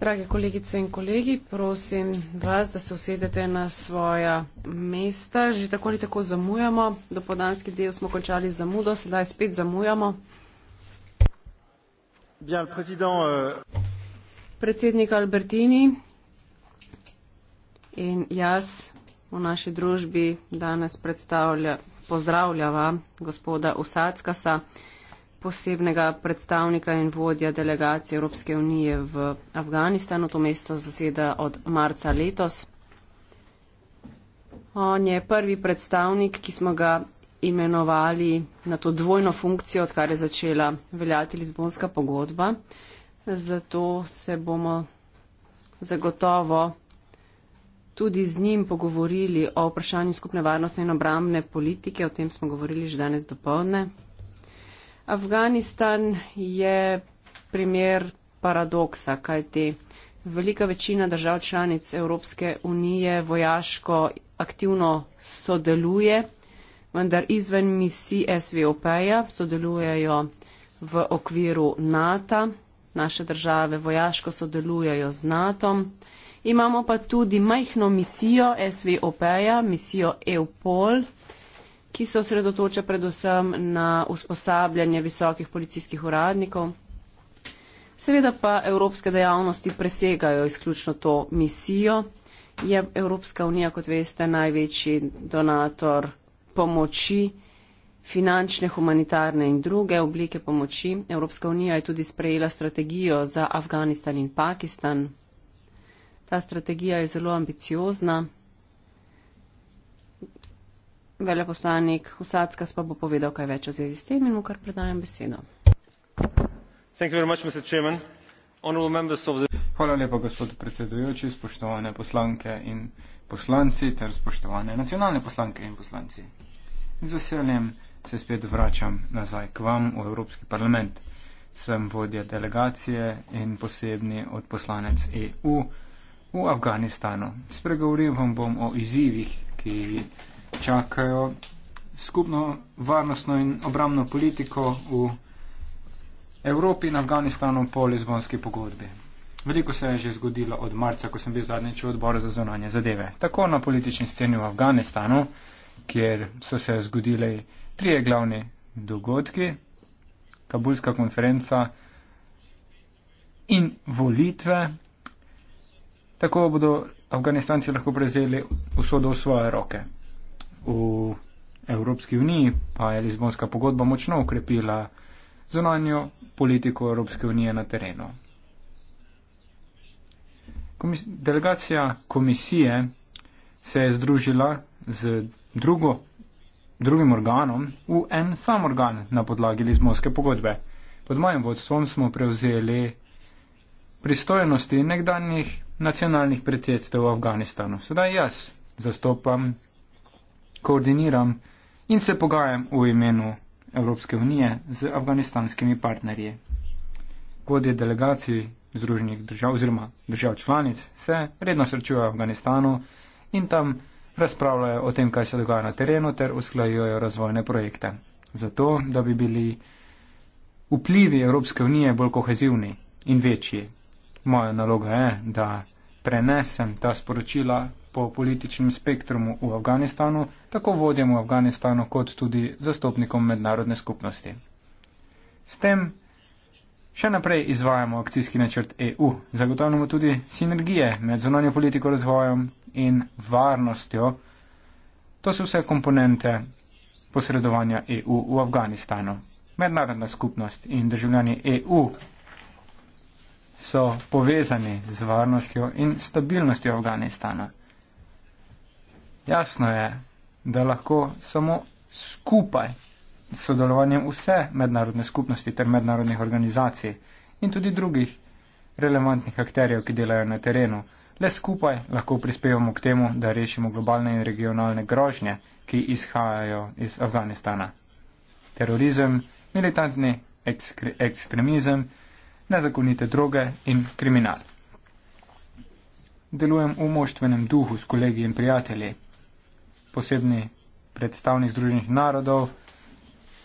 Drage kolegice in kolegi, prosim vas, da se usedete na svoja mesta. Že tako ali tako zamujamo. Dopodanski del smo končali z zamudo, sedaj spet zamujamo. Bien, président, euh... Predsednik Albertini in jaz v naši družbi danes predstavlja, pozdravljava gospoda Usackasa posebnega predstavnika in vodja delegacije Evropske unije v Afganistanu. To mesto zaseda od marca letos. On je prvi predstavnik, ki smo ga imenovali na to dvojno funkcijo, odkar je začela veljati Lizbonska pogodba. Zato se bomo zagotovo tudi z njim pogovorili o vprašanju skupne varnostne in obrambne politike. O tem smo govorili že danes dopolne. Afganistan je primer paradoksa, kajti velika večina držav članic Evropske unije vojaško aktivno sodeluje, vendar izven misij SVOP-ja sodelujejo v okviru NATO, naše države vojaško sodelujejo z NATO. Imamo pa tudi majhno misijo SVOP-ja, misijo EUPOL, ki se osredotoča predvsem na usposabljanje visokih policijskih uradnikov. Seveda pa evropske dejavnosti presegajo izključno to misijo. Je Evropska unija, kot veste, največji donator pomoči, finančne, humanitarne in druge oblike pomoči. Evropska unija je tudi sprejela strategijo za Afganistan in Pakistan. Ta strategija je zelo ambiciozna veleposlanik Usadska pa bo povedal kaj več o zvezi s tem in mu kar predajam besedo. Hvala lepa, gospod predsedujoči, spoštovane poslanke in poslanci ter spoštovane nacionalne poslanke in poslanci. Z veseljem se spet vračam nazaj k vam v Evropski parlament. Sem vodja delegacije in posebni odposlanec EU v Afganistanu. Spregovoril vam bom o izzivih, ki čakajo skupno varnostno in obramno politiko v Evropi in Afganistanu po Lizbonski pogodbi. Veliko se je že zgodilo od marca, ko sem bil zadnjič v odboru za zunanje zadeve. Tako na politični sceni v Afganistanu, kjer so se zgodili trije glavni dogodki, kabulska konferenca in volitve, tako bodo Afganistanci lahko prezeli usodo v svoje roke v Evropski uniji, pa je Lizbonska pogodba močno ukrepila zunanjo politiko Evropske unije na terenu. Komis delegacija komisije se je združila z drugo, drugim organom v en sam organ na podlagi Lizbonske pogodbe. Pod mojim vodstvom smo prevzeli pristojnosti nekdanjih nacionalnih predsedstev v Afganistanu. Sedaj jaz zastopam koordiniram in se pogajam v imenu Evropske unije z afganistanskimi partnerji. Vodje delegacij Združenih držav oziroma držav članic se redno srečujejo v Afganistanu in tam razpravljajo o tem, kaj se dogaja na terenu ter usklajujejo razvojne projekte. Zato, da bi bili vplivi Evropske unije bolj kohezivni in večji. Moja naloga je, da prenesem ta sporočila po političnem spektrumu v Afganistanu, tako vodjem v Afganistanu kot tudi zastopnikom mednarodne skupnosti. S tem še naprej izvajamo akcijski načrt EU, zagotavljamo tudi sinergije med zunanjo politiko razvojem in varnostjo. To so vse komponente posredovanja EU v Afganistanu. Mednarodna skupnost in državljani EU so povezani z varnostjo in stabilnostjo Afganistana. Jasno je, da lahko samo skupaj sodelovanjem vse mednarodne skupnosti ter mednarodnih organizacij in tudi drugih relevantnih akterjev, ki delajo na terenu, le skupaj lahko prispevamo k temu, da rešimo globalne in regionalne grožnje, ki izhajajo iz Afganistana. Terorizem, militantni ekstremizem, nezakonite droge in kriminal. Delujem v moštvenem duhu s kolegi in prijatelji, posebni predstavnik Združenih narodov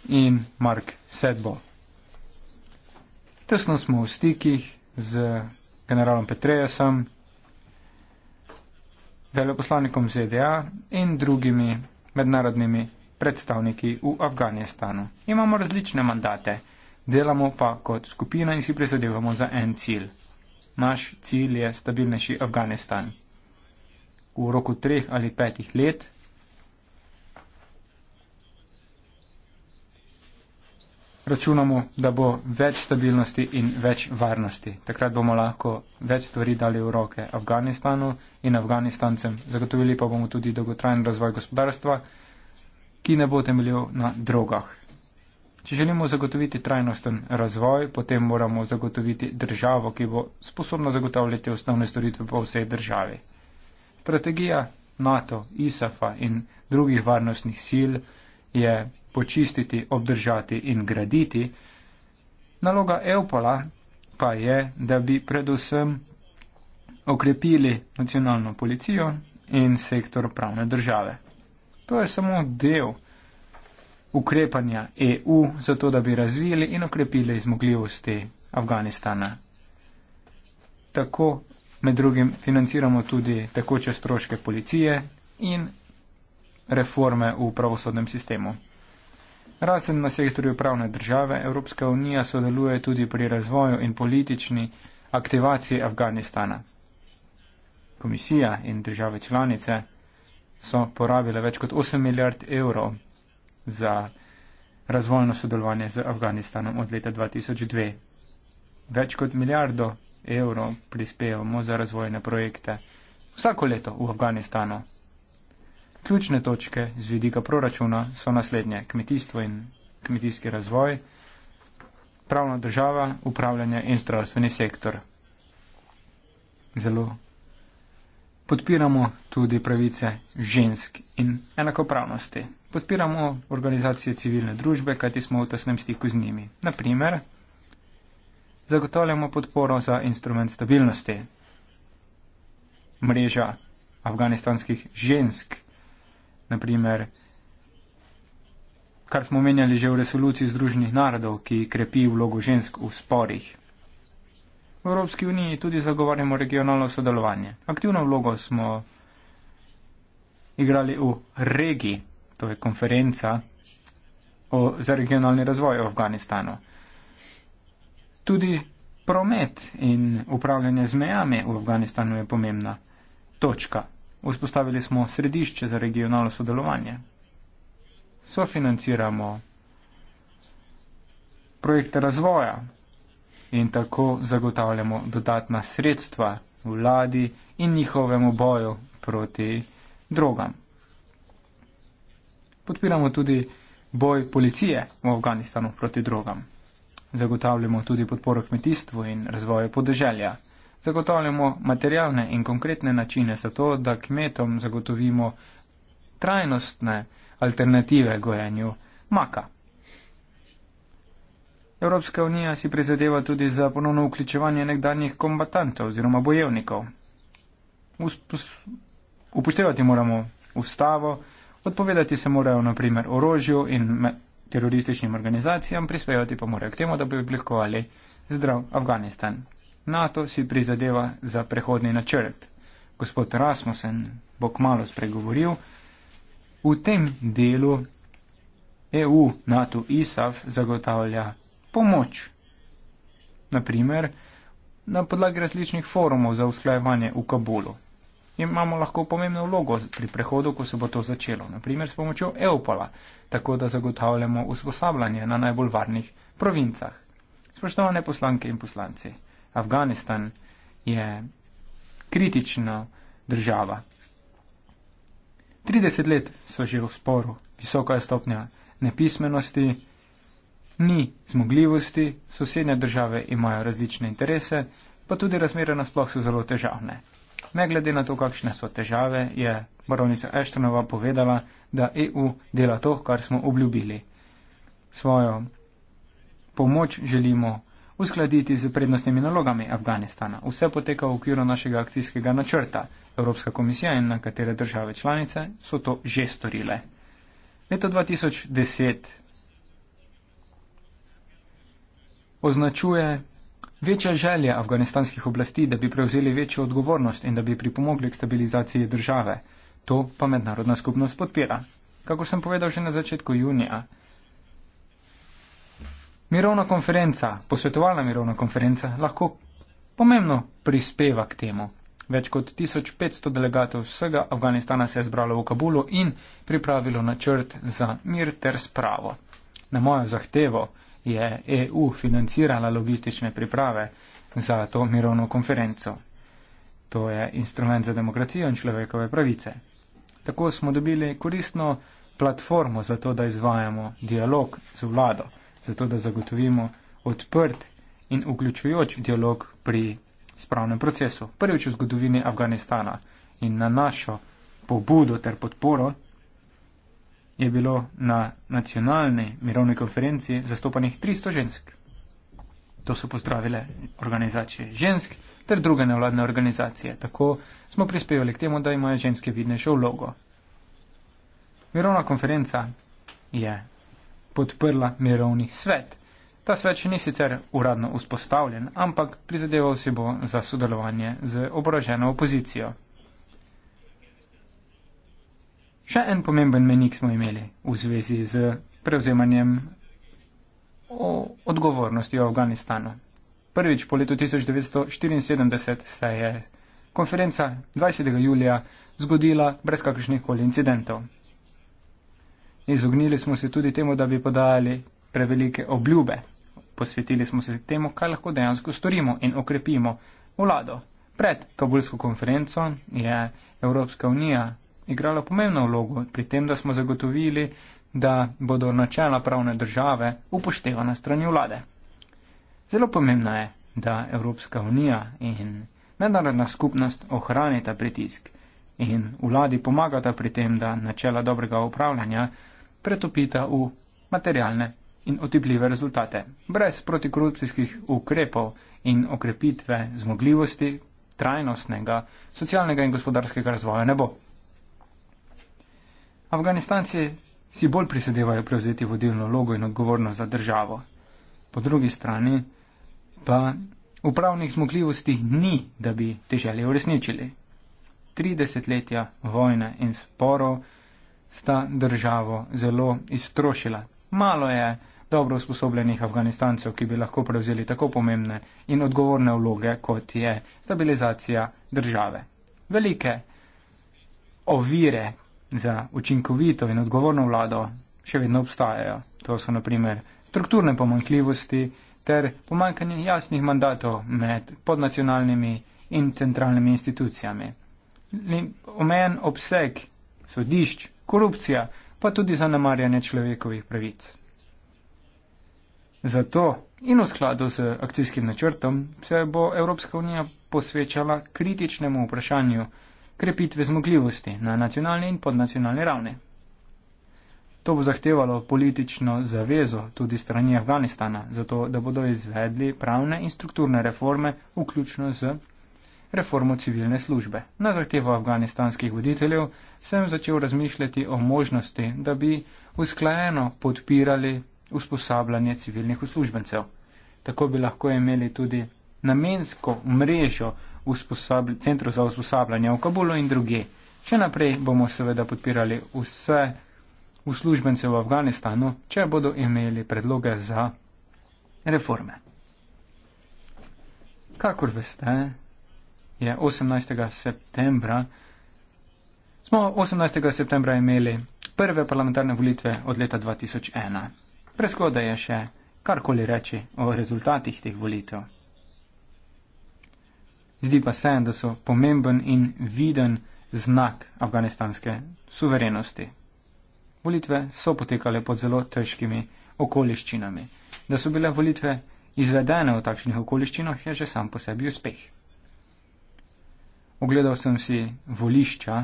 in Mark Sedbo. Tesno smo v stikih z generalom Petrejesom, veleposlanikom ZDA in drugimi mednarodnimi predstavniki v Afganistanu. Imamo različne mandate, delamo pa kot skupina in si prizadevamo za en cilj. Naš cilj je stabilnejši Afganistan. V roku treh ali petih let računamo, da bo več stabilnosti in več varnosti. Takrat bomo lahko več stvari dali v roke Afganistanu in Afganistancem. Zagotovili pa bomo tudi dolgotrajen razvoj gospodarstva, ki ne bo temeljil na drogah. Če želimo zagotoviti trajnosten razvoj, potem moramo zagotoviti državo, ki bo sposobna zagotavljati osnovne storitve po vsej državi. Strategija NATO, ISAF-a in drugih varnostnih sil je počistiti, obdržati in graditi. Naloga Eupola pa je, da bi predvsem okrepili nacionalno policijo in sektor pravne države. To je samo del ukrepanja EU za to, da bi razvili in okrepili zmogljivosti Afganistana. Tako med drugim financiramo tudi tekoče stroške policije in reforme v pravosodnem sistemu. Razen na sektorju pravne države, Evropska unija sodeluje tudi pri razvoju in politični aktivaciji Afganistana. Komisija in države članice so porabile več kot 8 milijard evrov za razvojno sodelovanje z Afganistanom od leta 2002. Več kot milijardo evrov prispevamo za razvojne projekte vsako leto v Afganistanu. Ključne točke z vidika proračuna so naslednje kmetijstvo in kmetijski razvoj, pravna država, upravljanje in zdravstveni sektor. Zelo podpiramo tudi pravice žensk in enakopravnosti. Podpiramo organizacije civilne družbe, kajti smo v tesnem stiku z njimi. Naprimer, zagotavljamo podporo za instrument stabilnosti. Mreža afganistanskih žensk naprimer, kar smo omenjali že v resoluciji Združenih narodov, ki krepi vlogo žensk v sporih. V Evropski uniji tudi zagovarjamo regionalno sodelovanje. Aktivno vlogo smo igrali v regiji, to je konferenca o, za regionalni razvoj v Afganistanu. Tudi promet in upravljanje z mejami v Afganistanu je pomembna točka. Vzpostavili smo središče za regionalno sodelovanje. Sofinanciramo projekte razvoja in tako zagotavljamo dodatna sredstva vladi in njihovemu boju proti drogam. Podpiramo tudi boj policije v Afganistanu proti drogam. Zagotavljamo tudi podporo kmetijstvu in razvoju podeželja zagotavljamo materialne in konkretne načine za to, da kmetom zagotovimo trajnostne alternative gojenju maka. Evropska unija si prizadeva tudi za ponovno vključevanje nekdanjih kombatantov oziroma bojevnikov. Upoštevati moramo ustavo, odpovedati se morajo naprimer orožju in terorističnim organizacijam, prispevati pa morajo k temu, da bi oblikovali zdrav Afganistan. NATO si prizadeva za prehodni načrt. Gospod Rasmussen bo kmalo spregovoril. V tem delu EU NATO ISAF zagotavlja pomoč. Naprimer, na podlagi različnih forumov za usklajevanje v Kabulu. Imamo lahko pomembno vlogo pri prehodu, ko se bo to začelo, naprimer s pomočjo EUPOLA, tako da zagotavljamo usposabljanje na najbolj varnih provincah. Spoštovane poslanke in poslanci. Afganistan je kritična država. 30 let so že v sporu, visoka je stopnja nepismenosti, ni zmogljivosti, sosednje države imajo različne interese, pa tudi razmere nasploh so zelo težavne. Ne glede na to, kakšne so težave, je baronica Eštonova povedala, da EU dela to, kar smo obljubili. Svojo pomoč želimo uskladiti z prednostnimi nalogami Afganistana. Vse poteka v okviru našega akcijskega načrta. Evropska komisija in nekatere države članice so to že storile. Leto 2010 označuje večja želja afganistanskih oblasti, da bi prevzeli večjo odgovornost in da bi pripomogli k stabilizaciji države. To pa mednarodna skupnost podpira. Kako sem povedal že na začetku junija, Mirovna konferenca, posvetovalna mirovna konferenca, lahko pomembno prispeva k temu. Več kot 1500 delegatov vsega Afganistana se je zbralo v Kabulu in pripravilo načrt za mir ter spravo. Na mojo zahtevo je EU financirala logistične priprave za to mirovno konferenco. To je instrument za demokracijo in človekove pravice. Tako smo dobili koristno platformo za to, da izvajamo dialog z vlado zato da zagotovimo odprt in vključujoč dialog pri spravnem procesu. Prvič v zgodovini Afganistana in na našo pobudo ter podporo je bilo na nacionalni mirovni konferenci zastopanih 300 žensk. To so pozdravile organizacije žensk ter druge nevladne organizacije. Tako smo prispevali k temu, da imajo ženske vidnejšo vlogo. Mirovna konferenca je podprla mirovni svet. Ta svet še ni sicer uradno vzpostavljen, ampak prizadeval si bo za sodelovanje z oboroženo opozicijo. Še en pomemben menik smo imeli v zvezi z prevzemanjem odgovornosti v Afganistanu. Prvič po letu 1974 se je konferenca 20. julija zgodila brez kakršnih koli incidentov. Izognili smo se tudi temu, da bi podajali prevelike obljube. Posvetili smo se temu, kaj lahko dejansko storimo in okrepimo vlado. Pred kabulsko konferenco je Evropska unija igrala pomembno vlogo pri tem, da smo zagotovili, da bodo načela pravne države upoštevana strani vlade. Zelo pomembno je, da Evropska unija in mednarodna skupnost ohranita pritisk in vladi pomagata pri tem, da načela dobrega upravljanja pretopita v materialne in otipljive rezultate. Brez protikorupcijskih ukrepov in okrepitve zmogljivosti trajnostnega socialnega in gospodarskega razvoja ne bo. Afganistanci si bolj prisedevajo prevzeti vodilno logo in odgovornost za državo. Po drugi strani pa upravnih zmogljivosti ni, da bi te želje uresničili. Tri desetletja vojne in sporov sta državo zelo iztrošila. Malo je dobro usposobljenih Afganistancev, ki bi lahko prevzeli tako pomembne in odgovorne vloge, kot je stabilizacija države. Velike ovire za učinkovito in odgovorno vlado še vedno obstajajo. To so naprimer strukturne pomankljivosti ter pomankanje jasnih mandatov med podnacionalnimi in centralnimi institucijami. Omejen obseg sodišč korupcija, pa tudi zanemarjanje človekovih pravic. Zato in v skladu z akcijskim načrtom se bo Evropska unija posvečala kritičnemu vprašanju krepitve zmogljivosti na nacionalni in podnacionalni ravni. To bo zahtevalo politično zavezo tudi strani Afganistana, zato da bodo izvedli pravne in strukturne reforme, vključno z reformo civilne službe. Na zahtevo afganistanskih voditeljev sem začel razmišljati o možnosti, da bi usklajeno podpirali usposabljanje civilnih uslužbencev. Tako bi lahko imeli tudi namensko mrežo centrov za usposabljanje v Kabulu in druge. Še naprej bomo seveda podpirali vse uslužbence v Afganistanu, če bodo imeli predloge za reforme. Kakor veste, je 18. septembra. Smo 18. septembra imeli prve parlamentarne volitve od leta 2001. Preskoda je še karkoli reči o rezultatih teh volitev. Zdi pa se, da so pomemben in viden znak afganistanske suverenosti. Volitve so potekale pod zelo težkimi okoliščinami. Da so bile volitve izvedene v takšnih okoliščinah, je že sam po sebi uspeh ogledal sem si volišča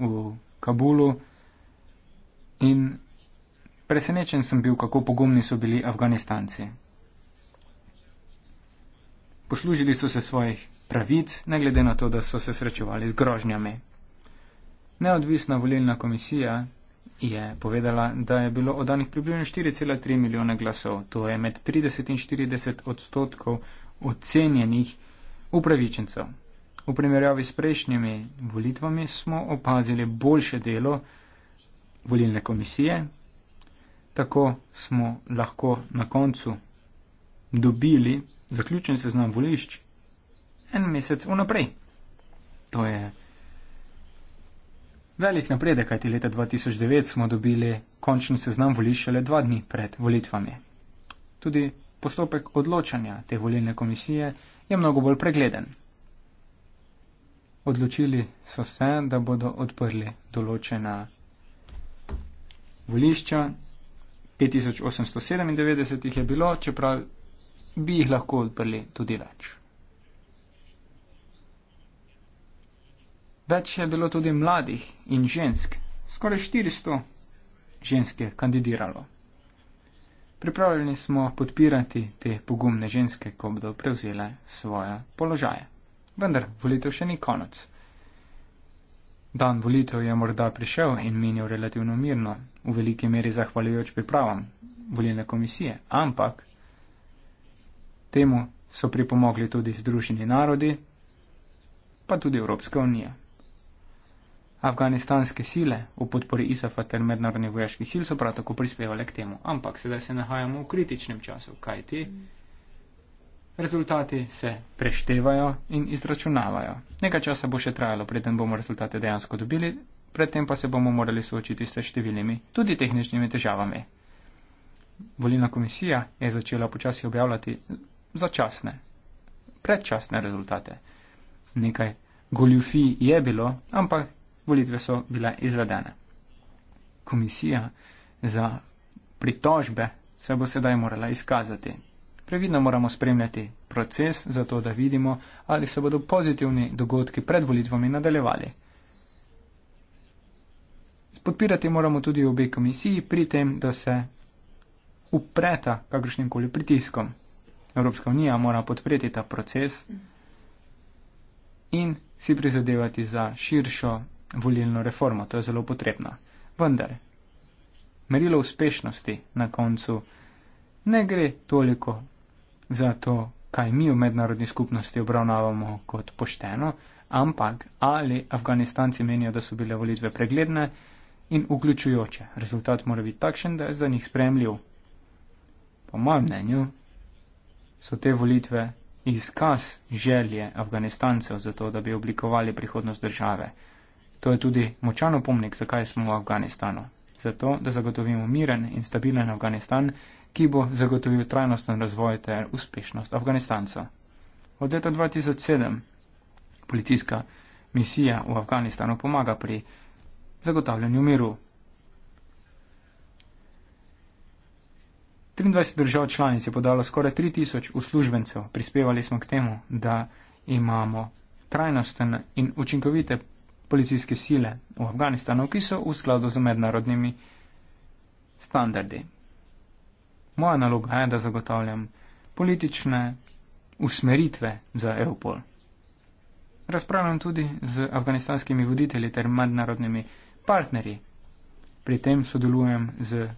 v Kabulu in presenečen sem bil, kako pogumni so bili Afganistanci. Poslužili so se svojih pravic, ne glede na to, da so se srečevali z grožnjami. Neodvisna volilna komisija je povedala, da je bilo oddanih približno 4,3 milijone glasov, to je med 30 in 40 odstotkov ocenjenih upravičencev. V primerjavi s prejšnjimi volitvami smo opazili boljše delo volilne komisije, tako smo lahko na koncu dobili zaključen seznam volišč en mesec vnaprej. To je velik napredek, kajti leta 2009 smo dobili končen seznam volišč le dva dni pred volitvami. Tudi postopek odločanja te volilne komisije je mnogo bolj pregleden odločili so se, da bodo odprli določena volišča. 5897 jih je bilo, čeprav bi jih lahko odprli tudi več. Več je bilo tudi mladih in žensk. Skoraj 400 žensk je kandidiralo. Pripravljeni smo podpirati te pogumne ženske, ko bodo prevzele svoje položaje vendar volitev še ni konec. Dan volitev je morda prišel in menil relativno mirno, v veliki meri zahvaljujoč pripravam volilne komisije, ampak temu so pripomogli tudi Združeni narodi, pa tudi Evropska unija. Afganistanske sile v podpori ISAF-a ter mednarodnih vojaških sil so prav tako prispevali k temu, ampak sedaj se nahajamo v kritičnem času, kajti mm. Rezultati se preštevajo in izračunavajo. Nekaj časa bo še trajalo, preden bomo rezultate dejansko dobili, predtem pa se bomo morali soočiti s številnimi, tudi tehničnimi težavami. Volilna komisija je začela počasi objavljati začasne, predčasne rezultate. Nekaj goljufij je bilo, ampak volitve so bile izvedene. Komisija za pritožbe se bo sedaj morala izkazati. Previdno moramo spremljati proces, zato da vidimo, ali se bodo pozitivni dogodki pred volitvami nadaljevali. Podpirati moramo tudi obe komisiji pri tem, da se upreta kakršnim koli pritiskom. Evropska unija mora podpreti ta proces in si prizadevati za širšo volilno reformo. To je zelo potrebno. Vendar, merilo uspešnosti na koncu ne gre toliko za to, kaj mi v mednarodni skupnosti obravnavamo kot pošteno, ampak ali Afganistanci menijo, da so bile volitve pregledne in vključujoče. Rezultat mora biti takšen, da je za njih spremljiv. Po mojem mnenju so te volitve izkaz želje Afganistancev za to, da bi oblikovali prihodnost države. To je tudi močan opomnik, zakaj smo v Afganistanu. Zato, da zagotovimo miren in stabilen Afganistan ki bo zagotovil trajnosten razvoj ter uspešnost Afganistanca. Od leta 2007 policijska misija v Afganistanu pomaga pri zagotavljanju miru. 23 držav članic je podalo skoraj 3000 uslužbencev. Prispevali smo k temu, da imamo trajnosten in učinkovite policijske sile v Afganistanu, ki so v skladu z mednarodnimi standardi moja naloga je, da zagotavljam politične usmeritve za Eupol. Razpravljam tudi z afganistanskimi voditelji ter mednarodnimi partnerji. Pri tem sodelujem z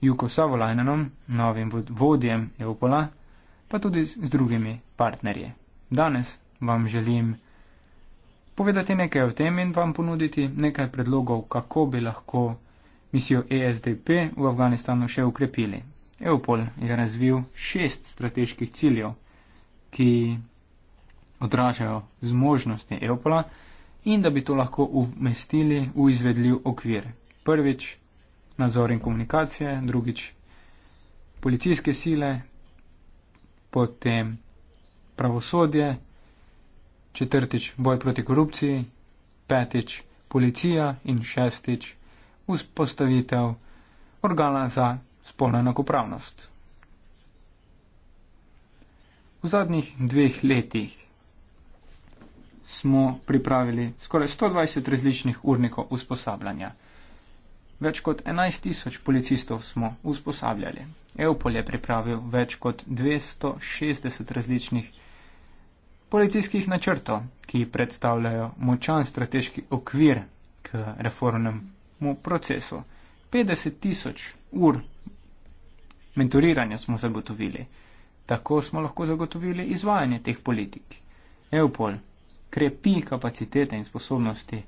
Juko Savolajnenom, novim vodjem Eupola, pa tudi z drugimi partnerji. Danes vam želim povedati nekaj o tem in vam ponuditi nekaj predlogov, kako bi lahko misijo ESDP v Afganistanu še ukrepili. Evpol je razvil šest strateških ciljev, ki odražajo zmožnosti Evpola in da bi to lahko umestili v izvedljiv okvir. Prvič nadzor in komunikacije, drugič policijske sile, potem pravosodje, četrtič boj proti korupciji, petič policija in šestič vzpostavitev organa za spolna enakopravnost. V zadnjih dveh letih smo pripravili skoraj 120 različnih urnikov usposabljanja. Več kot 11 tisoč policistov smo usposabljali. Evpol je pripravil več kot 260 različnih policijskih načrtov, ki predstavljajo močan strateški okvir k reformnemu procesu. 50 tisoč ur mentoriranja smo zagotovili. Tako smo lahko zagotovili izvajanje teh politik. EUPOL krepi kapacitete in sposobnosti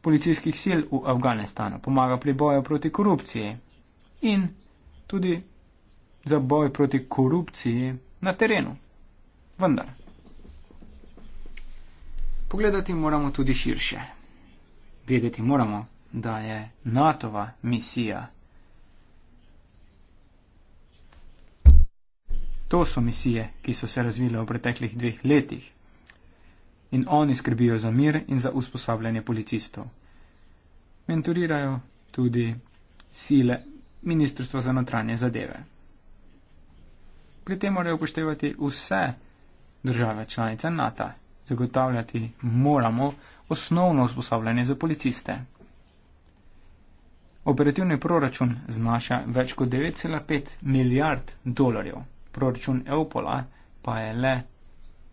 policijskih sil v Afganistanu, pomaga pri boju proti korupciji in tudi za boj proti korupciji na terenu. Vendar. Pogledati moramo tudi širše. Vedeti moramo, da je NATO-va misija To so misije, ki so se razvile v preteklih dveh letih. In oni skrbijo za mir in za usposabljanje policistov. Mentorirajo tudi sile Ministrstva za notranje zadeve. Pri tem morajo upoštevati vse države članice NATO. Zagotavljati moramo osnovno usposabljanje za policiste. Operativni proračun znaša več kot 9,5 milijard dolarjev proračun Eupola pa je le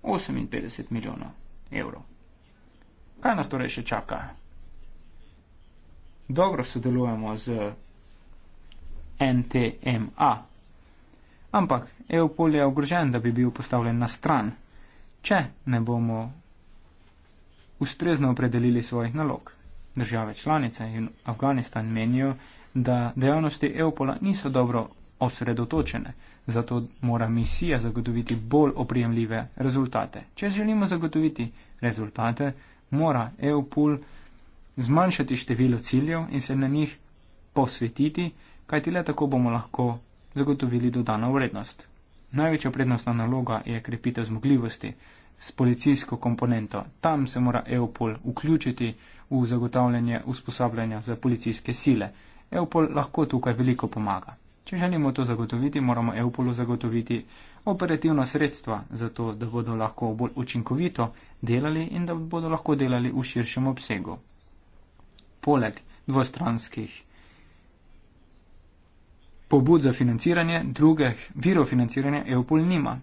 58 milijonov evrov. Kaj nas torej še čaka? Dobro sodelujemo z NTMA, ampak Eupol je ogrožen, da bi bil postavljen na stran, če ne bomo ustrezno opredelili svojih nalog. Države članice in Afganistan menijo, da dejavnosti Eupola niso dobro osredotočene. Zato mora misija zagotoviti bolj oprijemljive rezultate. Če želimo zagotoviti rezultate, mora EUPOL zmanjšati število ciljev in se na njih posvetiti, kajti le tako bomo lahko zagotovili dodano vrednost. Največja prednostna naloga je krepitev zmogljivosti s policijsko komponento. Tam se mora EUPOL vključiti v zagotavljanje usposabljanja za policijske sile. EUPOL lahko tukaj veliko pomaga. Če želimo to zagotoviti, moramo Eupolu zagotoviti operativna sredstva, zato da bodo lahko bolj učinkovito delali in da bodo lahko delali v širšem obsegu. Poleg dvostranskih pobud za financiranje, drugih virov financiranja Eupol nima.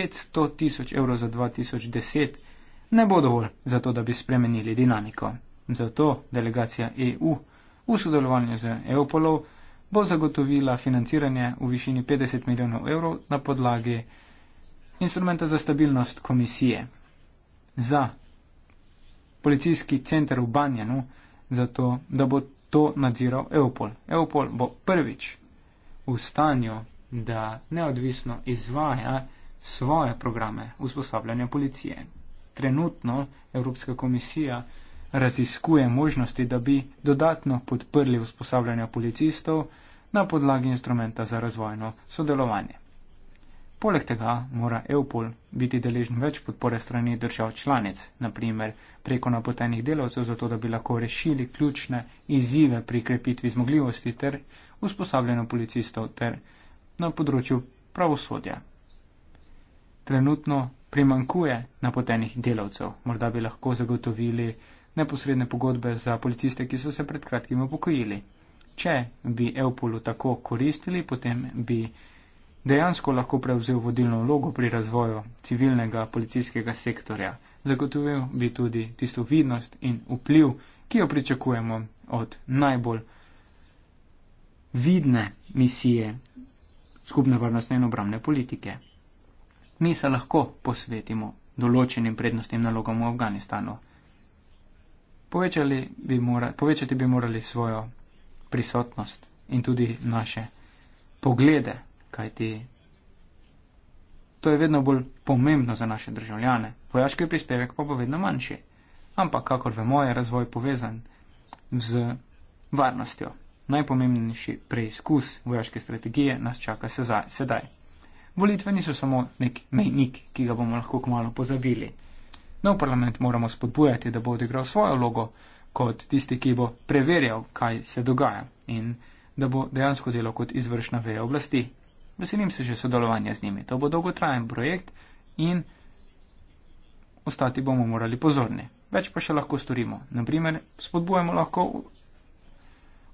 500 tisoč evrov za 2010 ne bo dovolj za to, da bi spremenili dinamiko. Zato delegacija EU v sodelovanju z Eupolov bo zagotovila financiranje v višini 50 milijonov evrov na podlagi instrumenta za stabilnost komisije za policijski center v Banjanu, zato da bo to nadziral Eupol. Eupol bo prvič v stanju, da neodvisno izvaja svoje programe usposabljanja policije. Trenutno Evropska komisija raziskuje možnosti, da bi dodatno podprli usposabljanje policistov na podlagi instrumenta za razvojno sodelovanje. Poleg tega mora EUPOL biti deležen več podpore strani držav članic, naprimer preko napotenih delavcev, zato da bi lahko rešili ključne izzive pri krepitvi zmogljivosti ter usposabljanju policistov ter na področju pravosodja. Trenutno primankuje napotenih delavcev, morda bi lahko zagotovili neposredne pogodbe za policiste, ki so se pred kratkim upokojili. Če bi Eupolu tako koristili, potem bi dejansko lahko prevzel vodilno vlogo pri razvoju civilnega policijskega sektorja. Zagotovil bi tudi tisto vidnost in vpliv, ki jo pričakujemo od najbolj vidne misije skupne varnostne in obramne politike. Mi se lahko posvetimo določenim prednostnim nalogam v Afganistanu. Povečali bi mora, povečati bi morali svojo prisotnost in tudi naše poglede, kajti to je vedno bolj pomembno za naše državljane. Vojaški prispevek pa bo vedno manjši, ampak kakor vemo, je razvoj povezan z varnostjo. Najpomembnejši preizkus vojaške strategije nas čaka sedaj. Volitve niso samo nek mejnik, ki ga bomo lahko kmalo pozabili. Nov parlament moramo spodbujati, da bo odigral svojo vlogo kot tisti, ki bo preverjal, kaj se dogaja in da bo dejansko delo kot izvršna veja oblasti. Veselim se že sodelovanja z njimi. To bo dolgotrajen projekt in ostati bomo morali pozorni. Več pa še lahko storimo. Naprimer, spodbujamo lahko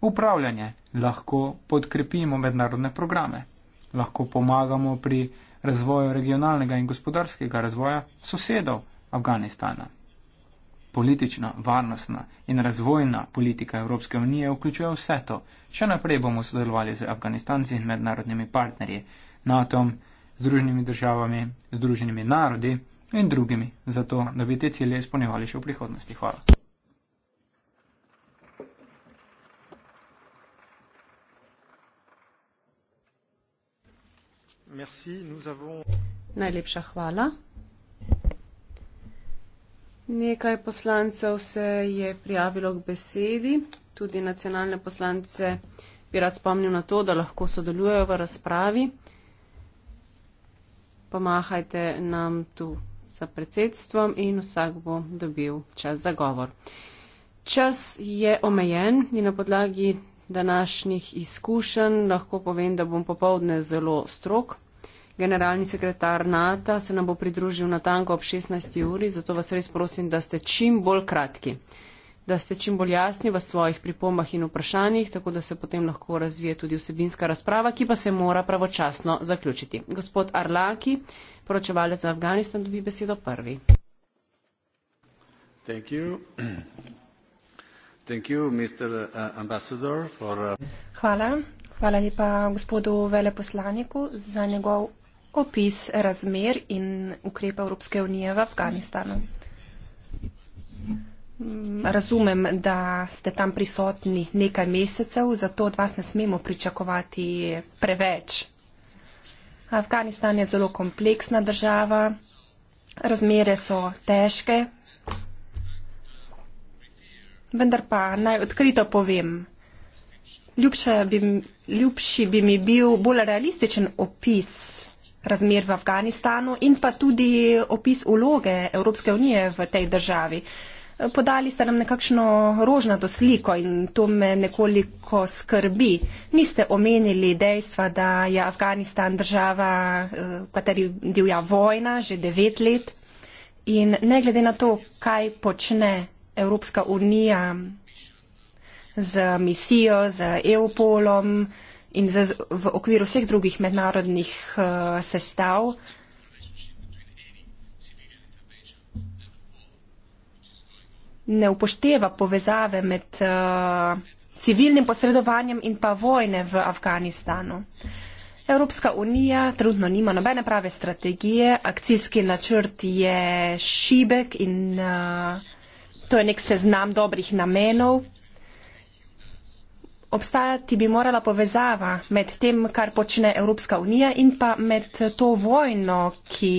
upravljanje, lahko podkrepimo mednarodne programe, lahko pomagamo pri razvoju regionalnega in gospodarskega razvoja sosedov. Afganistana. Politična, varnostna in razvojna politika Evropske unije vključuje vse to. Še naprej bomo sodelovali z Afganistanci in mednarodnimi partnerji, NATO, Združenimi državami, Združenimi narodi in drugimi, zato da bi te cilje izpolnjevali še v prihodnosti. Hvala. Merci, avons... Najlepša hvala. Nekaj poslancev se je prijavilo k besedi, tudi nacionalne poslance bi rad spomnil na to, da lahko sodelujejo v razpravi. Pomahajte nam tu za predsedstvom in vsak bo dobil čas za govor. Čas je omejen in na podlagi današnjih izkušenj lahko povem, da bom popovdne zelo strok Generalni sekretar NATO se nam bo pridružil na tanko ob 16. uri, zato vas res prosim, da ste čim bolj kratki, da ste čim bolj jasni v svojih pripombah in vprašanjih, tako da se potem lahko razvije tudi vsebinska razprava, ki pa se mora pravočasno zaključiti. Gospod Arlaki, poročevalec za Afganistan, dobi besedo prvi. Thank you. Thank you, Mr. Uh, for, uh... Hvala. Hvala lepa gospodu veleposlaniku za njegov opis razmer in ukrepa Evropske unije v Afganistanu. Mm, razumem, da ste tam prisotni nekaj mesecev, zato od vas ne smemo pričakovati preveč. Afganistan je zelo kompleksna država, razmere so težke, vendar pa naj odkrito povem, ljubši bi mi bil bolj realističen opis razmer v Afganistanu in pa tudi opis uloge Evropske unije v tej državi. Podali ste nam nekakšno rožnato sliko in to me nekoliko skrbi. Niste omenili dejstva, da je Afganistan država, eh, v kateri divja vojna že devet let in ne glede na to, kaj počne Evropska unija z misijo, z EU-polom, in za, v okviru vseh drugih mednarodnih uh, sestav. ne upošteva povezave med uh, civilnim posredovanjem in pa vojne v Afganistanu. Evropska unija trudno nima nobene prave strategije, akcijski načrt je šibek in uh, to je nek seznam dobrih namenov, obstajati bi morala povezava med tem, kar počne Evropska unija in pa med to vojno, ki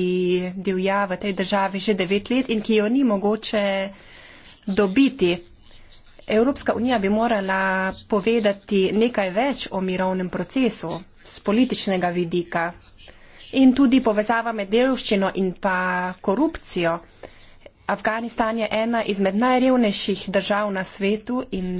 divja v tej državi že devet let in ki jo ni mogoče dobiti. Evropska unija bi morala povedati nekaj več o mirovnem procesu z političnega vidika in tudi povezava med delovščino in pa korupcijo. Afganistan je ena izmed najrevnejših držav na svetu in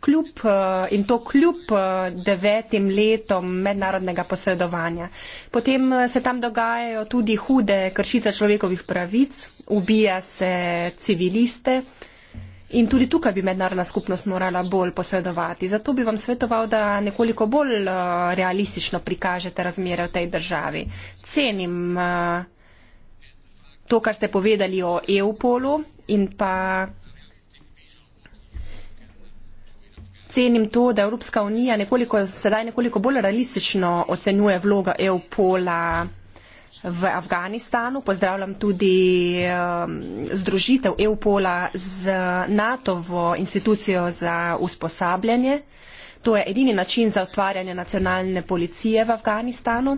kljub eh, in to kljub eh, devetim letom mednarodnega posredovanja. Potem eh, se tam dogajajo tudi hude kršice človekovih pravic, ubija se civiliste in tudi tukaj bi mednarodna skupnost morala bolj posredovati. Zato bi vam svetoval, da nekoliko bolj realistično prikažete razmere v tej državi. Cenim to, kar ste povedali o EU-polu in pa cenim to, da Evropska unija nekoliko, sedaj nekoliko bolj realistično ocenjuje vloga EU-pola v Afganistanu. Pozdravljam tudi um, združitev EU-pola z NATO v institucijo za usposabljanje. To je edini način za ustvarjanje nacionalne policije v Afganistanu.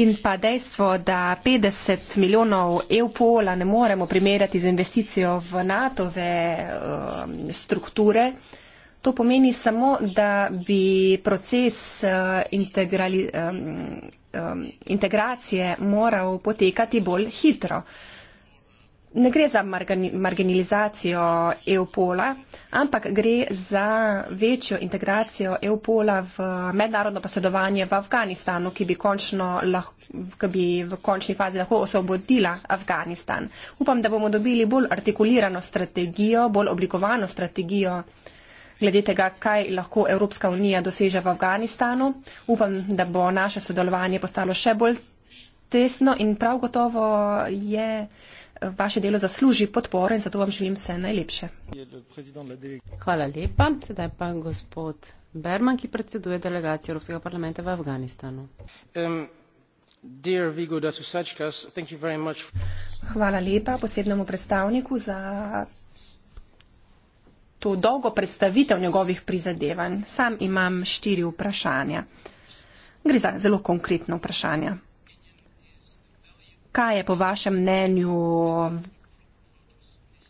In pa dejstvo, da 50 milijonov EU-pola ne moremo primerjati z investicijo v NATO-ve um, strukture, uh, To pomeni samo, da bi proces eh, integrali, um, um, integracije moral potekati bolj hitro. Ne gre za marginalizacijo EUPOL-a, ampak gre za večjo integracijo EUPOL-a v mednarodno posedovanje v Afganistanu, ki bi, lahko, ki bi v končni fazi lahko osvobodila Afganistan. Upam, da bomo dobili bolj artikulirano strategijo, bolj oblikovano strategijo glede tega, kaj lahko Evropska unija doseže v Afganistanu. Upam, da bo naše sodelovanje postalo še bolj tesno in prav gotovo je vaše delo zasluži podporo in zato vam želim vse najlepše. Hvala lepa. Sedaj pa gospod Berman, ki predseduje delegacijo Evropskega parlamenta v Afganistanu. Um. Hvala lepa posebnemu predstavniku za to dolgo predstavitev njegovih prizadevanj. Sam imam štiri vprašanja. Gre za zelo konkretno vprašanje. Kaj je po vašem mnenju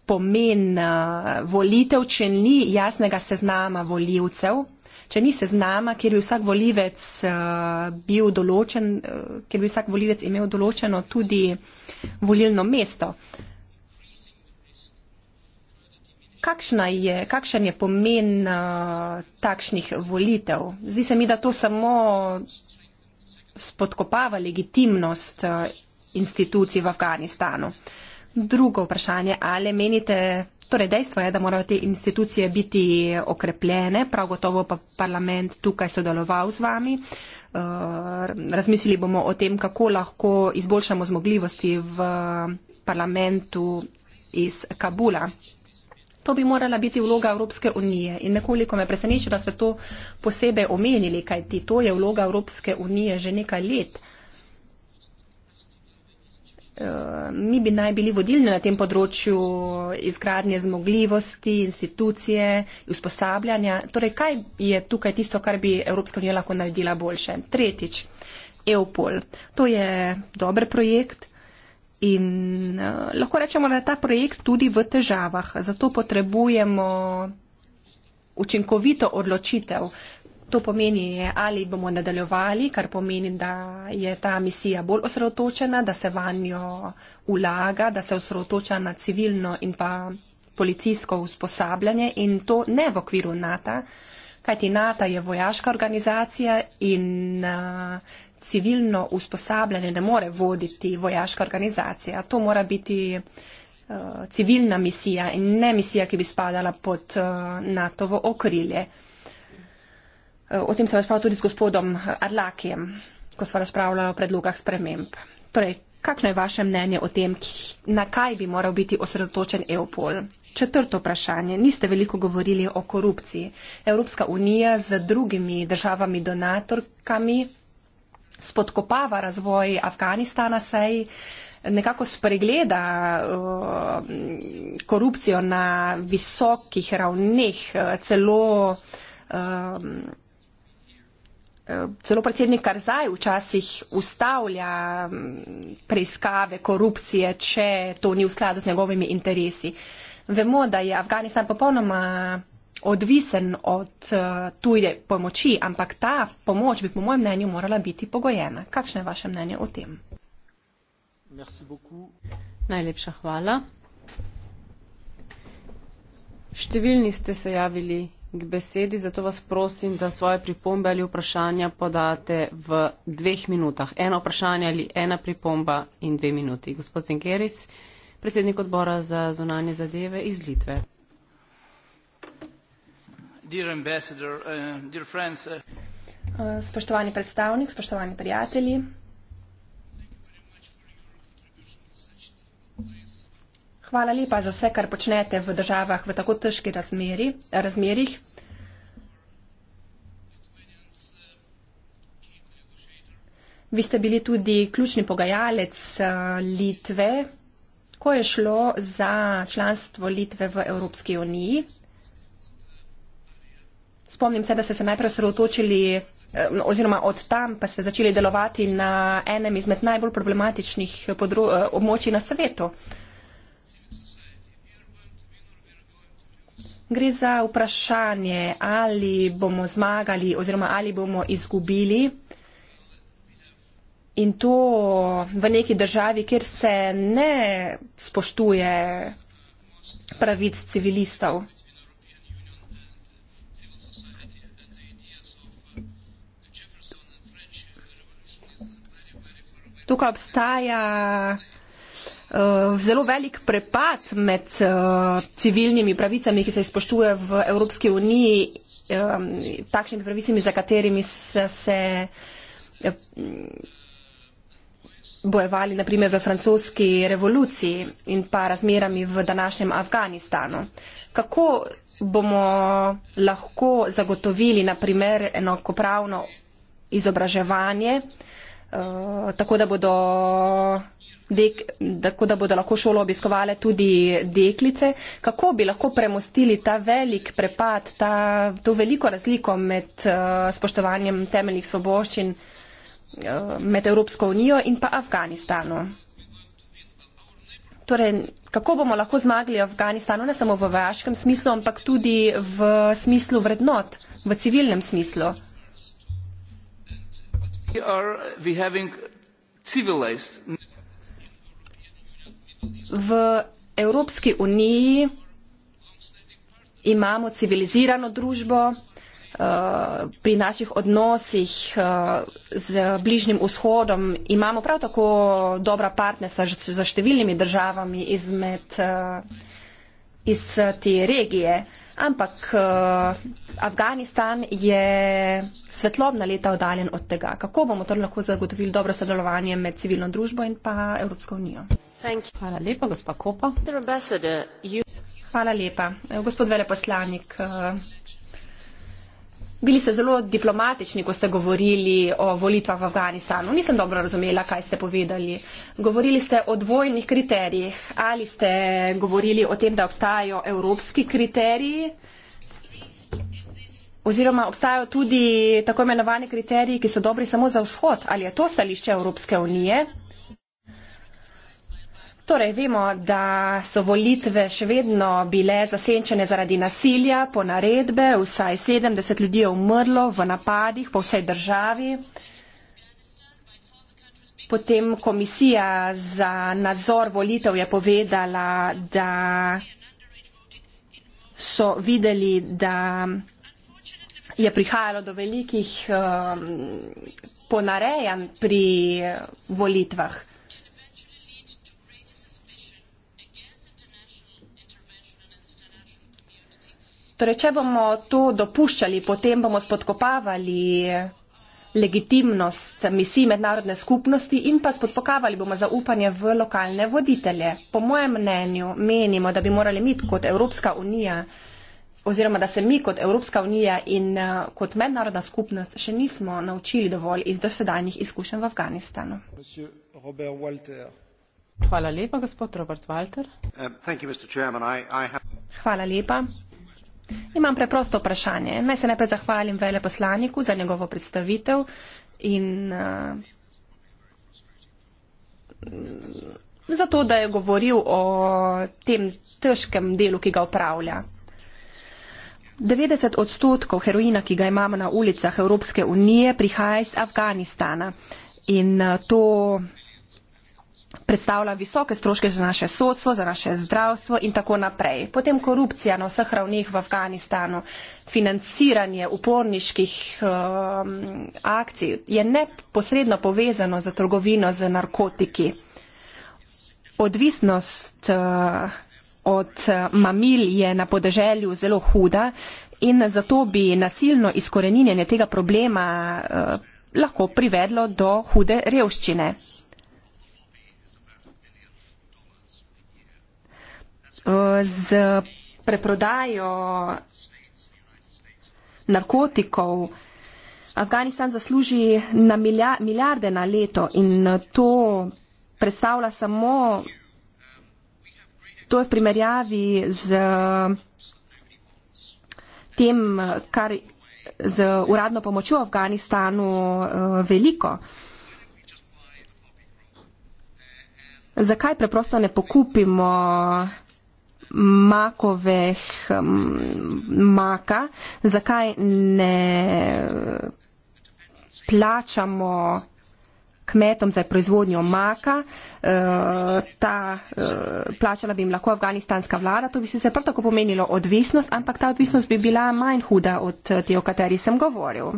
pomen eh, volitev, če ni jasnega seznama voljivcev, če ni seznama, kjer bi vsak volivec eh, bil določen, eh, kjer bi vsak volivec imel določeno tudi volilno mesto? je, kakšen je pomen uh, takšnih volitev? Zdi se mi, da to samo spodkopava legitimnost uh, institucij v Afganistanu. Drugo vprašanje, ali menite, torej dejstvo je, da morajo te institucije biti okrepljene, prav gotovo pa parlament tukaj sodeloval z vami. Uh, razmislili bomo o tem, kako lahko izboljšamo zmogljivosti v parlamentu iz Kabula. To bi morala biti vloga Evropske unije in nekoliko me preseneča, da ste to posebej omenili, kajti to je vloga Evropske unije že nekaj let. Eh, mi bi naj bili vodilni na tem področju izgradnje zmogljivosti, institucije, usposabljanja. Torej, kaj je tukaj tisto, kar bi Evropska unija lahko naredila boljše? Tretjič, EUPOL. To je dober projekt, In uh, lahko rečemo, da je ta projekt tudi v težavah. Zato potrebujemo učinkovito odločitev. To pomeni, ali bomo nadaljevali, kar pomeni, da je ta misija bolj osredotočena, da se vanjo ulaga, da se osredotoča na civilno in pa policijsko usposabljanje in to ne v okviru NATO, kajti NATO je vojaška organizacija in uh, civilno usposabljanje ne more voditi vojaška organizacija. To mora biti eh, civilna misija in ne misija, ki bi spadala pod eh, NATO-vo okrilje. Eh, o tem sem razpravljala tudi z gospodom Arlakijem, ko smo razpravljali o predlogah sprememb. Torej, kakšno je vaše mnenje o tem, na kaj bi moral biti osredotočen EOPOL? Četrto vprašanje. Niste veliko govorili o korupciji. Evropska unija z drugimi državami donatorkami spodkopava razvoj Afganistana, saj nekako spregleda uh, korupcijo na visokih ravneh, eh, celo. Um, Celo predsednik Karzaj včasih ustavlja preiskave korupcije, če to ni v skladu z njegovimi interesi. Vemo, da je Afganistan popolnoma odvisen od uh, tuje pomoči, ampak ta pomoč bi, po mojem mnenju, morala biti pogojena. Kakšno je vaše mnenje o tem? Najlepša hvala. Številni ste se javili k besedi, zato vas prosim, da svoje pripombe ali vprašanja podate v dveh minutah. Eno vprašanje ali ena pripomba in dve minuti. Gospod Zengeric, predsednik odbora za zunanje zadeve iz Litve. Uh, uh, eh, spoštovani predstavnik, spoštovani prijatelji. Hvala lepa za vse, kar počnete v državah v tako težki razmeri, razmerih. Vi ste bili tudi ključni pogajalec, eh, Litve, ko je šlo za članstvo Litve v Evropski uniji. Spomnim se, da ste se najprej osredotočili eh, oziroma od tam pa ste začeli delovati na enem izmed najbolj problematičnih eh, eh, območij na svetu. Gre za vprašanje, ali bomo zmagali oziroma ali bomo izgubili in to v neki državi, kjer se ne spoštuje pravic civilistov. tukaj obstaja uh, zelo velik prepad med uh, civilnimi pravicami, ki se izpoštuje v Evropski uniji, um, takšnimi pravicami, za katerimi se, se bojevali naprimer v francoski revoluciji in pa razmerami v današnjem Afganistanu. Kako bomo lahko zagotovili naprimer enakopravno izobraževanje uh, Eh, tako da bodo Dek, tako da bodo lahko šolo obiskovale tudi deklice. Kako bi lahko premostili ta velik prepad, ta, to veliko razliko med uh, spoštovanjem temeljnih svoboščin uh, med Evropsko unijo in pa Afganistano? Torej, kako bomo lahko zmagali Afganistano, ne samo v vojaškem smislu, ampak tudi v smislu vrednot, v civilnem smislu? V Evropski uniji imamo civilizirano družbo, eh, pri naših odnosih eh, z bližnjim vzhodom imamo prav tako dobra partnerstva za številnimi državami izmed, eh, iz te regije. Ampak uh, Afganistan je svetlobna leta oddaljen od tega. Kako bomo torej lahko zagotovili dobro sodelovanje med civilno družbo in pa Evropsko unijo? Hvala lepa, gospa Kopa. You... Hvala lepa, eh, gospod veleposlanik. Uh, Bili ste zelo diplomatični, ko ste govorili o volitvah v Afganistanu. Nisem dobro razumela, kaj ste povedali. Govorili ste o dvojnih kriterijih. Ali ste govorili o tem, da obstajajo evropski kriteriji? Oziroma, obstajajo tudi tako imenovani kriteriji, ki so dobri samo za vzhod. Ali je to stališče Evropske unije? Torej, vemo, da so volitve še vedno bile zasenčene zaradi nasilja, po naredbe, vsaj 70 ljudi je umrlo v napadih po vsej državi. Potem komisija za nadzor volitev je povedala, da so videli, da je prihajalo do velikih um, ponarejanj pri volitvah. Torej, če bomo to dopuščali, potem bomo spodkopavali legitimnost misij mednarodne skupnosti in pa spodpokavali bomo zaupanje v lokalne voditelje. Po mojem mnenju menimo, da bi morali mi kot Evropska unija oziroma da se mi kot Evropska unija in eh, kot mednarodna skupnost še nismo naučili dovolj iz dosedanjih izkušenj v Afganistanu. Hvala lepa, gospod Robert Walter. Uh, Hvala lepa. Imam preprosto vprašanje. Naj se najprej zahvalim veleposlaniku za njegovo predstavitev in uh, za to, da je govoril o tem težkem delu, ki ga upravlja. 90 odstotkov heroina, ki ga imamo na ulicah Evropske unije, prihaja iz Afganistana in uh, to predstavlja visoke stroške za naše sodstvo, za naše zdravstvo in tako naprej. Potem korupcija na vseh ravnih v Afganistanu, financiranje uporniških um, akcij je neposredno povezano z trgovino z narkotiki. Odvisnost uh, od uh, mamil je na podeželju zelo huda in zato bi nasilno izkoreninjenje tega problema uh, lahko privedlo do hude revščine. z preprodajo narkotikov. Afganistan zasluži na milijarde na leto in to predstavlja samo, to je v primerjavi z tem, kar z uradno pomočjo Afganistanu eh, veliko. Zakaj preprosto ne pokupimo makoveh maka, zakaj ne plačamo kmetom za proizvodnjo maka, e, ta e, plačala bi jim lahko afganistanska vlada, to bi se prav tako pomenilo odvisnost, ampak ta odvisnost bi bila manj huda od te, o kateri sem govoril.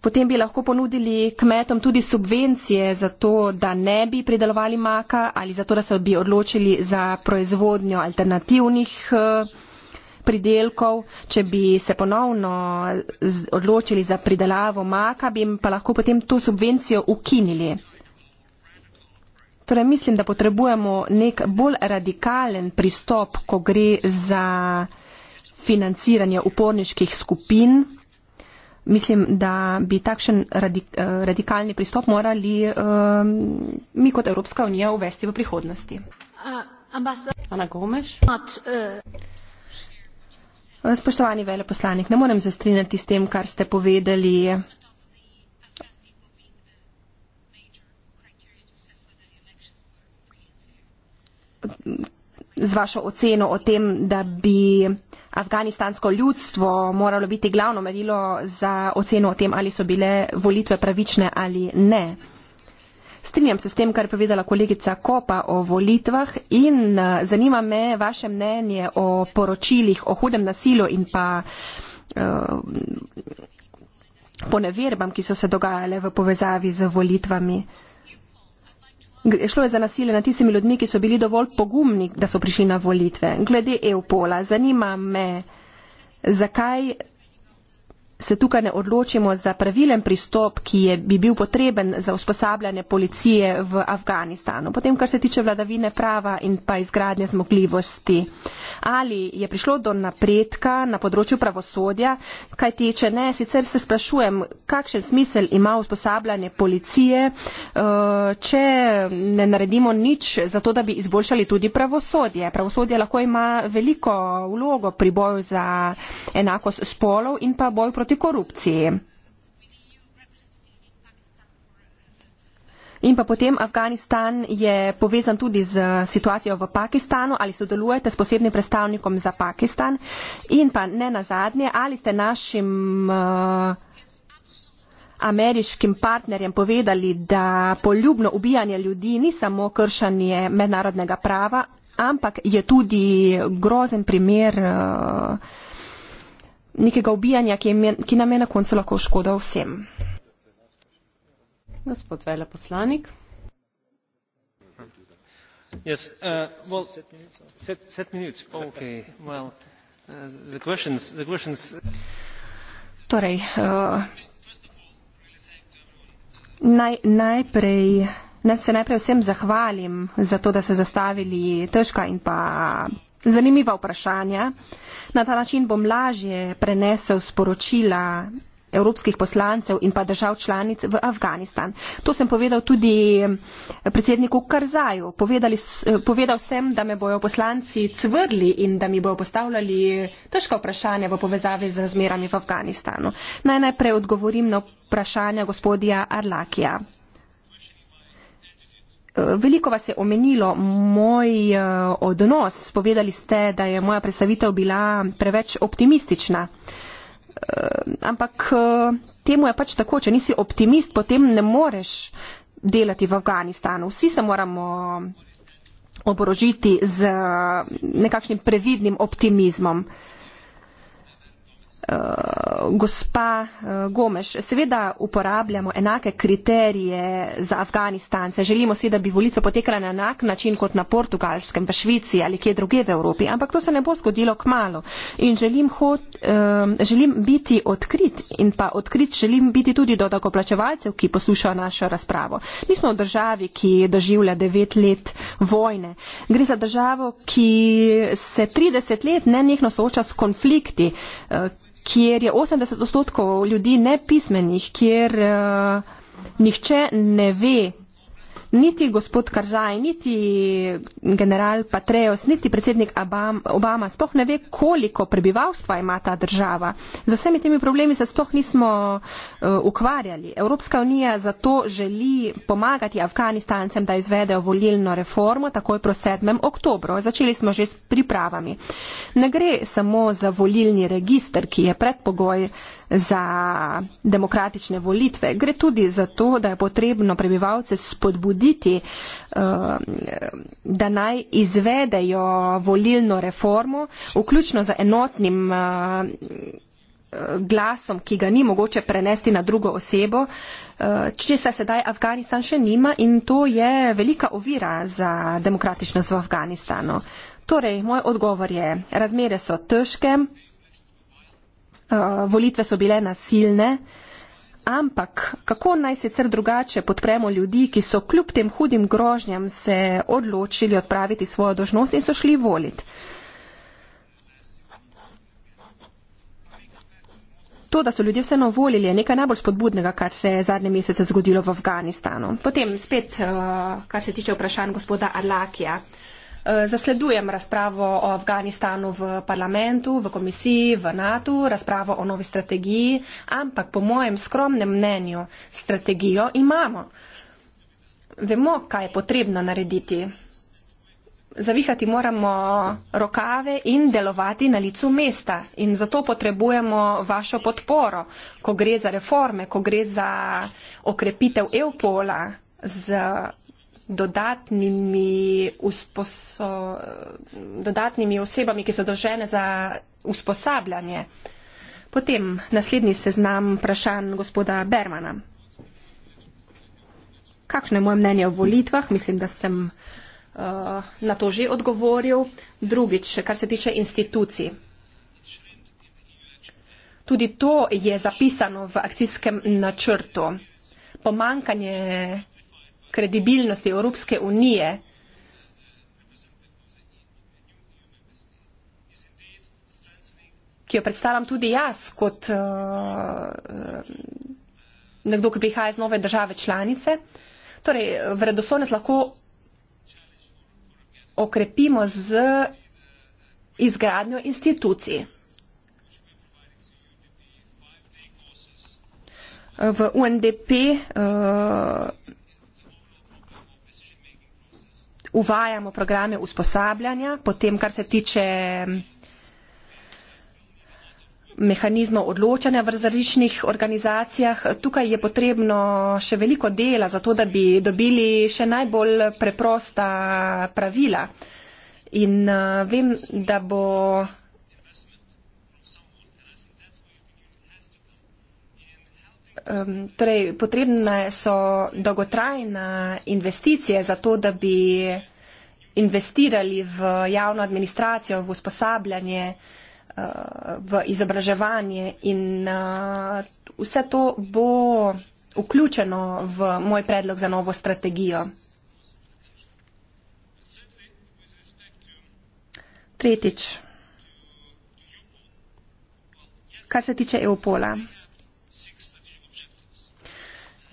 Potem bi lahko ponudili kmetom tudi subvencije za to, da ne bi pridelovali maka ali za to, da se bi odločili za proizvodnjo alternativnih eh, pridelkov. Če bi se ponovno odločili za pridelavo maka, bi jim pa lahko potem to subvencijo ukinili. Torej mislim, da potrebujemo nek bolj radikalen pristop, ko gre za financiranje uporniških skupin mislim, da bi takšen radik, eh, radikalni pristop morali um, mi kot Evropska unija uvesti v prihodnosti. Eh, Ana Gomes. Spoštovani veleposlanik, ne morem se strinjati s tem, kar ste povedali. Okay z vašo oceno o tem, da bi afganistansko ljudstvo moralo biti glavno merilo za oceno o tem, ali so bile volitve pravične ali ne. Strinjam se s tem, kar je povedala kolegica Kopa o volitvah in eh, zanima me vaše mnenje o poročilih o hudem nasilju in pa uh, poneverbam, ki so se dogajale v povezavi z volitvami šlo je za nasilje nad tistimi ljudmi, ki so bili dovolj pogumni, da so prišli na volitve. Glede EU-pola, zanima me, zakaj se tukaj ne odločimo za pravilen pristop, ki je, bi bil potreben za usposabljanje policije v Afganistanu. Potem, kar se tiče vladavine prava in pa izgradnje zmogljivosti. Ali je prišlo do napredka na področju pravosodja, kaj tiče ne, sicer se sprašujem, kakšen smisel ima usposabljanje policije, eh, če ne naredimo nič za to, da bi izboljšali tudi pravosodje. Pravosodje lahko ima veliko vlogo pri boju za enakost spolov in pa boj proti proti korupciji. In pa potem Afganistan je povezan tudi z situacijo v Pakistanu, ali sodelujete s posebnim predstavnikom za Pakistan. In pa ne nazadnje, ali ste našim uh, ameriškim partnerjem povedali, da poljubno ubijanje ljudi ni samo kršanje mednarodnega prava, ampak je tudi grozen primer. Uh, nekega ubijanja, ki, je, ki nam je na koncu lahko škoda vsem. Gospod veleposlanik. Yes, uh, well, set, set minutes. Okay. Well, uh, the questions, the questions. Torej, uh, naj, najprej, naj se najprej vsem zahvalim za to, da ste zastavili težka in pa zanimiva vprašanja. Na ta način bom lažje prenesel sporočila evropskih poslancev in pa držav članic v Afganistan. To sem povedal tudi predsedniku Karzaju. Povedali, povedal sem, da me bojo poslanci cvrli in da mi bojo postavljali težka vprašanja v povezavi z razmerami v Afganistanu. Naj najprej odgovorim na vprašanja gospodija Arlakija. Veliko vas je omenilo moj eh, odnos. Spovedali ste, da je moja predstavitev bila preveč optimistična. Eh, ampak eh, temu je pač tako, če nisi optimist, potem ne moreš delati v Afganistanu. Vsi se moramo oborožiti z nekakšnim previdnim optimizmom. Eh, gospa uh, eh, Gomeš, seveda uporabljamo enake kriterije za Afganistance. Želimo si, da bi volitve potekale na enak način kot na Portugalskem, v Švici ali kje druge v Evropi, ampak to se ne bo zgodilo k malu. In želim, hot, uh, eh, želim biti odkrit in pa odkrit želim biti tudi do dokoplačevalcev, ki poslušajo našo razpravo. Mi smo v državi, ki doživlja devet let vojne. Gre za državo, ki se 30 let nenehno sooča s konflikti. Uh, kjer je 80 odstotkov ljudi nepismenih, kjer uh, nihče ne ve, niti gospod Karzaj, niti general Patreos, niti predsednik Obama sploh ne ve, koliko prebivalstva ima ta država. Z vsemi temi problemi se sploh nismo eh, ukvarjali. Evropska unija zato želi pomagati Afganistancem, da izvedejo volilno reformo takoj pro 7. oktobru. Začeli smo že s pripravami. Ne gre samo za volilni registr, ki je predpogoj za demokratične volitve. Gre tudi za to, da je potrebno prebivalce spodbuditi, um, da naj izvedejo volilno reformo, vključno z enotnim uh, glasom, ki ga ni mogoče prenesti na drugo osebo, uh, če se sedaj Afganistan še nima in to je velika ovira za demokratičnost v Afganistanu. Torej, moj odgovor je, razmere so težke, Eh, volitve so bile nasilne. Ampak kako naj sicer drugače podpremo ljudi, ki so kljub tem hudim grožnjam se odločili odpraviti svojo dožnost in so šli volit? To, da so ljudje vseeno volili, je nekaj najbolj spodbudnega, kar se je zadnje mesece zgodilo v Afganistanu. Potem spet, eh, kar se tiče vprašanj gospoda Arlakija. Eh, zasledujem razpravo o Afganistanu v parlamentu, v komisiji, v NATO, razpravo o novi strategiji, ampak po mojem skromnem mnenju strategijo imamo. Vemo, kaj je potrebno narediti. Zavihati moramo rokave in delovati na licu mesta. In zato potrebujemo vašo podporo, ko gre za reforme, ko gre za okrepitev EUPOL-a z dodatnimi, usposo, dodatnimi osebami, ki so dožene za usposabljanje. Potem naslednji seznam vprašanj gospoda Bermana. Kakšno je moje mnenje o volitvah? Mislim, da sem uh, na to že odgovoril. Drugič, kar se tiče institucij. Tudi to je zapisano v akcijskem načrtu. Pomankanje kredibilnosti Evropske unije. ki jo predstavljam tudi jaz kot uh, nekdo, ki prihaja iz nove države članice. Torej, vredoslovnost lahko okrepimo z izgradnjo institucij. V UNDP uh, uvajamo programe usposabljanja, potem kar se tiče mm, mehanizmov odločanja v različnih organizacijah. Tukaj je potrebno še veliko dela za to, da bi dobili še najbolj preprosta pravila. In uh, vem, da bo um, torej, potrebne so dolgotrajne investicije za to, da bi investirali v javno administracijo, v usposabljanje, eh, v izobraževanje in eh, vse to bo vključeno v moj predlog za novo strategijo. Tretjič, kar se tiče EUPOLA.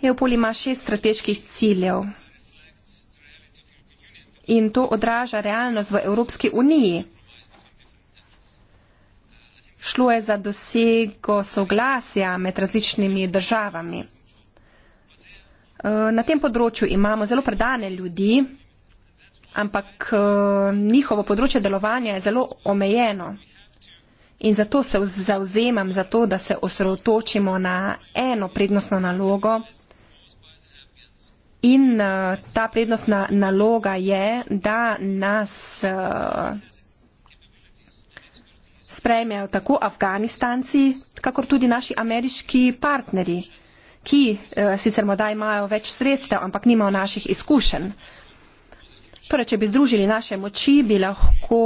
Neopol ima šest strateških ciljev. In to odraža realnost v Evropski uniji. Šlo je za dosego soglasja med različnimi državami. E, na tem področju imamo zelo predane ljudi, ampak e, njihovo področje delovanja je zelo omejeno. In zato se zauzemam za to, da se osredotočimo na eno prednostno nalogo In uh, ta prednostna naloga je, da nas uh, sprejmejo tako Afganistanci, kakor tudi naši ameriški partnerji, ki uh, sicer morda imajo več sredstev, ampak nimajo naših izkušenj. Torej, če bi združili naše moči, bi lahko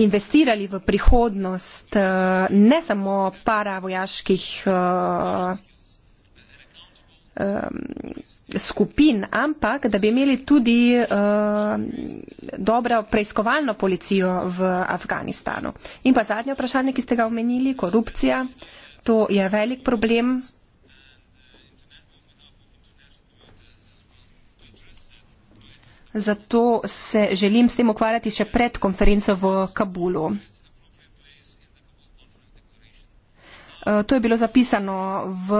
investirali v prihodnost uh, ne samo para vojaških. Uh, Um, skupin, ampak da bi imeli tudi um, dobro preiskovalno policijo v Afganistanu. In pa zadnje vprašanje, ki ste ga omenili, korupcija. To je velik problem. Zato se želim s tem ukvarjati še pred konferenco v Kabulu. Eh, to je bilo zapisano v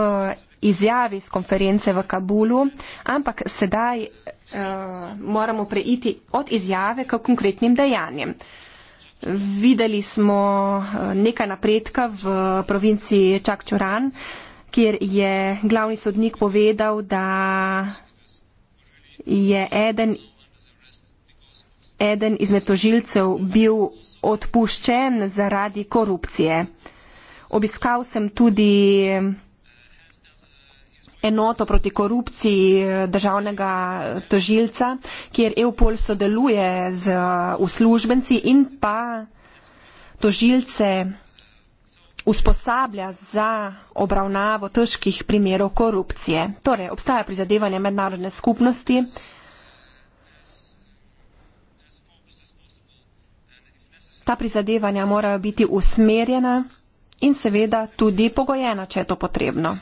izjavi z konference v Kabulu, ampak sedaj uh, moramo preiti od izjave k konkretnim dejanjem. Videli smo eh, nekaj napredka v provinciji Čakčuran, kjer je glavni sodnik povedal, da je eden, eden izmed tožilcev bil odpuščen zaradi korupcije. Uh, Obiskal sem tudi enoto proti korupciji državnega tožilca, kjer EUPOL sodeluje z uslužbenci in pa tožilce usposablja za obravnavo težkih primerov korupcije. Torej, obstaja prizadevanje mednarodne skupnosti. Ta prizadevanja morajo biti usmerjena in seveda tudi pogojena, če je to potrebno.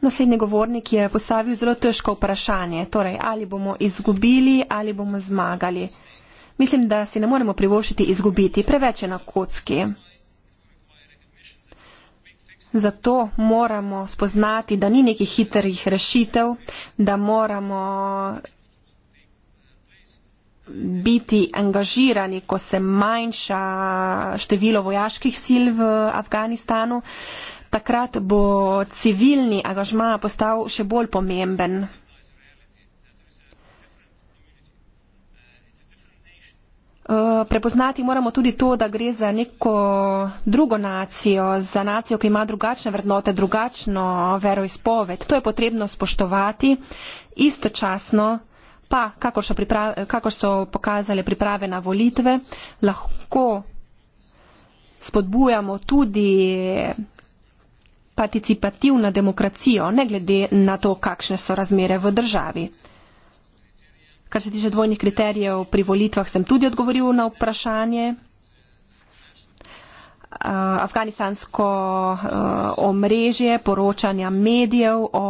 Naslednji govornik je postavil zelo težko vprašanje, torej ali bomo izgubili ali bomo zmagali. Mislim, da si ne moremo privošiti izgubiti, preveč je na kocki. Zato moramo spoznati, da ni nekih hitrih rešitev, da moramo biti angažirani, ko se manjša število vojaških sil v Afganistanu, takrat bo civilni angažma postal še bolj pomemben. Eh, prepoznati moramo tudi to, da gre za neko drugo nacijo, za nacijo, ki ima drugačne vrednote, drugačno veroizpoved. To je potrebno spoštovati. Istočasno pa kakor so, priprave, kakor so pokazali priprave na volitve, lahko spodbujamo tudi participativna demokracijo, ne glede na to, kakšne so razmere v državi. Kar se tiče dvojnih kriterijev pri volitvah, sem tudi odgovoril na vprašanje. Eh, afganistansko eh, omrežje poročanja medijev o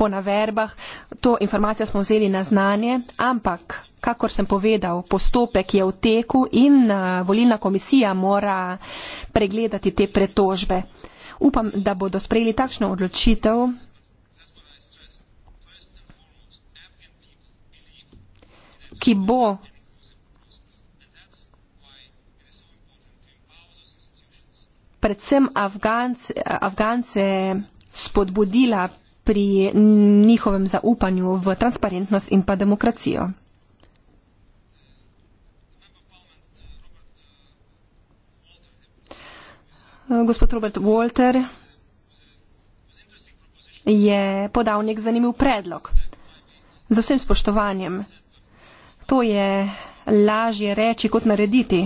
po naverbah, to informacijo smo vzeli na znanje, ampak, kakor sem povedal, postopek je v teku in eh, volilna komisija mora pregledati te pretožbe. Upam, da bodo sprejeli takšno odločitev. ki bo predvsem Afgance, Afgance spodbudila pri njihovem zaupanju v transparentnost in pa demokracijo. Gospod Robert Walter je podal nek zanimiv predlog. Z vsem spoštovanjem. To je lažje reči kot narediti.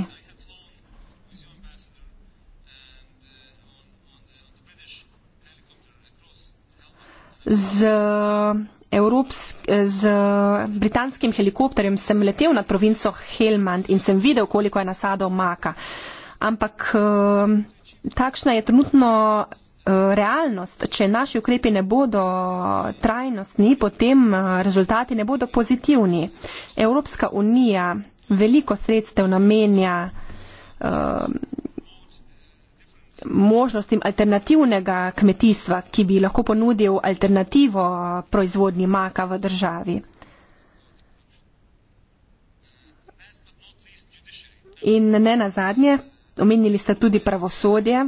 z, evropsk, z britanskim helikopterjem sem letel nad provinco Helmand in sem videl, koliko je nasadov maka. Ampak eh, takšna je trenutno eh, realnost. Če naši ukrepi ne bodo trajnostni, potem eh, rezultati ne bodo pozitivni. Evropska unija veliko sredstev namenja možnostim alternativnega kmetijstva, ki bi lahko ponudil alternativo proizvodnji maka v državi. In ne nazadnje, omenili ste tudi pravosodje.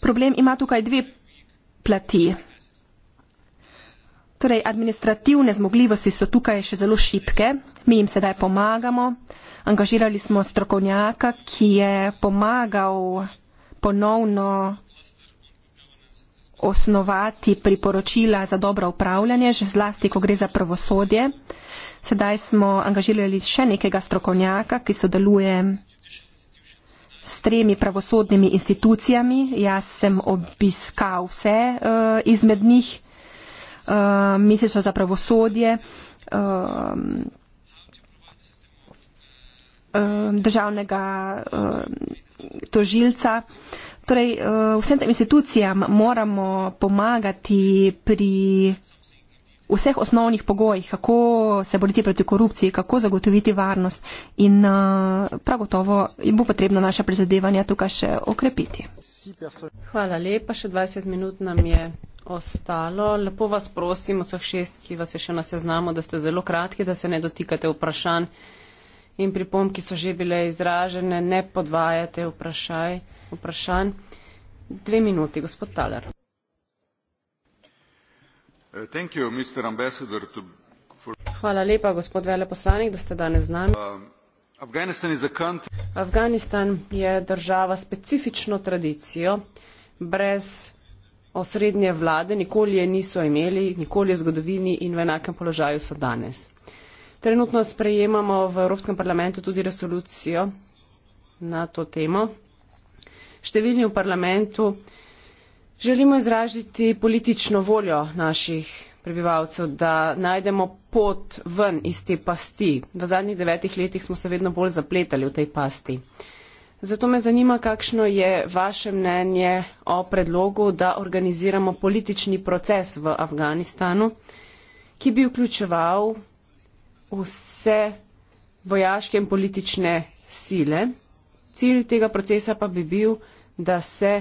Problem ima tukaj dve plati. Torej, administrativne zmogljivosti so tukaj še zelo šipke, mi jim sedaj pomagamo. Angažirali smo strokovnjaka, ki je pomagal ponovno osnovati priporočila za dobro upravljanje, že zlasti, ko gre za pravosodje. Sedaj smo angažirali še nekega strokovnjaka, ki sodeluje s tremi pravosodnimi institucijami. Jaz sem obiskal vse uh, izmed njih. Uh, ministrstva za pravosodje, um, um, državnega um, tožilca. Torej, uh, vsem tem institucijam moramo pomagati pri vseh osnovnih pogojih, kako se boriti proti korupciji, kako zagotoviti varnost in uh, prav gotovo bo potrebno naša prizadevanja tukaj še okrepiti. Hvala lepa, še 20 minut nam je ostalo. Lepo vas prosim, vseh šest, ki vas je še na seznamu, da ste zelo kratki, da se ne dotikate vprašanj in pripomb, ki so že bile izražene, ne podvajate vprašaj, vprašanj. Dve minuti, gospod Taler. Uh, thank you, Mr. Ambassador. To... For... Hvala lepa, gospod veleposlanik, da ste danes z nami. Uh, Afganistan, country... Afganistan je država s specifično tradicijo, brez osrednje vlade nikoli je niso imeli, nikoli je zgodovini in v enakem položaju so danes. Trenutno sprejemamo v Evropskem parlamentu tudi resolucijo na to temo. Številni v parlamentu želimo izražiti politično voljo naših prebivalcev, da najdemo pot ven iz te pasti. V zadnjih devetih letih smo se vedno bolj zapletali v tej pasti. Zato me zanima, kakšno je vaše mnenje o predlogu, da organiziramo politični proces v Afganistanu, ki bi vključeval vse vojaške in politične sile. Cilj tega procesa pa bi bil, da se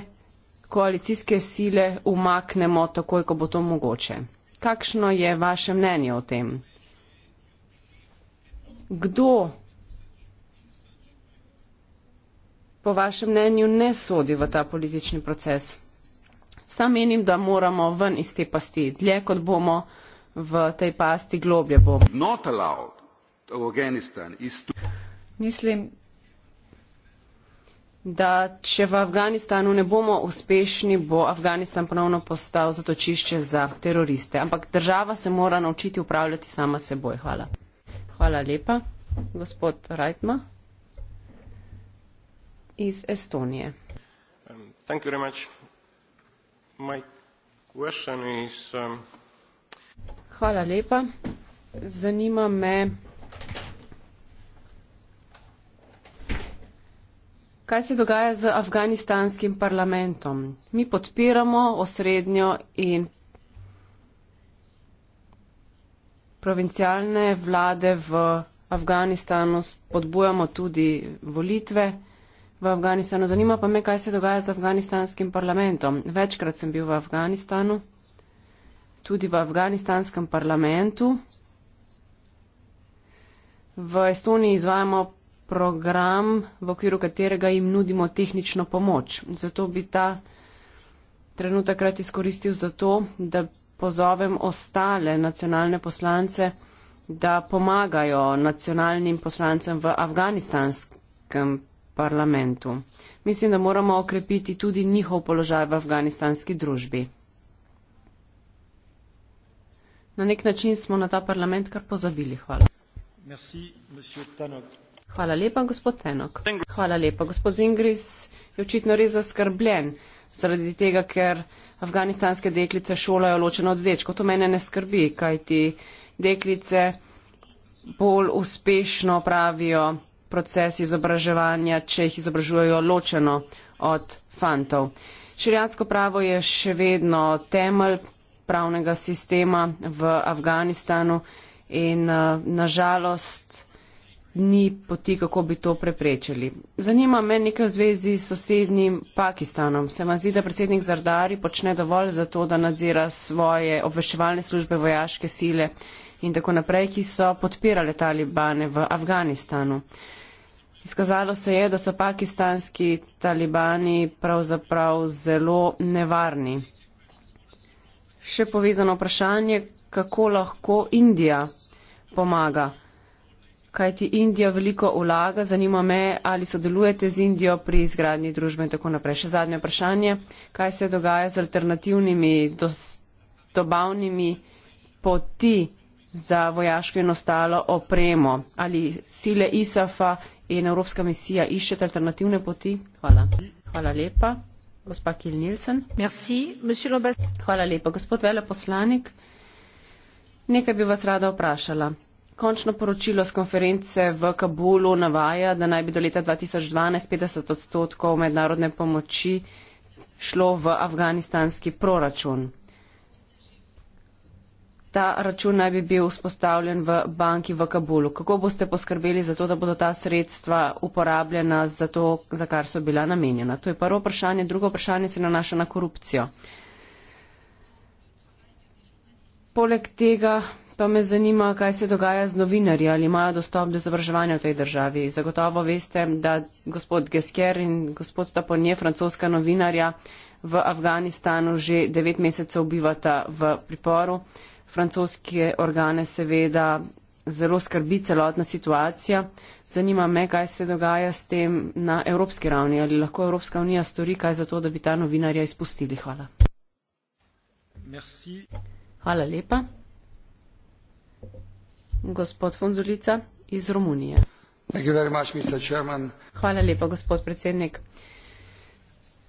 koalicijske sile umaknemo takoj, ko bo to mogoče. Kakšno je vaše mnenje o tem? Kdo po vašem mnenju ne sodi v ta politični proces. Sam menim, da moramo ven iz te pasti. Dlje kot bomo v tej pasti, globlje bomo. Mislim, da če v Afganistanu ne bomo uspešni, bo Afganistan ponovno postal zatočišče za teroriste. Ampak država se mora naučiti upravljati sama seboj. Hvala. Hvala lepa. Gospod Reitma iz Estonije. Um, um, Hvala lepa. Zanima me, kaj se dogaja z afganistanskim parlamentom. Mi podpiramo osrednjo in provincialne vlade v Afganistanu, podbujamo tudi volitve v Afganistanu. Zanima pa me, kaj se dogaja z afganistanskim parlamentom. Večkrat sem bil v Afganistanu, tudi v afganistanskem parlamentu. V Estoniji izvajamo program, v okviru katerega jim nudimo tehnično pomoč. Zato bi ta trenutek rad izkoristil za to, da pozovem ostale nacionalne poslance, da pomagajo nacionalnim poslancem v afganistanskem parlamentu parlamentu. Mislim, da moramo okrepiti tudi njihov položaj v afganistanski družbi. Na nek način smo na ta parlament kar pozabili. Hvala. Merci, Hvala lepa, gospod Tenok. Hvala lepa. Gospod Zingris je očitno res zaskrbljen zaradi tega, ker afganistanske deklice šolajo ločeno od več. To mene ne skrbi, kajti deklice bolj uspešno pravijo proces izobraževanja, če jih izobražujejo ločeno od fantov. Širijatsko pravo je še vedno temelj pravnega sistema v Afganistanu in eh, nažalost ni poti, kako bi to preprečili. Zanima me nekaj v zvezi s sosednjim Pakistanom. Se vam zdi, da predsednik Zardari počne dovolj za to, da nadzira svoje obveščevalne službe, vojaške sile in tako naprej, ki so podpirale talibane v Afganistanu. Izkazalo se je, da so pakistanski talibani pravzaprav zelo nevarni. Še povezano vprašanje, kako lahko Indija pomaga. Kaj ti Indija veliko vlaga, zanima me, ali sodelujete z Indijo pri izgradnji družbe in tako naprej. Še zadnje vprašanje, kaj se dogaja z alternativnimi dobavnimi poti za vojaško in ostalo opremo. Ali sile ISAF-a in Evropska misija iščete alternativne poti? Hvala. Hvala lepa. Gospa Kil Nielsen. Merci, Hvala lepa. Gospod veleposlanik, nekaj bi vas rada vprašala. Končno poročilo z konference v Kabulu navaja, da naj bi do leta 2012 50 odstotkov mednarodne pomoči šlo v afganistanski proračun. Ta račun naj bi bil vzpostavljen v banki v Kabulu. Kako boste poskrbeli za to, da bodo ta sredstva uporabljena za to, za kar so bila namenjena? To je prvo vprašanje. Drugo vprašanje se nanaša na korupcijo. Poleg tega pa me zanima, kaj se dogaja z novinarji, ali imajo dostop do izobraževanja v tej državi. Zagotovo veste, da gospod Gesker in gospod Staponje, francoska novinarja, v Afganistanu že devet mesecev bivata v priporu francoske organe seveda zelo skrbi celotna situacija. Zanima me, kaj se dogaja s tem na evropski ravni. Ali lahko Evropska unija stori kaj za to, da bi ta novinarja izpustili? Hvala. Merci. Hvala lepa. Gospod Fonzulica iz Romunije. Thank you very much, Mr. Chairman. Hvala lepa, gospod predsednik.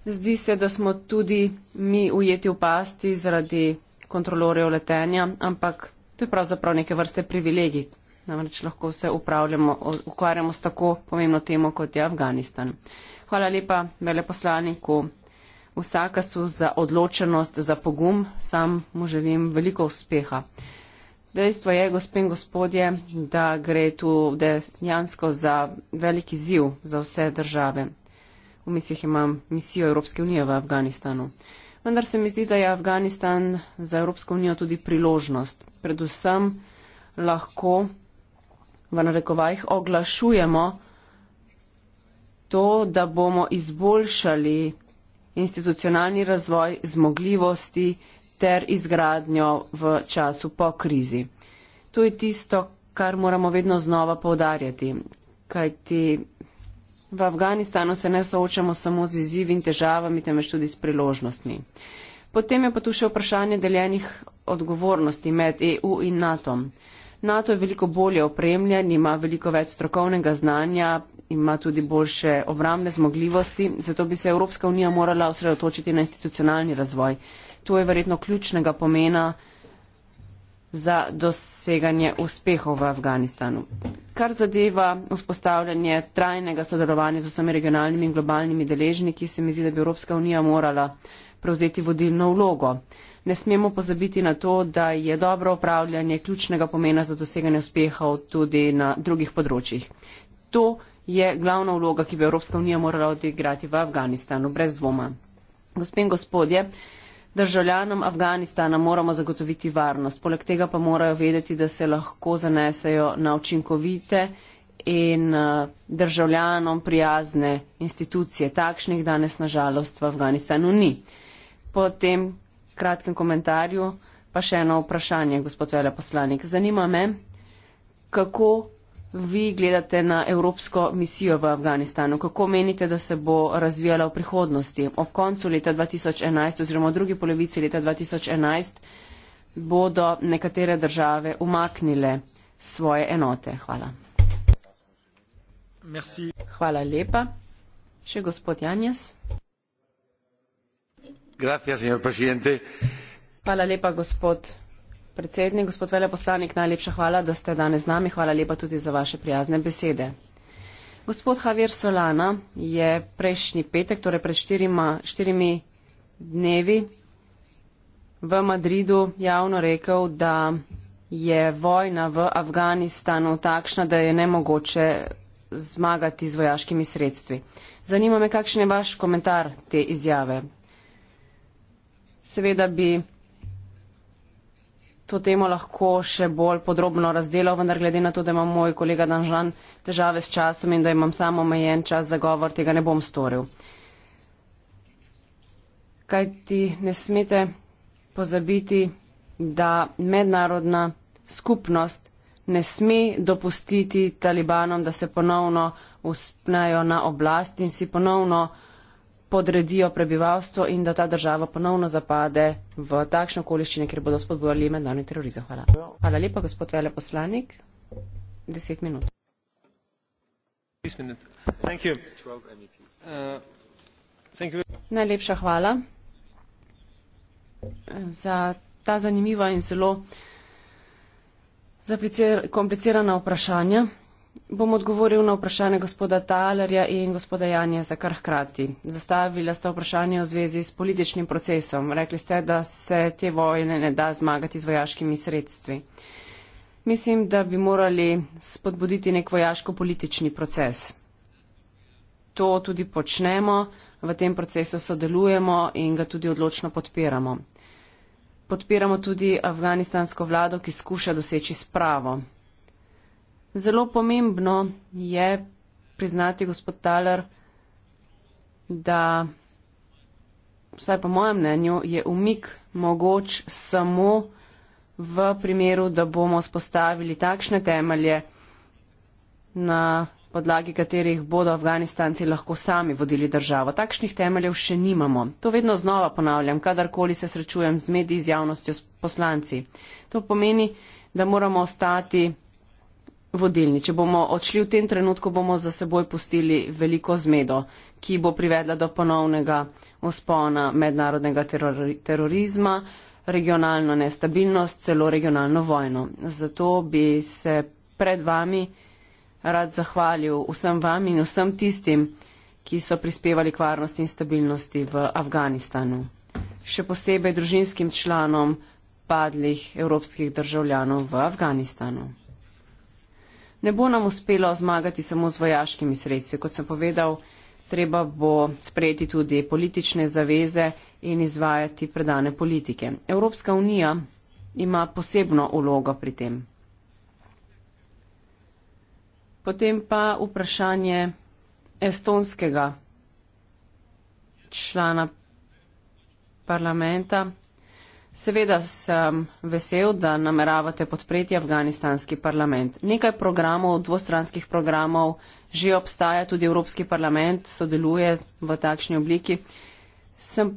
Zdi se, da smo tudi mi ujeti v pasti zaradi kontrolorjev letenja, ampak to je pravzaprav neke vrste privilegij. Namreč lahko se ukvarjamo s tako pomembno temo, kot je Afganistan. Hvala lepa veleposlaniku Vsakasu za odločenost, za pogum. Sam mu želim veliko uspeha. Dejstvo je, gospe in gospodje, da gre tu dejansko za veliki ziv za vse države. V mislih imam misijo Evropske unije v Afganistanu vendar se mi zdi, da je Afganistan za Evropsko unijo tudi priložnost. Predvsem lahko v narekovajih oglašujemo to, da bomo izboljšali institucionalni razvoj zmogljivosti ter izgradnjo v času po krizi. To je tisto, kar moramo vedno znova povdarjati, kajti V Afganistanu se ne soočamo samo z izzivi in težavami, temveč tudi s priložnostmi. Potem je pa tu še vprašanje deljenih odgovornosti med EU in NATO. NATO je veliko bolje opremljen, ima veliko več strokovnega znanja, ima tudi boljše obramne zmogljivosti, zato bi se Evropska unija morala osredotočiti na institucionalni razvoj. To je verjetno ključnega pomena za doseganje uspehov v Afganistanu. Kar zadeva vzpostavljanje trajnega sodelovanja z vsemi regionalnimi in globalnimi deležniki, se mi zdi, da bi Evropska unija morala prevzeti vodilno vlogo. Ne smemo pozabiti na to, da je dobro upravljanje ključnega pomena za doseganje uspehov tudi na drugih področjih. To je glavna vloga, ki bi Evropska unija morala odigrati v Afganistanu, brez dvoma. Gospe in gospodje, Državljanom Afganistana moramo zagotoviti varnost, poleg tega pa morajo vedeti, da se lahko zanesejo na učinkovite in eh, državljanom prijazne institucije. Takšnih danes nažalost v Afganistanu ni. Po tem kratkem komentarju pa še eno vprašanje, gospod veleposlanik. Zanima me, kako vi gledate na evropsko misijo v Afganistanu? Kako menite, da se bo razvijala v prihodnosti? Ob koncu leta 2011 oziroma v drugi polovici leta 2011 bodo nekatere države umaknile svoje enote. Hvala. Merci. Hvala lepa. Še gospod Janjes. Gracias, Hvala lepa, gospod predsednik, gospod veleposlanik, najlepša hvala, da ste danes z nami. Hvala lepa tudi za vaše prijazne besede. Gospod Javier Solana je prejšnji petek, torej pred štirima, štirimi dnevi v Madridu javno rekel, da je vojna v Afganistanu takšna, da je nemogoče zmagati z vojaškimi sredstvi. Zanima me, kakšen je vaš komentar te izjave. Seveda bi to temo lahko še bolj podrobno razdelal, vendar glede na to, da ima moj kolega Danžan težave s časom in da imam samo omejen čas za govor, tega ne bom storil. Kaj ti ne smete pozabiti, da mednarodna skupnost ne sme dopustiti talibanom, da se ponovno uspnajo na oblast in si ponovno podredijo prebivalstvo in da ta država ponovno zapade v takšne okoliščine, kjer bodo spodbujali mednarodni terorizem. Hvala. Hvala lepa, gospod veleposlanik. Deset minut. Thank you. Uh, thank you. Najlepša hvala za ta zanimiva in zelo komplicirana vprašanja bom odgovoril na vprašanje gospoda Talerja in gospoda Janja za kar hkrati. Zastavila ste vprašanje v zvezi s političnim procesom. Rekli ste, da se te vojne ne da zmagati z vojaškimi sredstvi. Mislim, da bi morali spodbuditi nek vojaško-politični proces. To tudi počnemo, v tem procesu sodelujemo in ga tudi odločno podpiramo. Podpiramo tudi afganistansko vlado, ki skuša doseči spravo zelo pomembno je priznati, gospod Taler, da, vsaj po mojem mnenju, je umik mogoč samo v primeru, da bomo spostavili takšne temelje, na podlagi katerih bodo Afganistanci lahko sami vodili državo. Takšnih temeljev še nimamo. To vedno znova ponavljam, kadarkoli se srečujem z mediji, z javnostjo, s poslanci. To pomeni, da moramo ostati vodilni. Če bomo odšli v tem trenutku, bomo za seboj pustili veliko zmedo, ki bo privedla do ponovnega vzpona mednarodnega terori terorizma, regionalno nestabilnost, celo regionalno vojno. Zato bi se pred vami rad zahvalil vsem vam in vsem tistim, ki so prispevali k varnosti in stabilnosti v Afganistanu. Še posebej družinskim članom padlih evropskih državljanov v Afganistanu ne bo nam uspelo zmagati samo z vojaškimi sredstvi. Kot sem povedal, treba bo sprejeti tudi politične zaveze in izvajati predane politike. Evropska unija ima posebno ulogo pri tem. Potem pa vprašanje estonskega člana parlamenta. Seveda sem vesel, da nameravate podpreti afganistanski parlament. Nekaj programov, dvostranskih programov, že obstaja tudi Evropski parlament, sodeluje v takšni obliki. Sem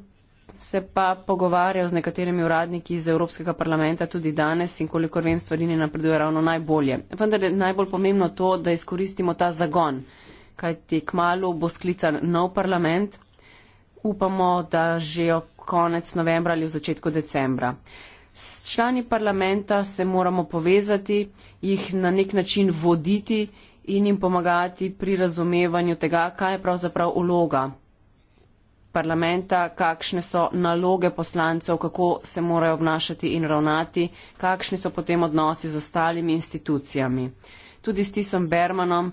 se pa pogovarjal z nekaterimi uradniki iz Evropskega parlamenta tudi danes in kolikor vem, stvari ne napredujejo ravno najbolje. Vendar je najbolj pomembno to, da izkoristimo ta zagon, kajti kmalo bo sklican nov parlament. Upamo, da že ob konec novembra ali v začetku decembra. S člani parlamenta se moramo povezati, jih na nek način voditi in jim pomagati pri razumevanju tega, kaj je pravzaprav uloga parlamenta, kakšne so naloge poslancev, kako se morajo obnašati in ravnati, kakšni so potem odnosi z ostalimi institucijami. Tudi s Tisom Bermanom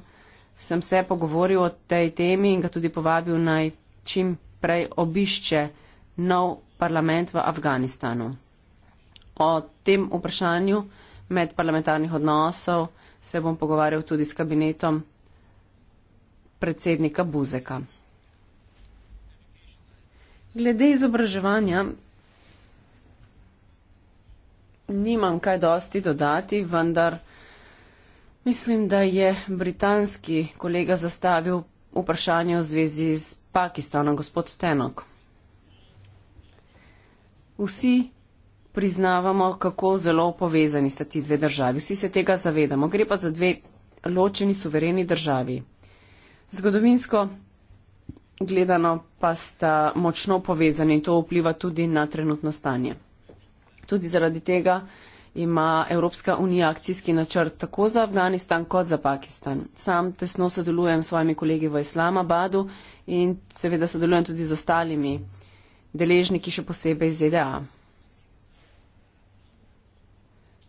sem se pogovoril o tej temi in ga tudi povabil naj čim prej obišče nov parlament v Afganistanu. O tem vprašanju medparlamentarnih odnosov se bom pogovarjal tudi s kabinetom predsednika Buzeka. Glede izobraževanja nimam kaj dosti dodati, vendar mislim, da je britanski kolega zastavil vprašanje v zvezi z Pakistanom, gospod Tenok vsi priznavamo, kako zelo povezani sta ti dve državi. Vsi se tega zavedamo. Gre pa za dve ločeni suvereni državi. Zgodovinsko gledano pa sta močno povezani in to vpliva tudi na trenutno stanje. Tudi zaradi tega ima Evropska unija akcijski načrt tako za Afganistan kot za Pakistan. Sam tesno sodelujem s svojimi kolegi v Islamabadu in seveda sodelujem tudi z ostalimi deležniki še posebej iz ZDA.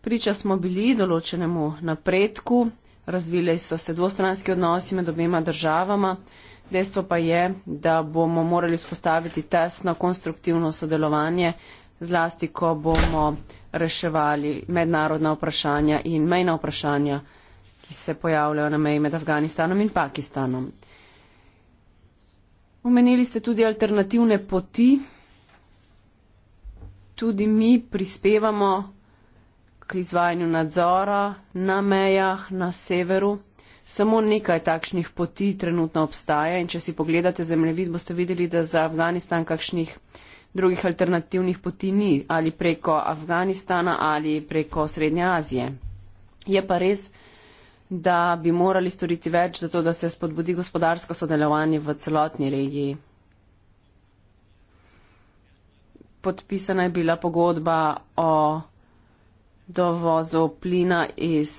Priča smo bili določenemu napredku, razvile so se dvostranski odnosi med obema državama, dejstvo pa je, da bomo morali spostaviti tesno konstruktivno sodelovanje, zlasti ko bomo reševali mednarodna vprašanja in mejna vprašanja, ki se pojavljajo na meji med Afganistanom in Pakistanom. Omenili ste tudi alternativne poti. Tudi mi prispevamo k izvajanju nadzora na mejah na severu. Samo nekaj takšnih poti trenutno obstaja in če si pogledate zemljevid, boste videli, da za Afganistan kakšnih drugih alternativnih poti ni, ali preko Afganistana ali preko Srednje Azije. Je pa res, da bi morali storiti več za to, da se spodbudi gospodarsko sodelovanje v celotni regiji. Podpisana je bila pogodba o dovozu plina iz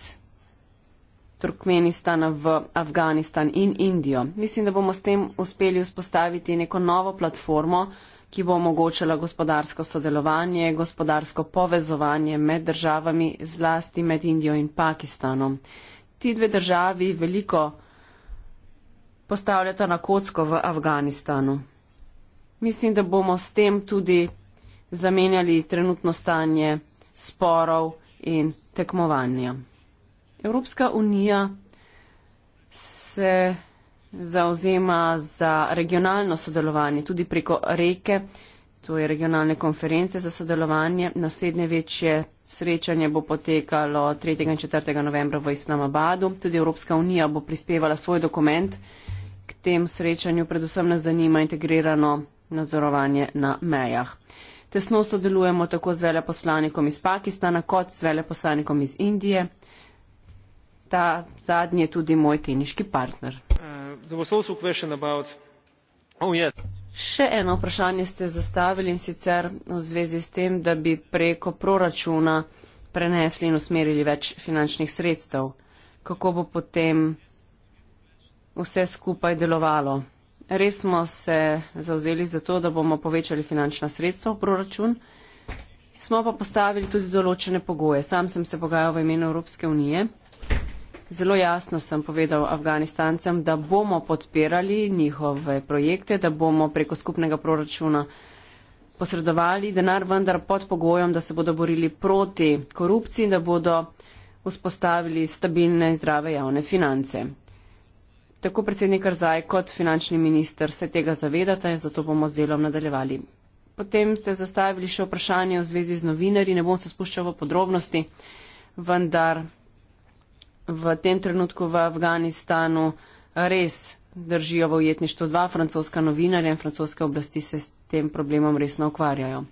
Turkmenistana v Afganistan in Indijo. Mislim, da bomo s tem uspeli vzpostaviti neko novo platformo, ki bo omogočala gospodarsko sodelovanje, gospodarsko povezovanje med državami, zlasti med Indijo in Pakistanom ti dve državi veliko postavljata na kocko v Afganistanu. Mislim, da bomo s tem tudi zamenjali trenutno stanje sporov in tekmovanja. Evropska unija se zauzema za regionalno sodelovanje tudi preko reke to je regionalne konference za sodelovanje. Naslednje večje srečanje bo potekalo 3. in 4. novembra v Islamabadu. Tudi Evropska unija bo prispevala svoj dokument k tem srečanju. Predvsem nas zanima integrirano nadzorovanje na mejah. Tesno sodelujemo tako z veleposlanikom iz Pakistana kot z veleposlanikom iz Indije. Ta zadnji je tudi moj teniški partner. Uh, Še eno vprašanje ste zastavili in sicer v zvezi s tem, da bi preko proračuna prenesli in usmerili več finančnih sredstev. Kako bo potem vse skupaj delovalo? Res smo se zauzeli za to, da bomo povečali finančna sredstva v proračun, smo pa postavili tudi določene pogoje. Sam sem se pogajal v imenu Evropske unije. Zelo jasno sem povedal Afganistancem, da bomo podpirali njihove projekte, da bomo preko skupnega proračuna posredovali denar, vendar pod pogojem, da se bodo borili proti korupciji in da bodo vzpostavili stabilne in zdrave javne finance. Tako predsednik Arzaj kot finančni minister se tega zavedate in zato bomo z delom nadaljevali. Potem ste zastavili še vprašanje v zvezi z novinarji, ne bom se spuščal v podrobnosti, vendar v tem trenutku v Afganistanu res držijo v ujetništvu dva francoska novinarja in francoske oblasti se s tem problemom resno ukvarjajo.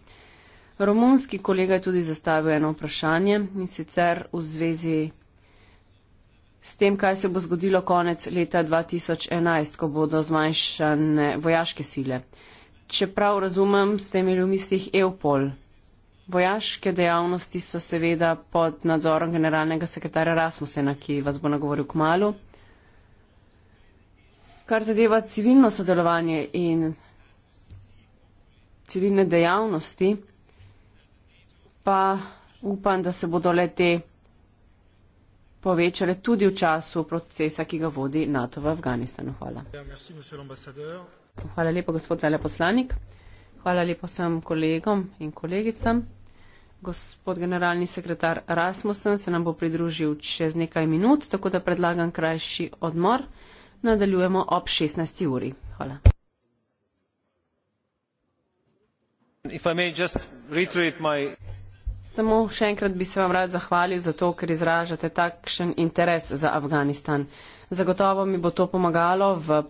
Romunski kolega je tudi zastavil eno vprašanje in sicer v zvezi s tem, kaj se bo zgodilo konec leta 2011, ko bodo zmanjšane vojaške sile. Čeprav razumem, ste imeli v mislih Eupol. Vojaške dejavnosti so seveda pod nadzorom generalnega sekretarja Rasmusena, ki vas bo nagovoril k malu. Kar zadeva civilno sodelovanje in civilne dejavnosti, pa upam, da se bodo le te povečale tudi v času procesa, ki ga vodi NATO v Afganistanu. Hvala. Hvala lepo, gospod veleposlanik. Hvala lepo vsem kolegom in kolegicam. Gospod generalni sekretar Rasmussen se nam bo pridružil čez nekaj minut, tako da predlagam krajši odmor. Nadaljujemo ob 16. uri. Hvala. Samo še enkrat bi se vam rad zahvalil za to, ker izražate takšen interes za Afganistan. Zagotovo mi bo to pomagalo v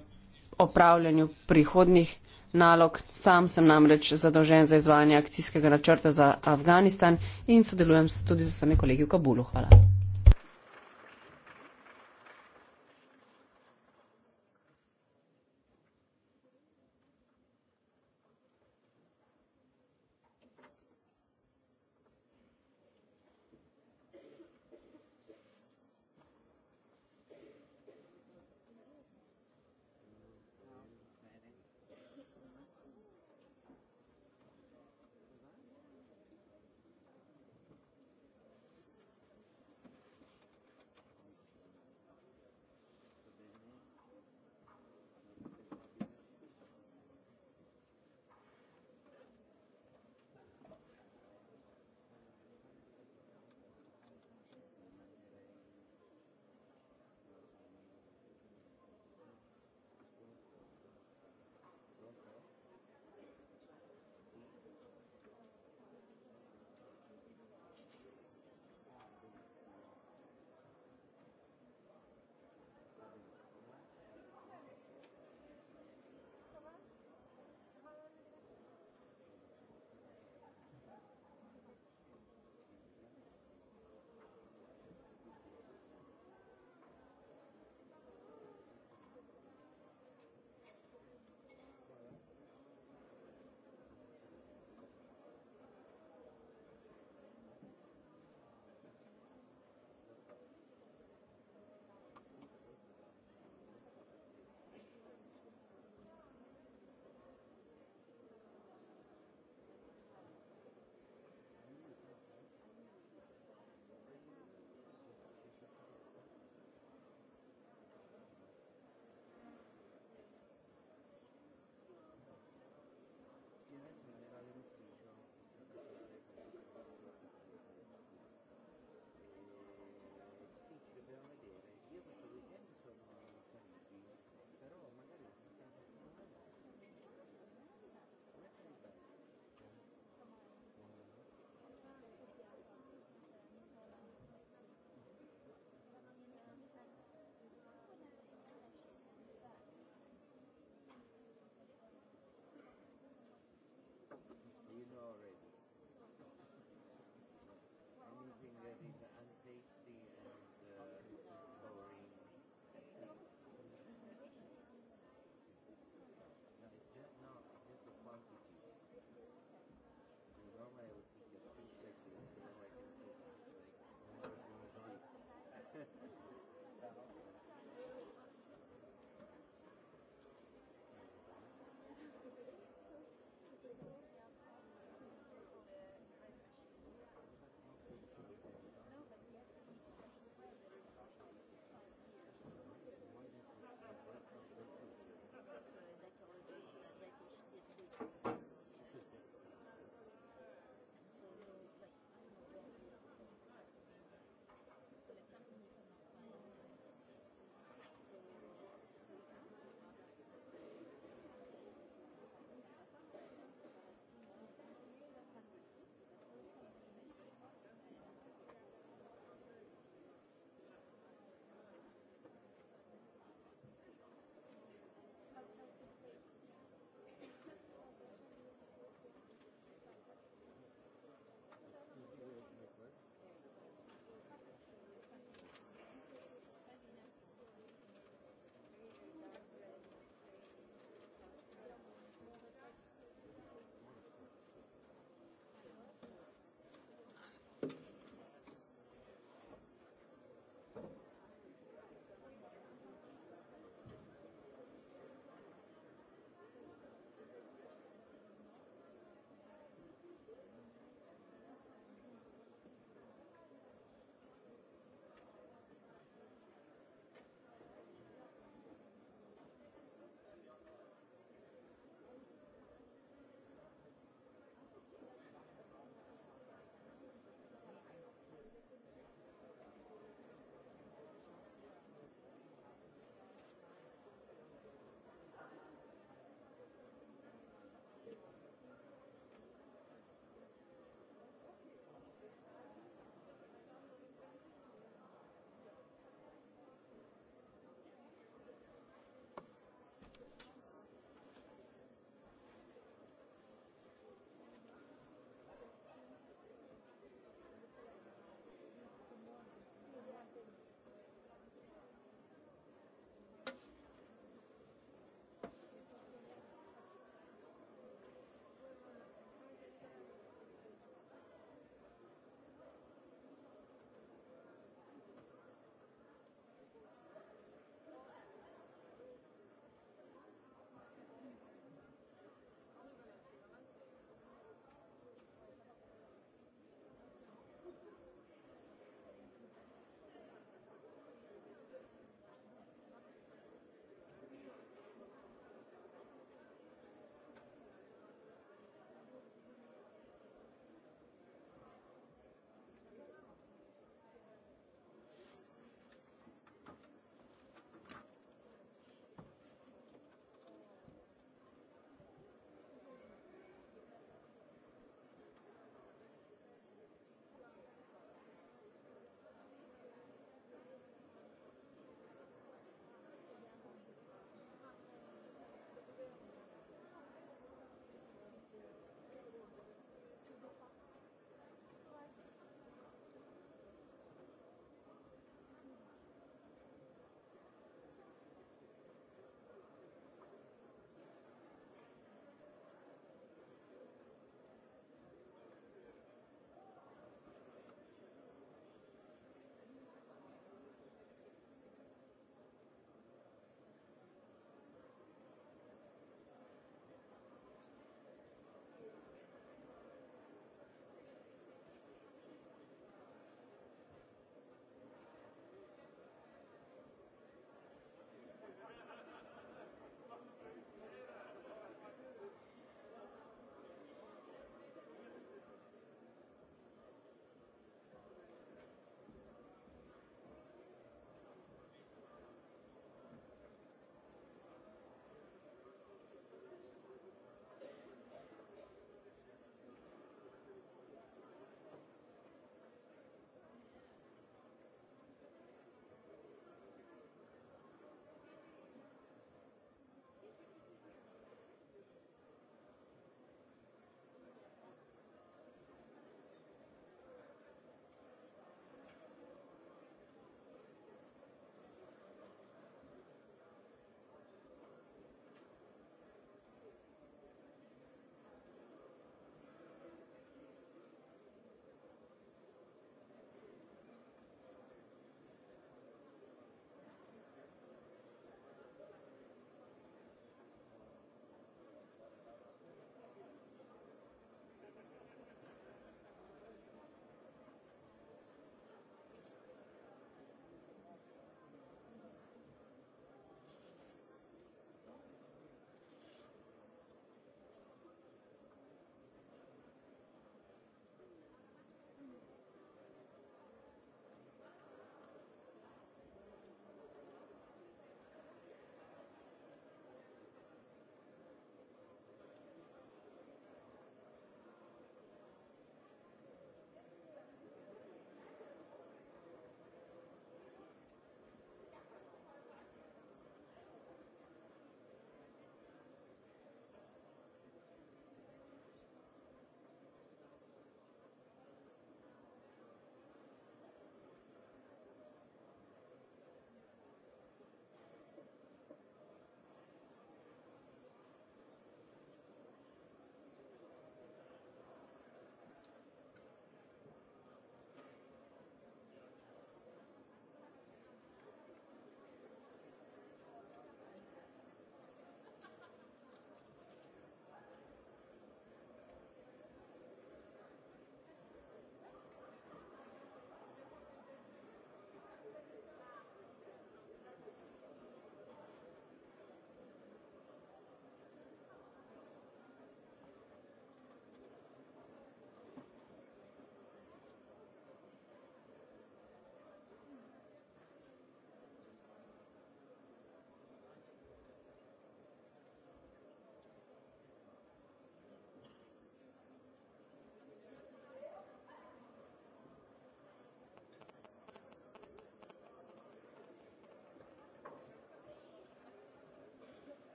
opravljanju prihodnih nalog. Sam sem namreč zadolžen za izvajanje akcijskega načrta za Afganistan in sodelujem tudi z vsemi kolegi v Kabulu. Hvala.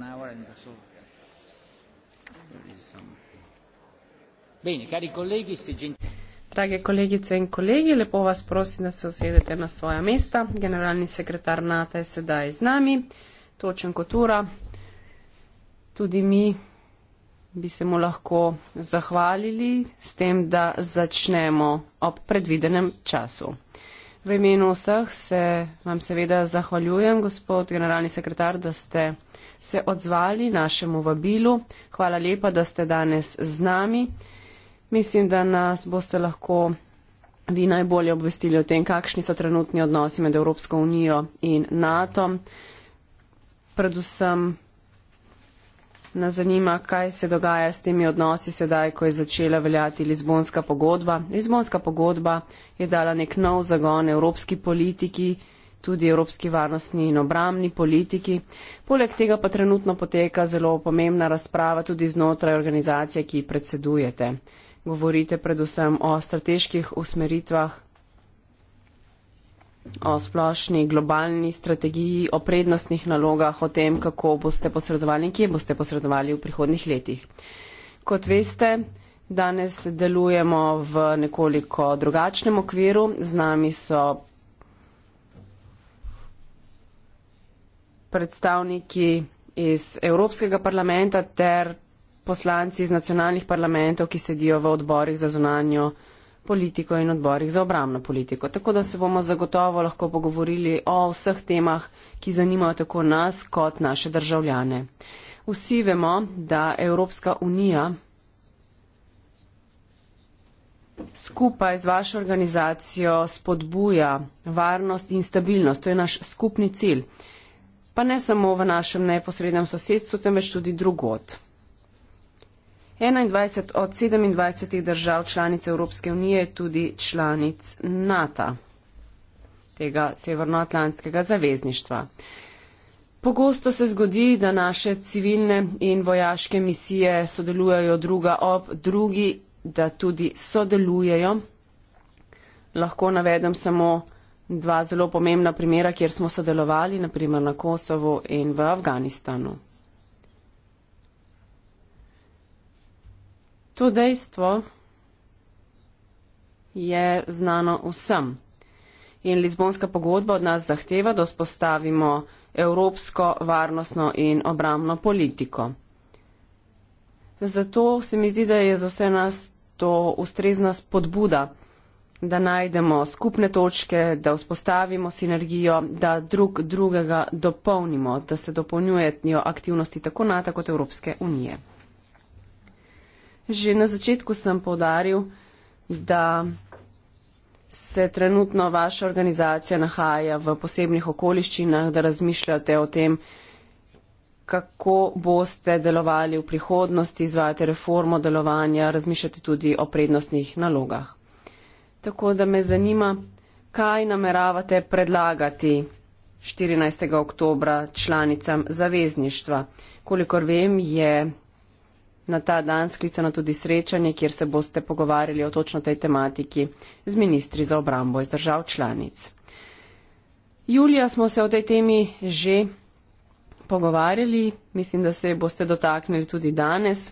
an hour and so Bene, cari colleghi, se gente... Drage kolegice in kolegi, lepo vas prosim, da se usedete na svoja mesta. Generalni sekretar NATO je sedaj z nami, točen kot ura. Tudi mi bi se mu lahko zahvalili s tem, da začnemo ob predvidenem času. V imenu vseh se vam seveda zahvaljujem, gospod generalni sekretar, da ste se odzvali našemu vabilu. Hvala lepa, da ste danes z nami. Mislim, da nas boste lahko vi najbolje obvestili o tem, kakšni so trenutni odnosi med Evropsko unijo in NATO. Predvsem nas zanima, kaj se dogaja s temi odnosi sedaj, ko je začela veljati Lizbonska pogodba. Lizbonska pogodba je dala nek nov zagon evropski politiki, tudi evropski varnostni in obramni politiki. Poleg tega pa trenutno poteka zelo pomembna razprava tudi znotraj organizacije, ki predsedujete. Govorite predvsem o strateških usmeritvah o splošni globalni strategiji, o prednostnih nalogah, o tem, kako boste posredovali in kje boste posredovali v prihodnih letih. Kot veste, danes delujemo v nekoliko drugačnem okviru. Z nami so predstavniki iz Evropskega parlamenta ter poslanci iz nacionalnih parlamentov, ki sedijo v odborih za zunanjo politiko politiko in odborih za obramno politiko. Tako da se bomo zagotovo lahko pogovorili o vseh temah, ki zanimajo tako nas kot naše državljane. Vsi vemo, da Evropska unija skupaj z vašo organizacijo spodbuja varnost in stabilnost. To je naš skupni cilj. Pa ne samo v našem neposrednem sosedstvu, temveč tudi drugot. 21 od 27 držav članic Evropske unije tudi članic NATO, tega Severoatlantskega zavezništva. Pogosto se zgodi, da naše civilne in vojaške misije sodelujejo druga ob drugi, da tudi sodelujejo. Lahko navedem samo dva zelo pomembna primera, kjer smo sodelovali, naprimer na Kosovo in v Afganistanu. To dejstvo je znano vsem. In Lizbonska pogodba od nas zahteva, da spostavimo evropsko varnostno in obramno politiko. Zato se mi zdi, da je za vse nas to ustrezna spodbuda, da najdemo skupne točke, da vzpostavimo sinergijo, da drug drugega dopolnimo, da se dopolnjujejo aktivnosti tako NATO kot Evropske unije. Že na začetku sem povdaril, da se trenutno vaša organizacija nahaja v posebnih okoliščinah, da razmišljate o tem, kako boste delovali v prihodnosti, izvajate reformo delovanja, razmišljate tudi o prednostnih nalogah. Tako da me zanima, kaj nameravate predlagati 14. oktobra članicam zavezništva. Kolikor vem, je na ta dan sklicano tudi srečanje, kjer se boste pogovarjali o točno tej tematiki z ministri za obrambo iz držav članic. Julija smo se o tej temi že pogovarjali, mislim, da se boste dotaknili tudi danes.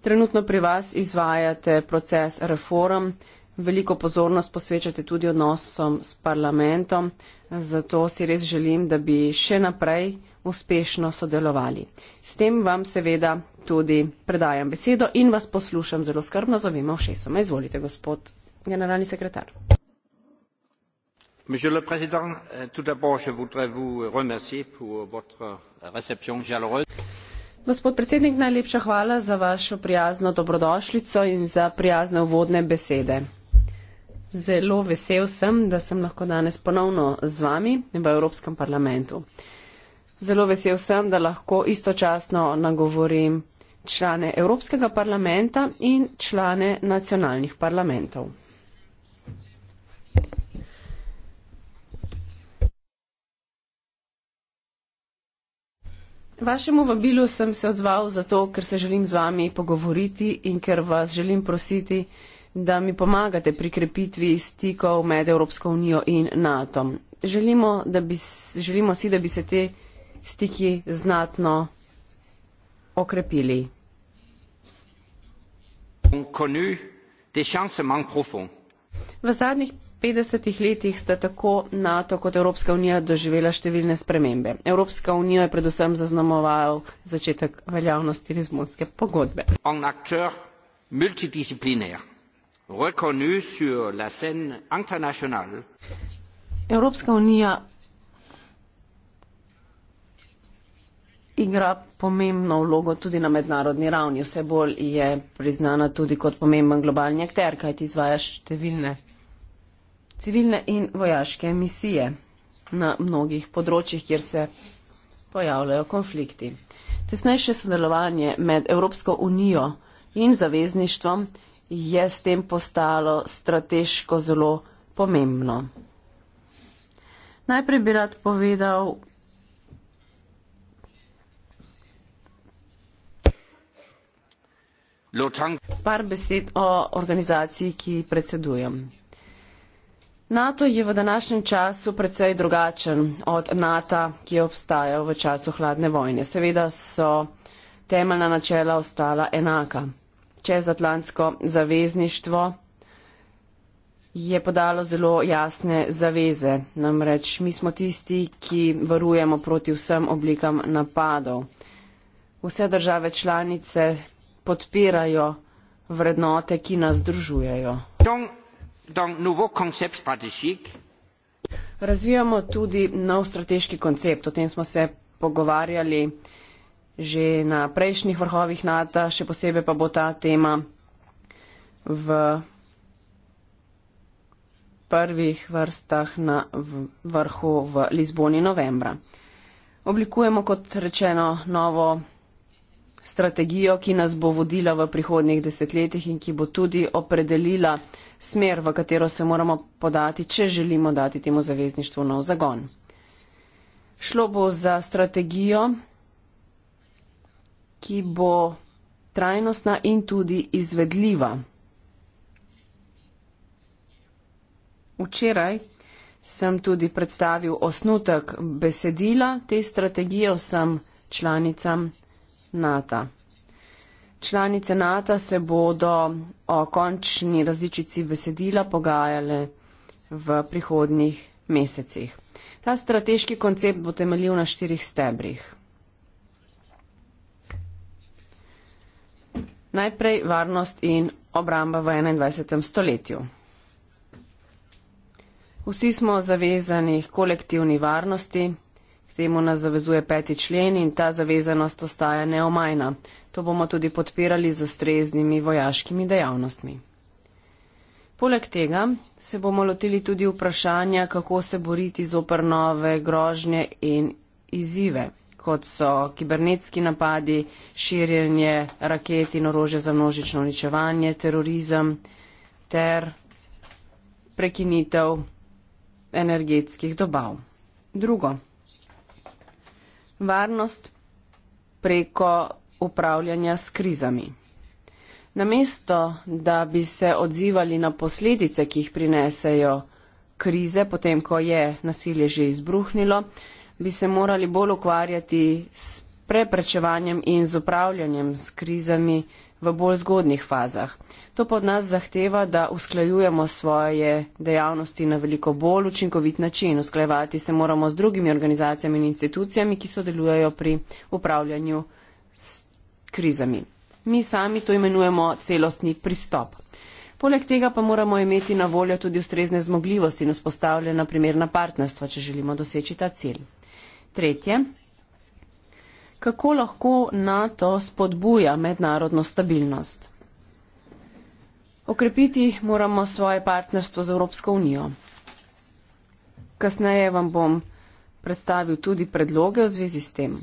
Trenutno pri vas izvajate proces reform, veliko pozornost posvečate tudi odnosom s parlamentom, zato si res želim, da bi še naprej uspešno sodelovali. S tem vam seveda tudi predajam besedo in vas poslušam zelo skrbno z ovima všesoma. Izvolite, gospod generalni sekretar. Monsieur le Président, euh, tout d'abord, je voudrais vous remercier pour votre réception chaleureuse. Gospod predsednik, najlepša hvala za vašo prijazno dobrodošlico in za prijazne uvodne besede. Zelo vesel sem, da sem lahko danes ponovno z vami v Evropskem parlamentu. Zelo vesel sem, da lahko istočasno nagovorim člane Evropskega parlamenta in člane nacionalnih parlamentov. Vašemu vabilu sem se odzval zato, ker se želim z vami pogovoriti in ker vas želim prositi, da mi pomagate pri krepitvi stikov med Evropsko unijo in NATO. Želimo, da bi, želimo si, da bi se te stiki znatno okrepili. V zadnjih 50 letih sta tako NATO kot Evropska unija doživela številne spremembe. Evropska unija je predvsem zaznamoval začetek veljavnosti Lizbonske pogodbe. Evropska unija igra pomembno vlogo tudi na mednarodni ravni. Vse bolj je priznana tudi kot pomemben globalni akter, kajti izvaja številne civilne in vojaške misije na mnogih področjih, kjer se pojavljajo konflikti. Tesnejše sodelovanje med Evropsko unijo in zavezništvom je s tem postalo strateško zelo pomembno. Najprej bi rad povedal, Par besed o organizaciji, ki predsedujem. NATO je v današnjem času precej drugačen od NATO, ki je obstajal v času hladne vojne. Seveda so temeljna načela ostala enaka. Čezatlantsko zavezništvo je podalo zelo jasne zaveze. Namreč mi smo tisti, ki varujemo proti vsem oblikam napadov. Vse države članice podpirajo vrednote, ki nas združujejo. Razvijamo tudi nov strateški koncept. O tem smo se pogovarjali že na prejšnjih vrhovih NATO, še posebej pa bo ta tema v prvih vrstah na vrhu v Lizboni novembra. Oblikujemo, kot rečeno, novo strategijo, ki nas bo vodila v prihodnjih desetletjih in ki bo tudi opredelila smer, v katero se moramo podati, če želimo dati temu zavezništvu nov zagon. Šlo bo za strategijo, ki bo trajnostna in tudi izvedljiva. Včeraj sem tudi predstavil osnutek besedila te strategije vsem članicam NATO. Članice NATO se bodo o končni različici besedila pogajale v prihodnih mesecih. Ta strateški koncept bo temeljil na štirih stebrih. Najprej varnost in obramba v 21. stoletju. Vsi smo zavezani kolektivni varnosti, Temu nas zavezuje peti člen in ta zavezanost ostaja neomajna. To bomo tudi podpirali z ustreznimi vojaškimi dejavnostmi. Poleg tega se bomo lotili tudi vprašanja, kako se boriti z opr nove grožnje in izzive, kot so kibernetski napadi, širjenje raket in orože za množično uničevanje, terorizem ter prekinitev energetskih dobav. Drugo varnost preko upravljanja s krizami. Namesto, da bi se odzivali na posledice, ki jih prinesejo krize, potem, ko je nasilje že izbruhnilo, bi se morali bolj ukvarjati s preprečevanjem in z upravljanjem s krizami v bolj zgodnih fazah. To pa od nas zahteva, da usklajujemo svoje dejavnosti na veliko bolj učinkovit način. Usklajevati se moramo z drugimi organizacijami in institucijami, ki sodelujejo pri upravljanju s krizami. Mi sami to imenujemo celostni pristop. Poleg tega pa moramo imeti na voljo tudi ustrezne zmogljivosti in vzpostavljena primerna partnerstva, če želimo doseči ta cilj. Tretje. Kako lahko NATO spodbuja mednarodno stabilnost? Okrepiti moramo svoje partnerstvo z Evropsko unijo. Kasneje vam bom predstavil tudi predloge v zvezi s tem.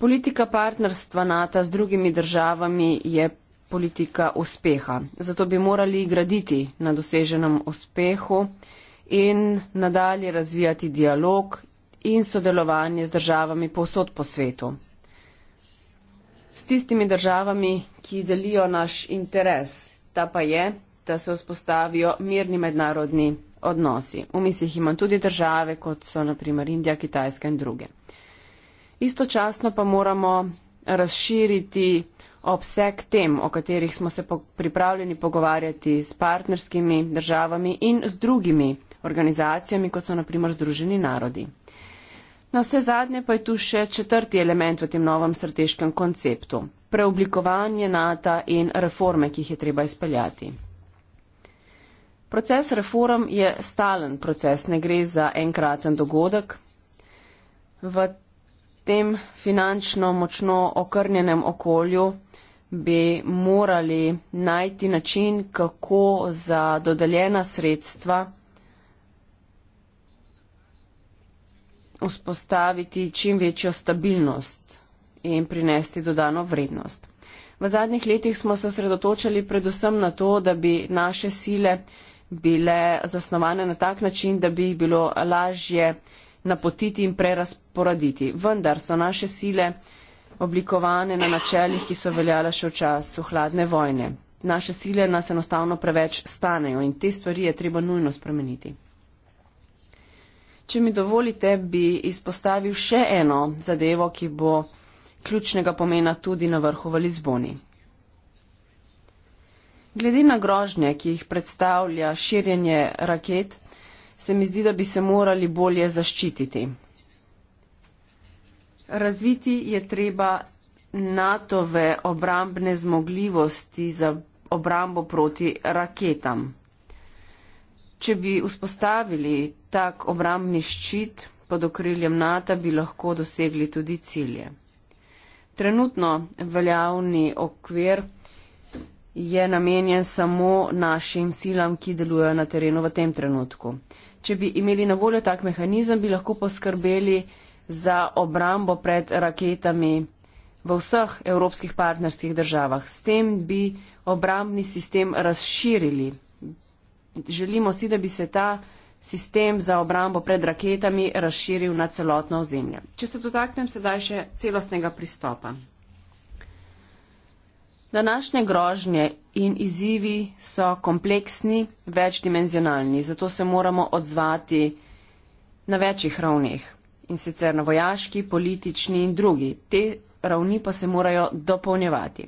Politika partnerstva NATO z drugimi državami je politika uspeha. Zato bi morali graditi na doseženem uspehu in nadalje razvijati dialog in sodelovanje z državami povsod po svetu s tistimi državami, ki delijo naš interes. Ta pa je, da se vzpostavijo mirni mednarodni odnosi. V mislih imam tudi države, kot so naprimer Indija, Kitajska in druge. Istočasno pa moramo razširiti obseg tem, o katerih smo se pripravljeni pogovarjati s partnerskimi državami in z drugimi organizacijami, kot so naprimer Združeni narodi. Na vse zadnje pa je tu še četrti element v tem novem strateškem konceptu - preoblikovanje NATO in reforme, ki jih je treba izpeljati. Proces reform je stalen proces, ne gre za enkraten dogodek. V tem finančno močno okrnjenem okolju bi morali najti način, kako za dodeljena sredstva vzpostaviti čim večjo stabilnost in prinesti dodano vrednost. V zadnjih letih smo se osredotočali predvsem na to, da bi naše sile bile zasnovane na tak način, da bi jih bilo lažje napotiti in prerasporediti. Vendar so naše sile oblikovane na načeljih, ki so veljala še v času hladne vojne. Naše sile nas enostavno preveč stanejo in te stvari je treba nujno spremeniti. Če mi dovolite, bi izpostavil še eno zadevo, ki bo ključnega pomena tudi na vrhu v Lizboni. Glede na grožnje, ki jih predstavlja širjenje raket, se mi zdi, da bi se morali bolje zaščititi. Razviti je treba NATO-ve obrambne zmogljivosti za obrambo proti raketam. Če bi vzpostavili tak obrambni ščit pod okriljem NATO bi lahko dosegli tudi cilje. Trenutno veljavni okvir je namenjen samo našim silam, ki delujejo na terenu v tem trenutku. Če bi imeli na voljo tak mehanizem, bi lahko poskrbeli za obrambo pred raketami v vseh evropskih partnerskih državah. S tem bi obrambni sistem razširili. Želimo si, da bi se ta sistem za obrambo pred raketami razširil na celotno ozemlje. Če se dotaknem sedaj še celostnega pristopa. Današnje grožnje in izzivi so kompleksni, večdimenzionalni, zato se moramo odzvati na večjih ravneh in sicer na vojaški, politični in drugi. Te ravni pa se morajo dopolnjevati.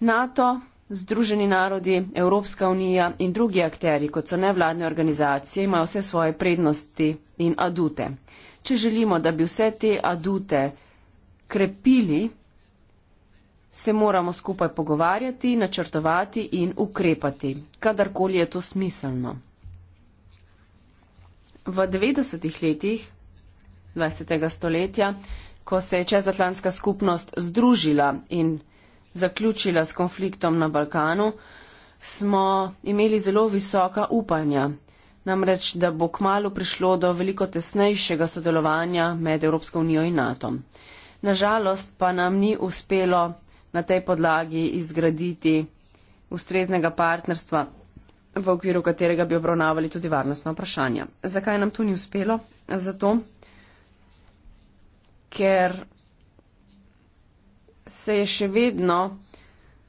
NATO Združeni narodi, Evropska unija in drugi akteri, kot so nevladne organizacije, imajo vse svoje prednosti in adute. Če želimo, da bi vse te adute krepili, se moramo skupaj pogovarjati, načrtovati in ukrepati, kadarkoli je to smiselno. V 90. letih 20. stoletja, ko se je čezatlantska skupnost združila in zaključila s konfliktom na Balkanu, smo imeli zelo visoka upanja, namreč da bo kmalo prišlo do veliko tesnejšega sodelovanja med Evropsko unijo in NATO. Nažalost pa nam ni uspelo na tej podlagi izgraditi ustreznega partnerstva, v okviru katerega bi obravnavali tudi varnostna vprašanja. Zakaj nam to ni uspelo? Zato, ker se je še vedno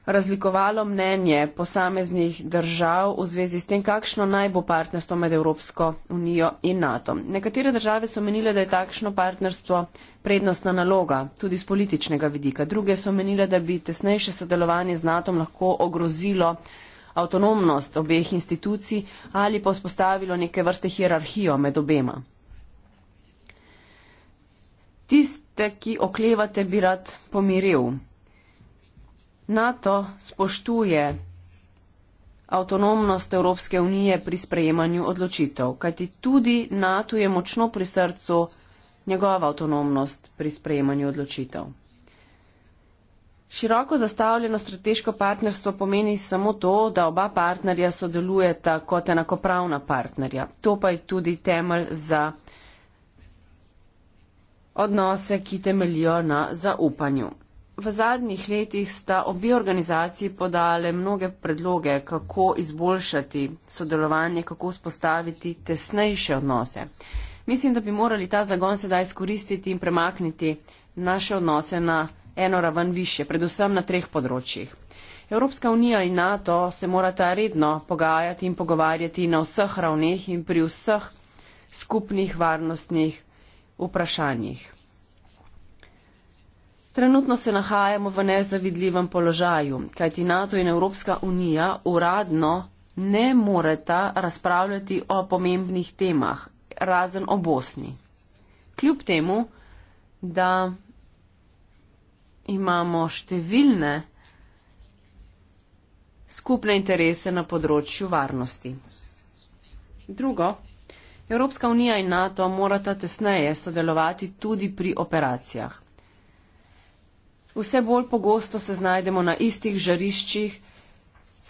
razlikovalo mnenje posameznih držav v zvezi s tem, kakšno naj bo partnerstvo med Evropsko unijo in NATO. Nekatere države so menile, da je takšno partnerstvo prednostna naloga, tudi z političnega vidika. Druge so menile, da bi tesnejše sodelovanje z NATO lahko ogrozilo avtonomnost obeh institucij ali pa vzpostavilo neke vrste hierarhijo med obema. Tiste, ki oklevate, bi rad pomiril. NATO spoštuje avtonomnost Evropske unije pri sprejemanju odločitev, kajti tudi NATO je močno pri srcu njegova avtonomnost pri sprejemanju odločitev. Široko zastavljeno strateško partnerstvo pomeni samo to, da oba partnerja sodelujeta kot enakopravna partnerja. To pa je tudi temelj za odnose, ki temeljijo na zaupanju. V zadnjih letih sta obi organizaciji podale mnoge predloge, kako izboljšati sodelovanje, kako spostaviti tesnejše odnose. Mislim, da bi morali ta zagon sedaj izkoristiti in premakniti naše odnose na eno raven više, predvsem na treh področjih. Evropska unija in NATO se morata redno pogajati in pogovarjati na vseh ravneh in pri vseh skupnih varnostnih področjih vprašanjih. Trenutno se nahajamo v nezavidljivem položaju, kajti NATO in Evropska unija uradno ne moreta razpravljati o pomembnih temah, razen o Bosni. Kljub temu, da imamo številne skupne interese na področju varnosti. Drugo, Evropska unija in NATO morata tesneje sodelovati tudi pri operacijah. Vse bolj pogosto se znajdemo na istih žariščih,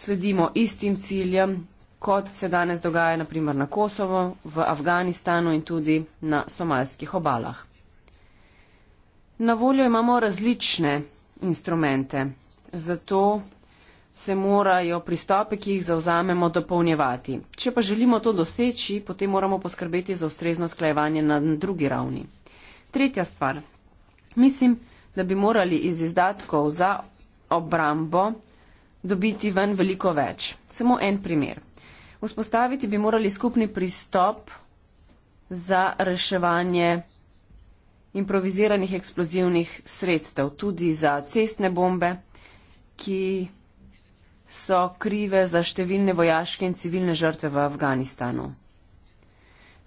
sledimo istim ciljem, kot se danes dogaja naprimer na Kosovo, v Afganistanu in tudi na somalskih obalah. Na voljo imamo različne instrumente, zato se morajo pristope, ki jih zauzamemo, dopolnjevati. Če pa želimo to doseči, potem moramo poskrbeti za ustrezno sklajevanje na drugi ravni. Tretja stvar. Mislim, da bi morali iz izdatkov za obrambo dobiti ven veliko več. Samo en primer. Vzpostaviti bi morali skupni pristop za reševanje improviziranih eksplozivnih sredstev, tudi za cestne bombe, ki so krive za številne vojaške in civilne žrtve v Afganistanu.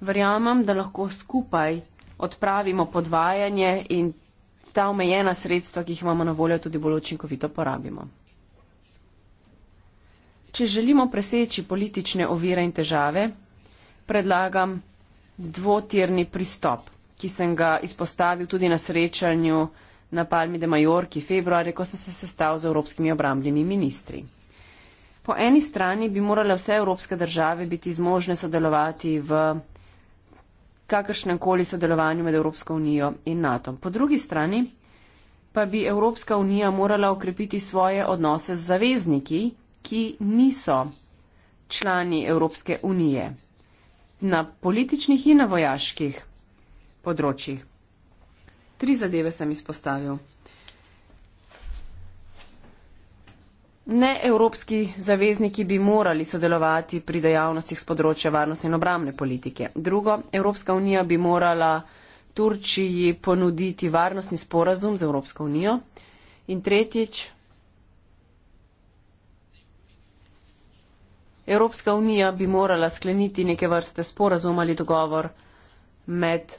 Verjamem, da lahko skupaj odpravimo podvajanje in ta omejena sredstva, ki jih imamo na voljo, tudi bolj učinkovito porabimo. Če želimo preseči politične ovire in težave, predlagam dvotirni pristop, ki sem ga izpostavil tudi na srečanju na Palmi de Majorki februarja, ko sem se sestal z evropskimi obrambnimi ministri. Po eni strani bi morale vse evropske države biti zmožne sodelovati v kakršnem koli sodelovanju med Evropsko unijo in NATO. Po drugi strani pa bi Evropska unija morala okrepiti svoje odnose z zavezniki, ki niso člani Evropske unije na političnih in na vojaških področjih. Tri zadeve sem izpostavil. Ne evropski zavezniki bi morali sodelovati pri dejavnostih z področja varnostne in obramne politike. Drugo, Evropska unija bi morala Turčiji ponuditi varnostni sporazum z Evropsko unijo. In tretjič, Evropska unija bi morala skleniti neke vrste sporazum ali dogovor med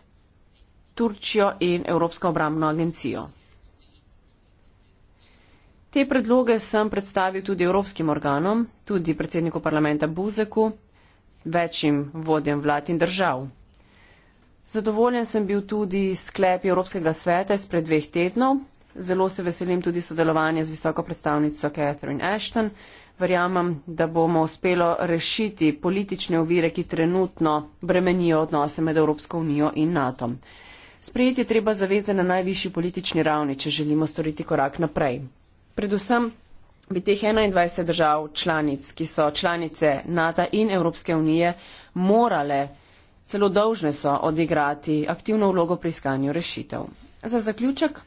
Turčijo in Evropsko obramno agencijo. Te predloge sem predstavil tudi evropskim organom, tudi predsedniku parlamenta Buzeku, večjim vodjem vlad in držav. Zadovoljen sem bil tudi sklep Evropskega sveta izpred dveh tednov. Zelo se veselim tudi sodelovanja z visoko predstavnico Catherine Ashton. Verjamem, da bomo uspelo rešiti politične ovire, ki trenutno bremenijo odnose med Evropsko unijo in NATO. Sprejeti je treba zaveze na najvišji politični ravni, če želimo storiti korak naprej predvsem bi teh 21 držav članic, ki so članice NATO in Evropske unije, morale, celo dolžne so odigrati aktivno vlogo pri iskanju rešitev. Za zaključek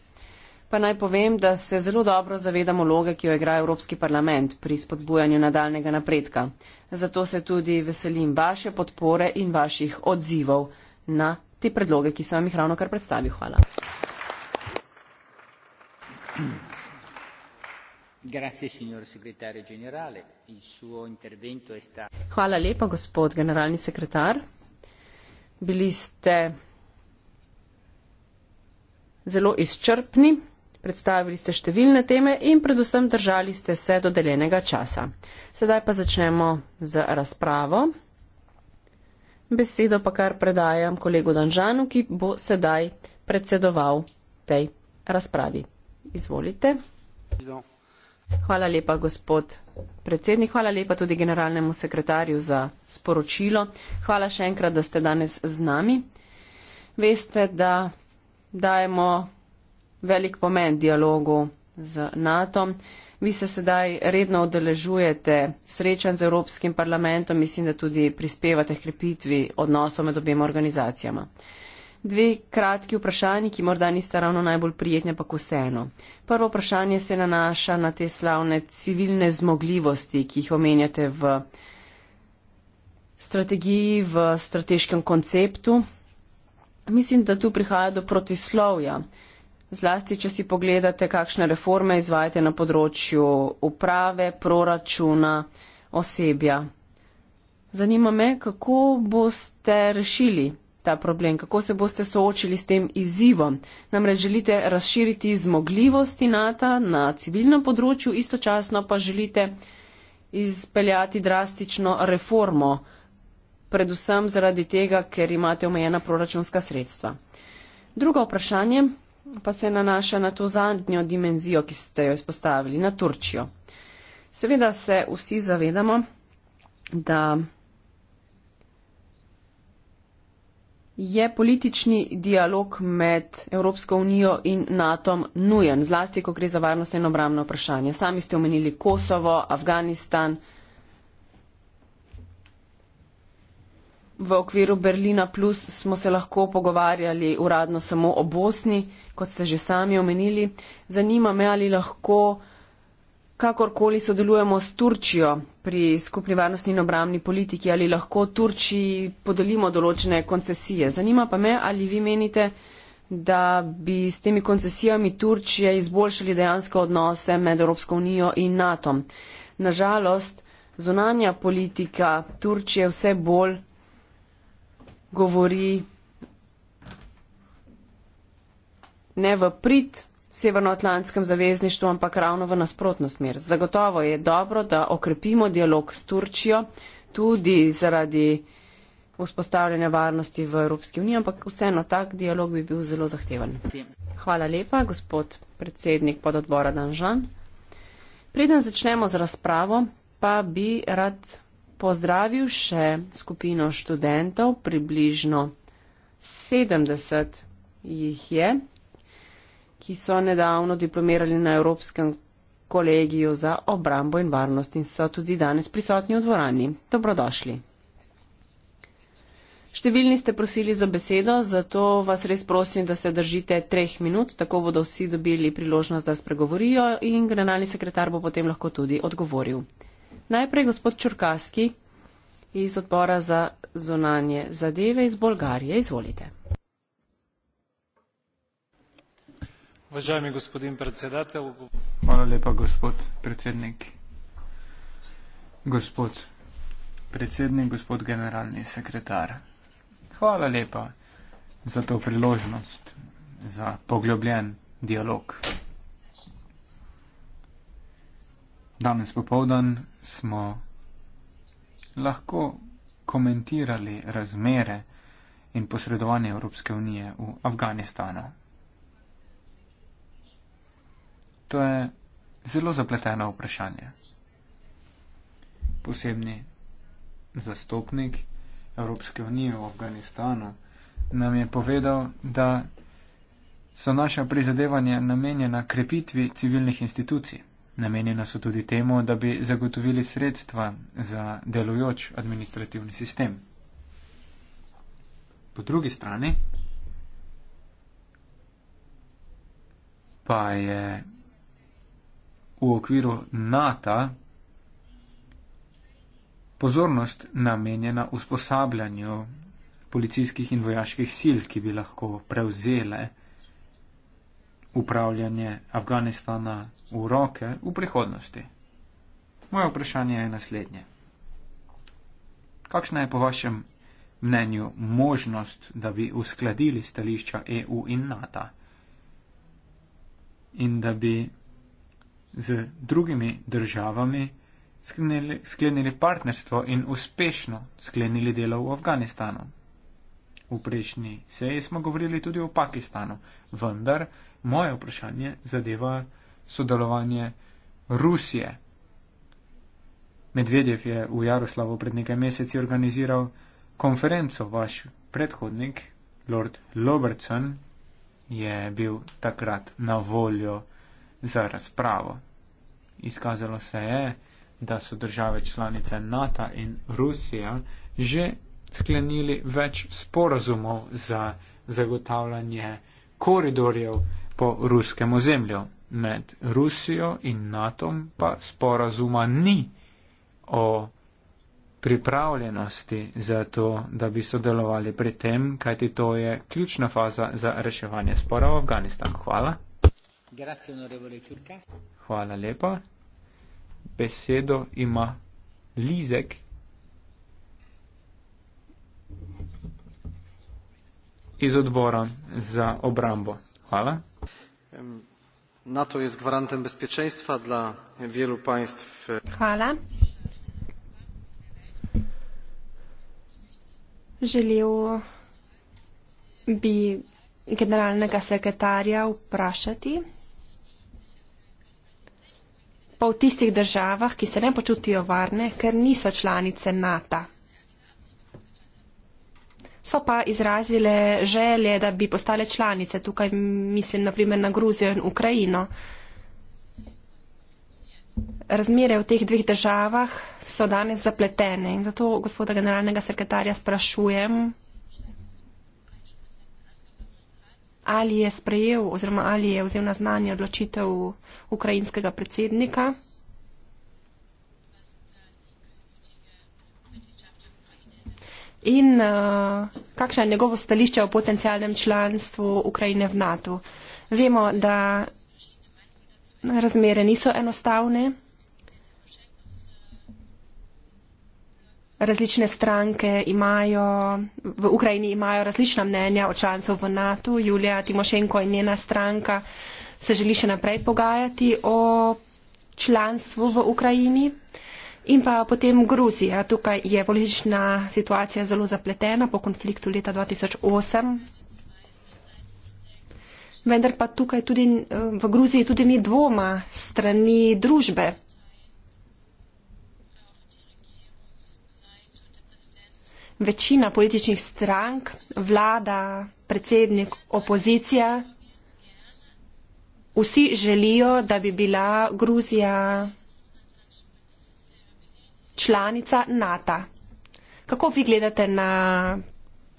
pa naj povem, da se zelo dobro zavedamo vloge, ki jo igra Evropski parlament pri spodbujanju nadaljnega napredka. Zato se tudi veselim vaše podpore in vaših odzivov na te predloge, ki sem vam jih ravno kar predstavil. Hvala. Hmm. Grazie, signor segretario generale. Il suo intervento è stato. Hvala lepa, gospod generalni sekretar. Bili ste zelo izčrpni, predstavili ste številne teme in predvsem držali ste se dodeljenega časa. Sedaj pa začnemo z razpravo. Besedo pa kar predajam kolegu Danžanu, ki bo sedaj predsedoval tej razpravi. Izvolite. Zdaj. Hvala lepa, gospod predsednik. Hvala lepa tudi generalnemu sekretarju za sporočilo. Hvala še enkrat, da ste danes z nami. Veste, da dajemo velik pomen dialogu z NATO. Vi se sedaj redno odeležujete srečanj z Evropskim parlamentom, mislim, da tudi prispevate k krepitvi odnosov med obema organizacijama dve kratki vprašanji, ki morda nista ravno najbolj prijetne, pa vseeno. Prvo vprašanje se nanaša na te slavne civilne zmogljivosti, ki jih omenjate v strategiji, v strateškem konceptu. Mislim, da tu prihaja do protislovja. Zlasti, če si pogledate, kakšne reforme izvajate na področju uprave, proračuna, osebja. Zanima me, kako boste rešili ta problem, kako se boste soočili s tem izzivom. Namreč želite razširiti zmogljivosti NATO na civilnem področju, istočasno pa želite izpeljati drastično reformo, predvsem zaradi tega, ker imate omejena proračunska sredstva. Drugo vprašanje pa se nanaša na to zadnjo dimenzijo, ki ste jo izpostavili, na Turčijo. Seveda se vsi zavedamo, da je politični dialog med Evropsko unijo in NATO nujen, zlasti, ko gre za varnostne in obramne vprašanje. Sami ste omenili Kosovo, Afganistan. V okviru Berlina Plus smo se lahko pogovarjali uradno samo o Bosni, kot ste že sami omenili. Zanima me, ali lahko kakorkoli sodelujemo s Turčijo pri skupni varnostni in obramni politiki, ali lahko Turčiji podelimo določene koncesije. Zanima pa me, ali vi menite, da bi s temi koncesijami Turčije izboljšali dejansko odnose med Evropsko unijo in NATO. Nažalost, zunanja politika Turčije vse bolj govori ne v prid Severoatlantskem zavezništvu, ampak ravno v nasprotno smer. Zagotovo je dobro, da okrepimo dialog s Turčijo, tudi zaradi vzpostavljanja varnosti v Evropski uniji, ampak vseeno tak dialog bi bil zelo zahteven. Hvala lepa, gospod predsednik pododbora Danžan. Preden začnemo z razpravo, pa bi rad pozdravil še skupino študentov, približno 70 jih je, ki so nedavno diplomirali na Evropskem kolegiju za obrambo in varnost in so tudi danes prisotni v dvorani. Dobrodošli. Številni ste prosili za besedo, zato vas res prosim, da se držite treh minut, tako bodo vsi dobili priložnost, da spregovorijo in generalni sekretar bo potem lahko tudi odgovoril. Najprej gospod Čurkaski iz odbora za zunanje zadeve iz Bolgarije. Izvolite. Vajžajmi gospodin predsedatel. Hvala lepa, gospod predsednik. Gospod predsednik, gospod generalni sekretar. Hvala lepa za to priložnost, za poglobljen dialog. Danes popovdan smo lahko komentirali razmere in posredovanje Evropske unije v Afganistanu. To je zelo zapleteno vprašanje. Posebni zastopnik Evropske unije v Afganistanu nam je povedal, da so naša prizadevanja namenjena krepitvi civilnih institucij. Namenjena so tudi temu, da bi zagotovili sredstva za delujoč administrativni sistem. Po drugi strani pa je v okviru NATO pozornost namenjena usposabljanju policijskih in vojaških sil, ki bi lahko prevzele upravljanje Afganistana v roke v prihodnosti. Moje vprašanje je naslednje. Kakšna je po vašem mnenju možnost, da bi uskladili stališča EU in NATO in da bi z drugimi državami sklenili, sklenili partnerstvo in uspešno sklenili delo v Afganistanu. V prejšnji seji smo govorili tudi o Pakistanu, vendar moje vprašanje zadeva sodelovanje Rusije. Medvedev je v Jaroslavu pred nekaj meseci organiziral konferenco. Vaš predhodnik, Lord Lobertson, je bil takrat na voljo za razpravo. Izkazalo se je, da so države članice NATO in Rusija že sklenili več sporazumov za zagotavljanje koridorjev po ruskem ozemlju. Med Rusijo in NATO pa sporazuma ni o pripravljenosti za to, da bi sodelovali pri tem, kajti to je ključna faza za reševanje spora v Afganistanu. Hvala. Hvala lepa. Besedo ima Lizek. Iz odbora za obrambo. Hvala. NATO je z garantem bezpečenstva dla veru panjstv. Hvala. Želel bi generalnega sekretarja vprašati pa v tistih državah, ki se ne počutijo varne, ker niso članice NATO. So pa izrazile želje, da bi postale članice, tukaj mislim naprimer na Gruzijo in Ukrajino. Razmere v teh dveh državah so danes zapletene in zato gospoda generalnega sekretarja sprašujem, ali je sprejel oziroma ali je vzel na znanje odločitev ukrajinskega predsednika. In uh, kakšno je njegovo stališče o potencijalnem članstvu Ukrajine v NATO? Vemo, da razmere niso enostavne. Različne stranke imajo, v Ukrajini imajo različna mnenja o člancev v NATO. Julija Timošenko in njena stranka se želi še naprej pogajati o članstvu v Ukrajini. In pa potem Gruzija. Tukaj je politična situacija zelo zapletena po konfliktu leta 2008. Vendar pa tukaj tudi eh, v Gruziji tudi ni dvoma strani družbe večina političnih strank, vlada, predsednik, opozicija, vsi želijo, da bi bila Gruzija članica NATO. Kako vi gledate na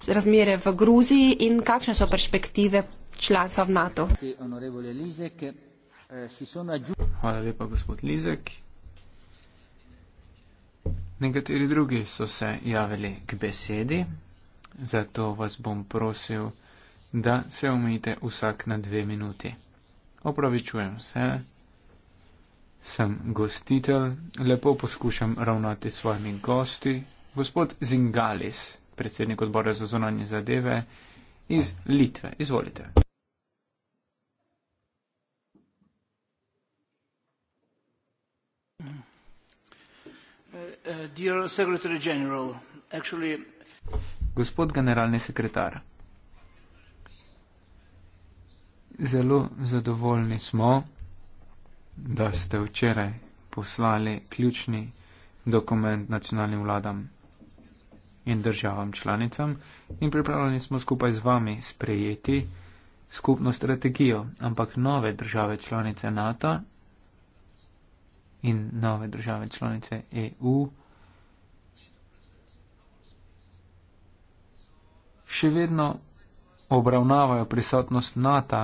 razmere v Gruziji in kakšne so perspektive članstva v NATO? Hvala lepa, gospod Lizek. Nekateri drugi so se javili k besedi, zato vas bom prosil, da se omejite vsak na dve minuti. Opravičujem se, sem gostitelj, lepo poskušam ravnati s svojimi gosti. Gospod Zingalis, predsednik odbora za zunanje zadeve iz Litve, izvolite. Mm. Uh, Gospod generalni sekretar, zelo zadovoljni smo, da ste včeraj poslali ključni dokument nacionalnim vladam in državam članicam in pripravljeni smo skupaj z vami sprejeti skupno strategijo, ampak nove države članice NATO in nove države članice EU. Še vedno obravnavajo prisotnost NATO,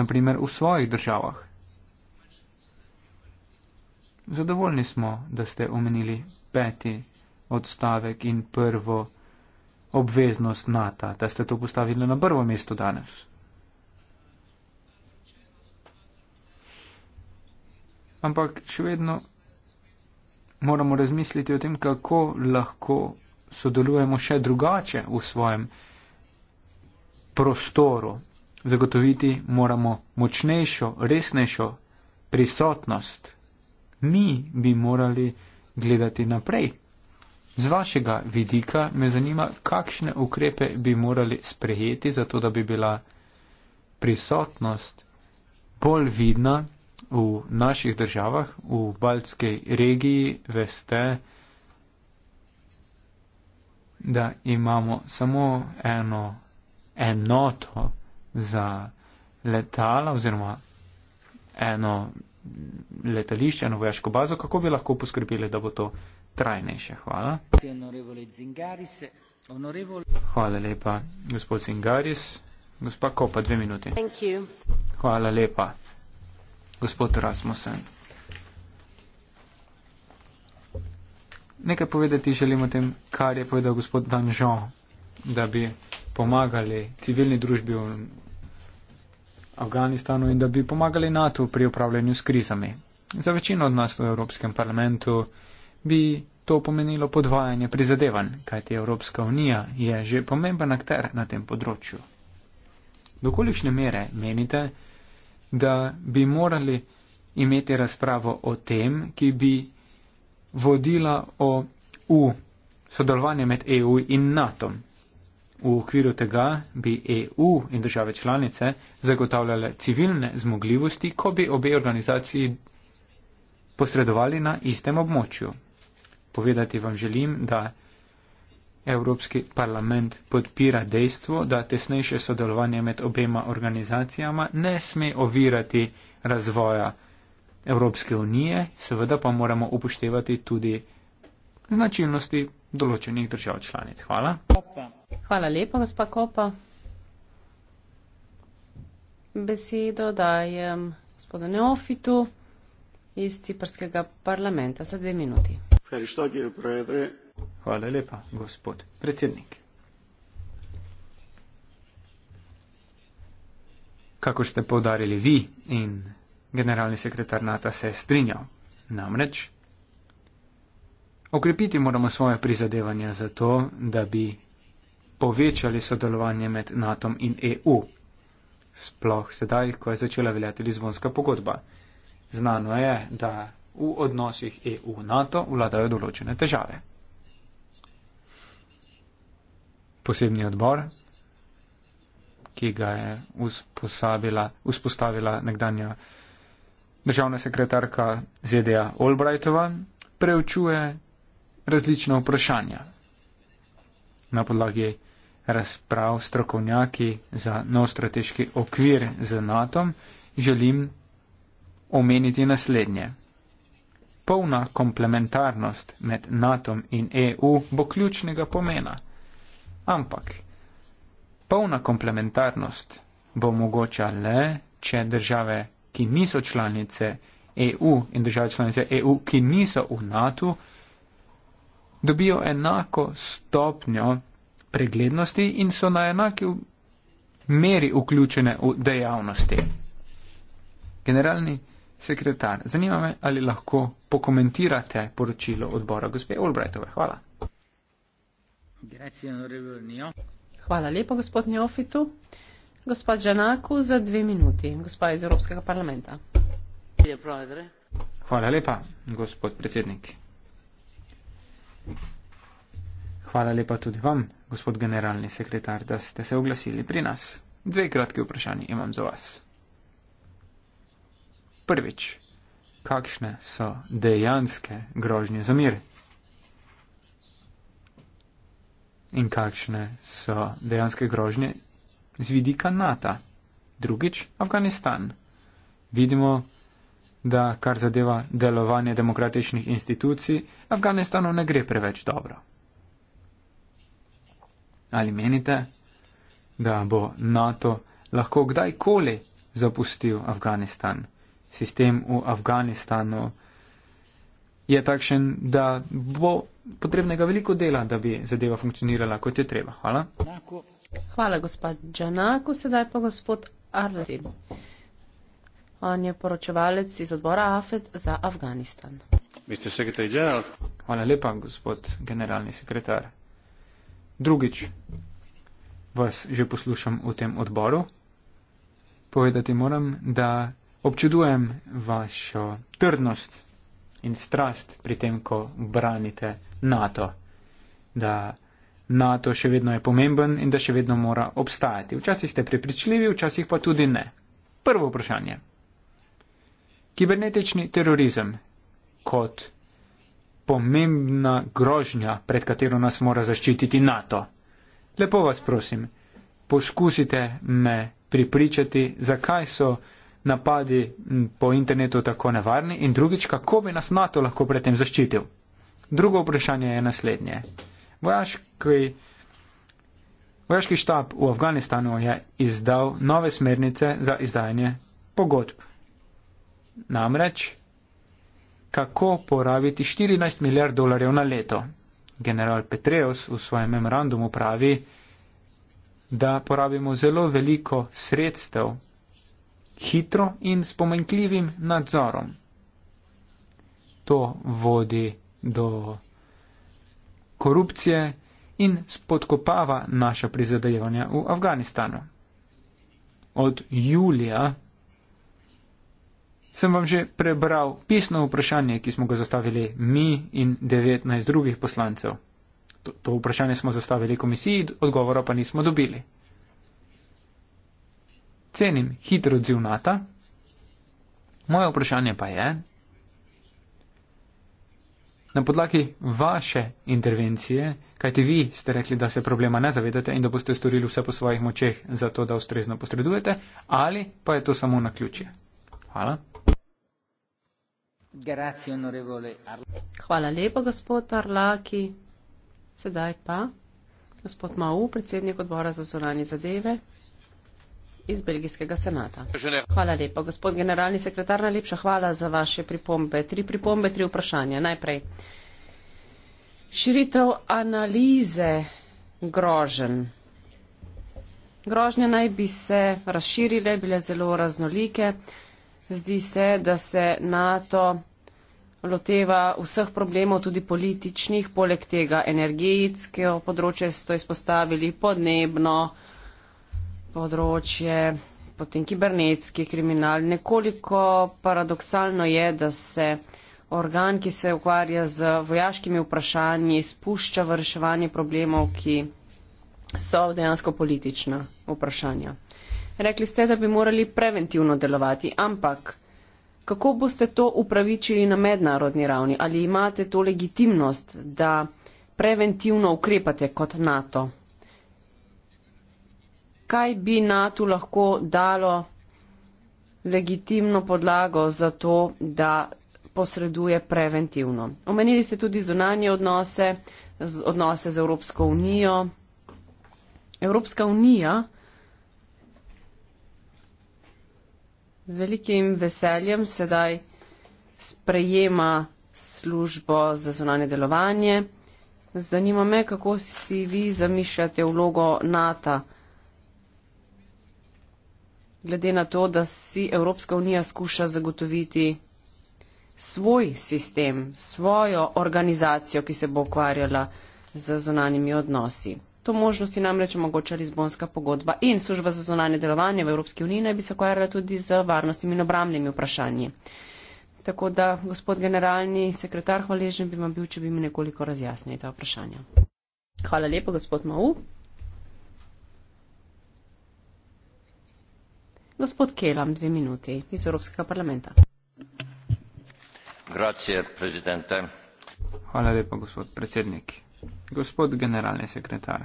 naprimer v svojih državah. Zadovoljni smo, da ste omenili peti odstavek in prvo obveznost NATO, da ste to postavili na prvo mesto danes. ampak še vedno moramo razmisliti o tem, kako lahko sodelujemo še drugače v svojem prostoru. Zagotoviti moramo močnejšo, resnejšo prisotnost. Mi bi morali gledati naprej. Z vašega vidika me zanima, kakšne ukrepe bi morali sprejeti, zato da bi bila prisotnost bolj vidna v naših državah, v Baltskej regiji, veste, da imamo samo eno enoto za letala oziroma eno letališče, eno vojaško bazo, kako bi lahko poskrbeli, da bo to trajnejše. Hvala. Hvala lepa, gospod Zingaris. Gospa Kopa, dve minuti. Hvala lepa gospod Rasmussen. Nekaj povedati želim o tem, kar je povedal gospod Danžon, da bi pomagali civilni družbi v Afganistanu in da bi pomagali NATO pri upravljanju s krizami. Za večino od nas v Evropskem parlamentu bi to pomenilo podvajanje prizadevanj, kajti Evropska unija je že pomemben akter na tem področju. Dokolikšne mere menite, da bi morali imeti razpravo o tem, ki bi vodila o v sodelovanje med EU in NATO. V okviru tega bi EU in države članice zagotavljale civilne zmogljivosti, ko bi obe organizaciji posredovali na istem območju. Povedati vam želim, da Evropski parlament podpira dejstvo, da tesnejše sodelovanje med obema organizacijama ne sme ovirati razvoja Evropske unije, seveda pa moramo upoštevati tudi značilnosti določenih držav članic. Hvala. Hvala lepa, gospa Kopa. Besedo dajem gospodu Neofitu iz Ciprskega parlamenta za dve minuti. Hvala lepa, gospod predsednik. Kako ste povdarili vi in generalni sekretar NATO se je strinjal. Namreč, okrepiti moramo svoje prizadevanja za to, da bi povečali sodelovanje med NATO in EU. Sploh sedaj, ko je začela veljati Lizbonska pogodba. Znano je, da v odnosih EU-NATO vladajo določene težave. posebni odbor, ki ga je vzpostavila nekdanja državna sekretarka ZDA Albrightova, preučuje različna vprašanja na podlagi razprav strokovnjaki za nov strateški okvir z NATO, želim omeniti naslednje. Polna komplementarnost med NATO in EU bo ključnega pomena ampak polna komplementarnost bo mogoča le, če države, ki niso članice EU in države članice EU, ki niso v NATO, dobijo enako stopnjo preglednosti in so na enaki meri vključene v dejavnosti. Generalni sekretar, zanima me, ali lahko pokomentirate poročilo odbora gospe Olbrajtove. Hvala. Hvala lepa, gospod Njofitu. Gospod Žanaku, za dve minuti. Gospod iz Evropskega parlamenta. Hvala lepa, gospod predsednik. Hvala lepa tudi vam, gospod generalni sekretar, da ste se oglasili pri nas. Dve kratke vprašanje imam za vas. Prvič, kakšne so dejanske grožnje za mir, in kakšne so dejanske grožnje z vidika NATO. Drugič, Afganistan. Vidimo, da kar zadeva delovanje demokratičnih institucij, Afganistanu ne gre preveč dobro. Ali menite, da bo NATO lahko kdajkoli zapustil Afganistan? Sistem v Afganistanu je takšen, da bo potrebnega veliko dela, da bi zadeva funkcionirala, kot je treba. Hvala. Hvala, gospod Džanako. Sedaj pa gospod Arleti. On je poročevalec iz odbora AFED za Afganistan. Hvala lepa, gospod generalni sekretar. Drugič vas že poslušam v tem odboru. Povedati moram, da občudujem vašo trdnost in strast pri tem, ko branite NATO. Da NATO še vedno je pomemben in da še vedno mora obstajati. Včasih ste prepričljivi, včasih pa tudi ne. Prvo vprašanje. Kibernetični terorizem kot pomembna grožnja, pred katero nas mora zaščititi NATO. Lepo vas prosim, poskusite me pripričati, zakaj so napadi po internetu tako nevarni in drugič, kako bi nas NATO lahko pred tem zaščitil. Drugo vprašanje je naslednje. Vojaški, vojaški štab v Afganistanu je izdal nove smernice za izdajanje pogodb. Namreč, kako porabiti 14 milijard dolarjev na leto. General Petreus v svojem memorandumu pravi, da porabimo zelo veliko sredstev hitro in s pomenkljivim nadzorom. To vodi do korupcije in spodkopava naša prizadevanja v Afganistanu. Od julija sem vam že prebral pisno vprašanje, ki smo ga zastavili mi in 19 drugih poslancev. To, to vprašanje smo zastavili komisiji, odgovora pa nismo dobili cenim hiter odziv nata. Moje vprašanje pa je, na podlagi vaše intervencije, kajte vi ste rekli, da se problema ne zavedate in da boste storili vse po svojih močeh za to, da ustrezno posredujete, ali pa je to samo na ključje. Hvala. Hvala lepa, gospod Arlaki. Sedaj pa gospod Mau, predsednik odbora za zunanje zadeve iz belgijskega senata. Hvala lepa, gospod generalni sekretar, najlepša hvala za vaše pripombe. Tri pripombe, tri vprašanja. Najprej, širitev analize grožen. Grožnje naj bi se razširile, bile zelo raznolike. Zdi se, da se NATO loteva vseh problemov, tudi političnih, poleg tega energetske področje ste izpostavili, podnebno, področje, potem kibernetski kriminal. Nekoliko paradoksalno je, da se organ, ki se ukvarja z vojaškimi vprašanji, spušča v reševanje problemov, ki so dejansko politična vprašanja. Rekli ste, da bi morali preventivno delovati, ampak kako boste to upravičili na mednarodni ravni? Ali imate to legitimnost, da preventivno ukrepate kot NATO? kaj bi NATO lahko dalo legitimno podlago za to, da posreduje preventivno. Omenili ste tudi zunanje odnose, odnose z Evropsko unijo. Evropska unija z velikim veseljem sedaj sprejema službo za zunanje delovanje. Zanima me, kako si vi zamišljate vlogo NATO glede na to, da si Evropska unija skuša zagotoviti svoj sistem, svojo organizacijo, ki se bo ukvarjala z zonanimi odnosi. To možnost je namreč omogoča Lizbonska pogodba in služba za zonanje delovanje v Evropski uniji naj bi se ukvarjala tudi z varnostnimi in obramnimi vprašanji. Tako da, gospod generalni sekretar, hvaležen bi vam bil, če bi mi nekoliko razjasnili ta vprašanja. Hvala lepa, gospod Mau. Gospod Kelam, dve minuti iz Evropskega parlamenta. Hvala lepa, gospod predsednik. Gospod generalni sekretar,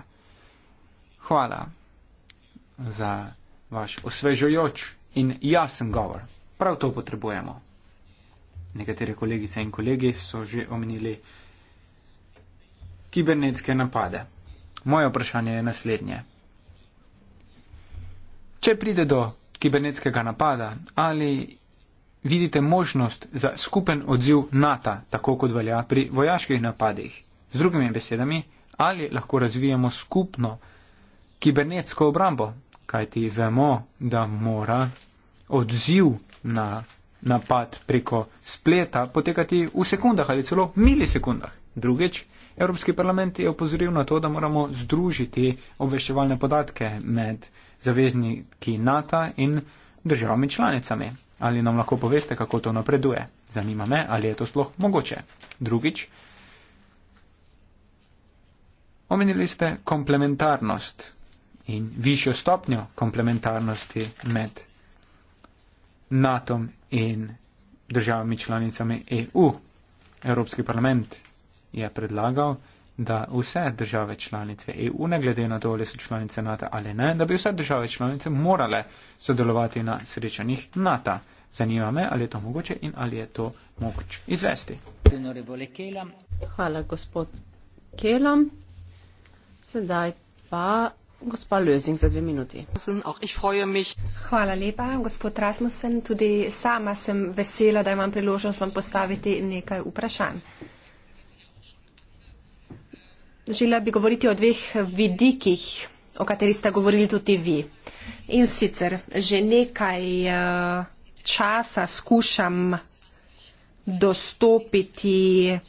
hvala za vaš osvežujoč in jasen govor. Prav to potrebujemo. Nekatere kolegice in kolegi so že omenili kibernetske napade. Moje vprašanje je naslednje. Če pride do kibernetskega napada ali vidite možnost za skupen odziv NATO, tako kot velja pri vojaških napadih. Z drugimi besedami, ali lahko razvijemo skupno kibernetsko obrambo, kajti vemo, da mora odziv na napad preko spleta potekati v sekundah ali celo milisekundah. Drugič, Evropski parlament je opozoril na to, da moramo združiti obveščevalne podatke med zavezniki NATO in državami članicami. Ali nam lahko poveste, kako to napreduje? Zanima me, ali je to sploh mogoče. Drugič, omenili ste komplementarnost in višjo stopnjo komplementarnosti med NATO in državami članicami EU. Evropski parlament je predlagal da vse države članice EU, ne glede na to, ali so članice NATO ali ne, da bi vse države članice morale sodelovati na srečanjih NATO. Zanima me, ali je to mogoče in ali je to mogoče izvesti. Hvala, gospod Kelam. Sedaj pa gospa Lözing za dve minuti. Hvala lepa, gospod Rasmussen. Tudi sama sem vesela, da imam priložnost vam postaviti nekaj vprašanj. Želela bi govoriti o dveh vidikih, o katerih ste govorili tudi vi. In sicer že nekaj eh, časa skušam dostopiti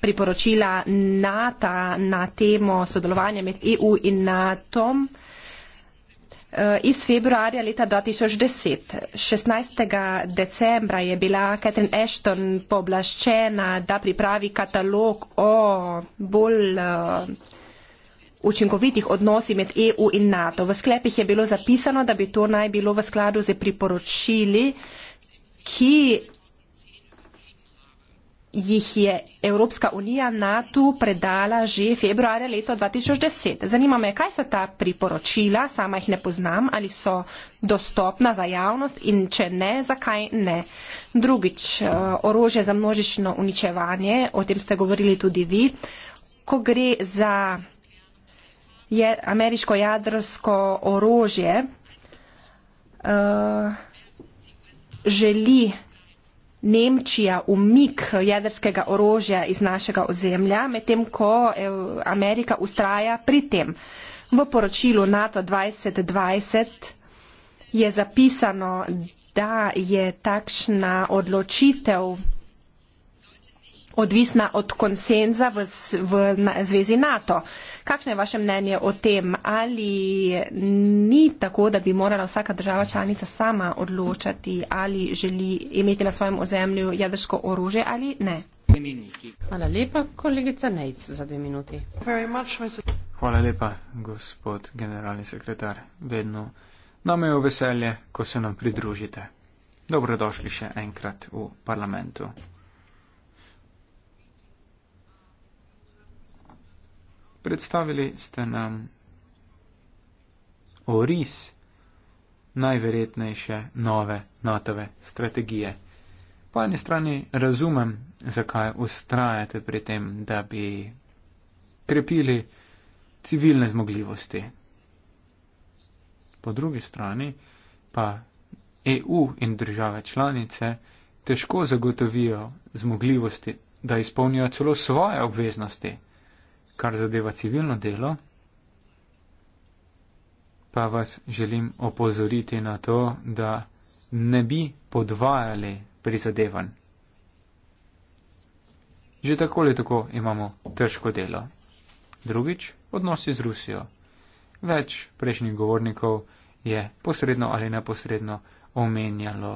priporočila NATO na temo sodelovanja med EU in NATO. Eh, iz februarja leta 2010. 16. decembra je bila Catherine Ashton poblaščena, da pripravi katalog o bolj eh, učinkovitih odnosih med EU in NATO. V sklepih je bilo zapisano, da bi to naj bilo v skladu z priporočili, ki jih je Evropska unija NATO predala že februarja leta 2010. Zanima me, kaj so ta priporočila, sama jih ne poznam, ali so dostopna za javnost in če ne, zakaj ne. Drugič, eh, orožje za množično uničevanje, o tem ste govorili tudi vi. Ko gre za je, ameriško jadrsko orožje, uh, želi Nemčija umik jedrskega orožja iz našega ozemlja, medtem ko Amerika ustraja pri tem. V poročilu NATO 2020 je zapisano, da je takšna odločitev odvisna od konsenza v, v zvezi NATO. Kakšno je vaše mnenje o tem? Ali ni tako, da bi morala vsaka država članica sama odločati, ali želi imeti na svojem ozemlju jadrško orože ali ne? Hvala lepa, kolegica Nejc, za dve minuti. Hvala lepa, gospod generalni sekretar. Vedno nam je v veselje, ko se nam pridružite. Dobrodošli še enkrat v parlamentu. predstavili ste nam oris najverjetnejše nove NATO-ve strategije. Po eni strani razumem, zakaj ustrajate pri tem, da bi krepili civilne zmogljivosti. Po drugi strani pa EU in države članice težko zagotovijo zmogljivosti, da izpolnijo celo svoje obveznosti kar zadeva civilno delo, pa vas želim opozoriti na to, da ne bi podvajali prizadevanj. Že tako ali tako imamo težko delo. Drugič, odnosi z Rusijo. Več prejšnjih govornikov je posredno ali neposredno omenjalo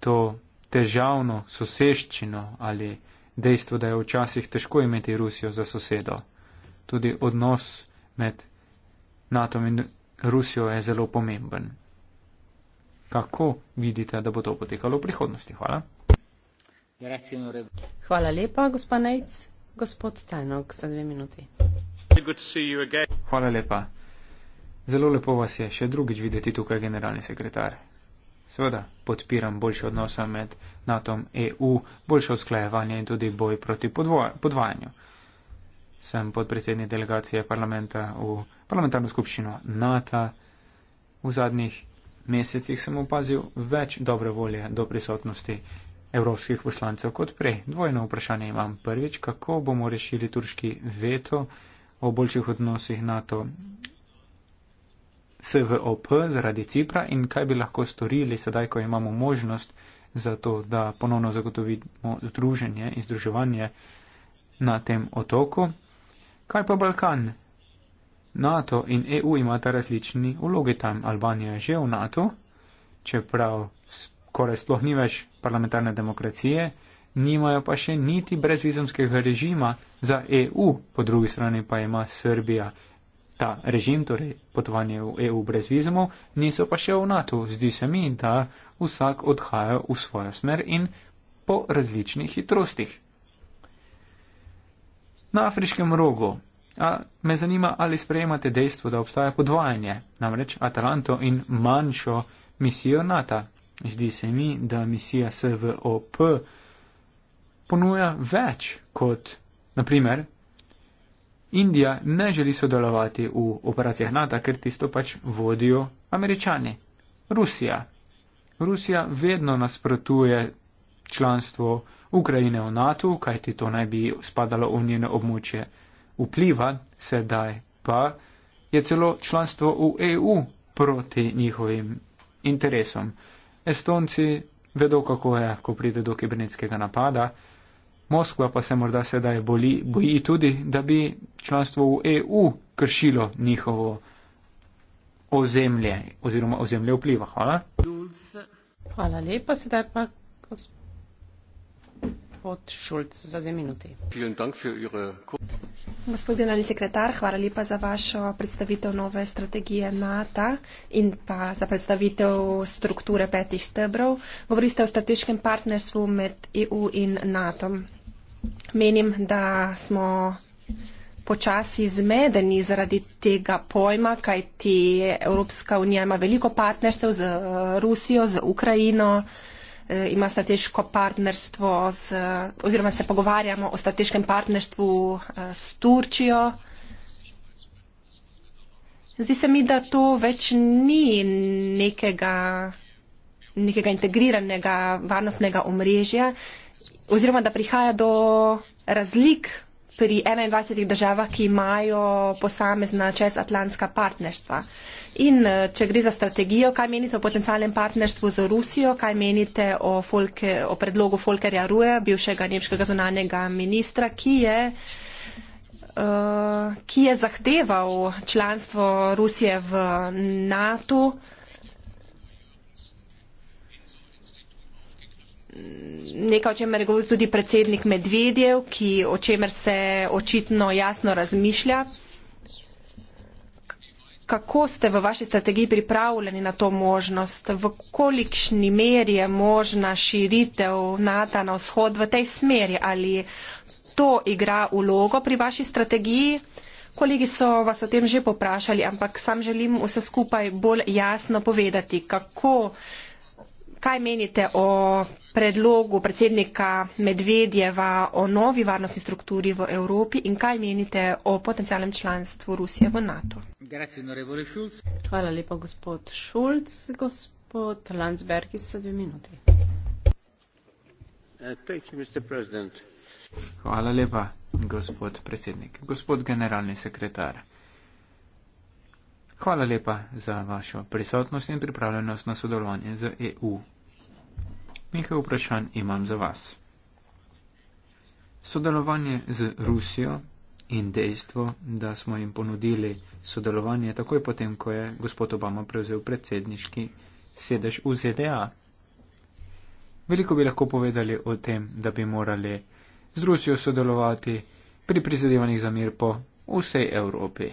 to težavno soseščino ali dejstvo, da je včasih težko imeti Rusijo za sosedo. Tudi odnos med NATO in Rusijo je zelo pomemben. Kako vidite, da bo to potekalo v prihodnosti? Hvala. Hvala lepa, gospod Nejc. Gospod Tajnok, za dve minuti. Hvala lepa. Zelo lepo vas je še drugič videti tukaj, generalni sekretar. Seveda podpiram boljše odnose med NATO in EU, boljše usklajevanje in tudi boj proti podvoja, podvajanju. Sem podpredsednik delegacije parlamenta v parlamentarno skupščino NATO. V zadnjih mesecih sem opazil več dobre volje do prisotnosti evropskih poslancev kot prej. Dvojno vprašanje imam. Prvič, kako bomo rešili turški veto o boljših odnosih NATO SVOP zaradi Cipra in kaj bi lahko storili sedaj, ko imamo možnost za to, da ponovno zagotovimo združenje in združevanje na tem otoku. Kaj pa Balkan? NATO in EU imata različni vlogi tam. Albanija je že v NATO, čeprav skoraj sploh ni več parlamentarne demokracije, nimajo pa še niti brezvizumskega režima za EU, po drugi strani pa ima Srbija ta režim, torej potovanje v EU brez vizumov, niso pa še v NATO. Zdi se mi, da vsak odhaja v svojo smer in po različnih hitrostih. Na afriškem rogu. A me zanima, ali sprejemate dejstvo, da obstaja podvajanje, namreč Atalanto in manjšo misijo NATO. Zdi se mi, da misija SVOP ponuja več kot, naprimer, Indija ne želi sodelovati v operacijah NATO, ker tisto pač vodijo američani. Rusija. Rusija vedno nasprotuje članstvo Ukrajine v NATO, kajti to naj bi spadalo v njeno območje vpliva, sedaj pa je celo članstvo v EU proti njihovim interesom. Estonci vedo, kako je, ko pride do kibernetskega napada. Moskva pa se morda sedaj boli, boji tudi, da bi članstvo v EU kršilo njihovo ozemlje oziroma ozemlje vpliva. Hvala. Hvala lepa, sedaj pa gospod Šulc za dve minuti. Gospodin ali sekretar, hvala lepa za vašo predstavitev nove strategije NATO in pa za predstavitev strukture petih stebrov. Govorili ste o strateškem partnerstvu med EU in NATO. -om menim, da smo počasi zmedeni zaradi tega pojma, kajti Evropska unija ima veliko partnerstev z eh, Rusijo, z Ukrajino, eh, ima strateško partnerstvo z, eh, oziroma se pogovarjamo o strateškem partnerstvu s Turčijo. Zdi se mi, da to več ni nekega, nekega integriranega varnostnega omrežja, oziroma da prihaja do razlik pri 21 državah, ki imajo posamezna čezatlantska partnerstva. In eh, če gre za strategijo, kaj menite o potencialnem partnerstvu z Rusijo, kaj menite o, Folke, o predlogu Folkerja Rue, bivšega nemškega zunanjega ministra, ki je, uh, ki je zahteval članstvo Rusije v NATO. nekaj, o čemer je govoril tudi predsednik Medvedjev, ki, o čemer se očitno jasno razmišlja. Kako ste v vaši strategiji pripravljeni na to možnost? V kolikšni meri je možna širitev NATO na vzhod v tej smeri? Ali to igra ulogo pri vaši strategiji? Kolegi so vas o tem že poprašali, ampak sam želim vse skupaj bolj jasno povedati, kako, kaj menite o predlogu predsednika Medvedjeva o novi varnostni strukturi v Evropi in kaj menite o potencijalnem članstvu Rusije v NATO? Hvala lepa, gospod Šulc. Gospod Landsberg, iz sedem minut. Uh, hvala lepa, gospod predsednik. Gospod generalni sekretar, hvala lepa za vašo prisotnost in pripravljenost na sodelovanje z EU Nekaj vprašanj imam za vas. Sodelovanje z Rusijo in dejstvo, da smo jim ponudili sodelovanje takoj potem, ko je gospod Obama prevzel predsedniški sedež v ZDA. Veliko bi lahko povedali o tem, da bi morali z Rusijo sodelovati pri prizadevanjih za mir po vsej Evropi.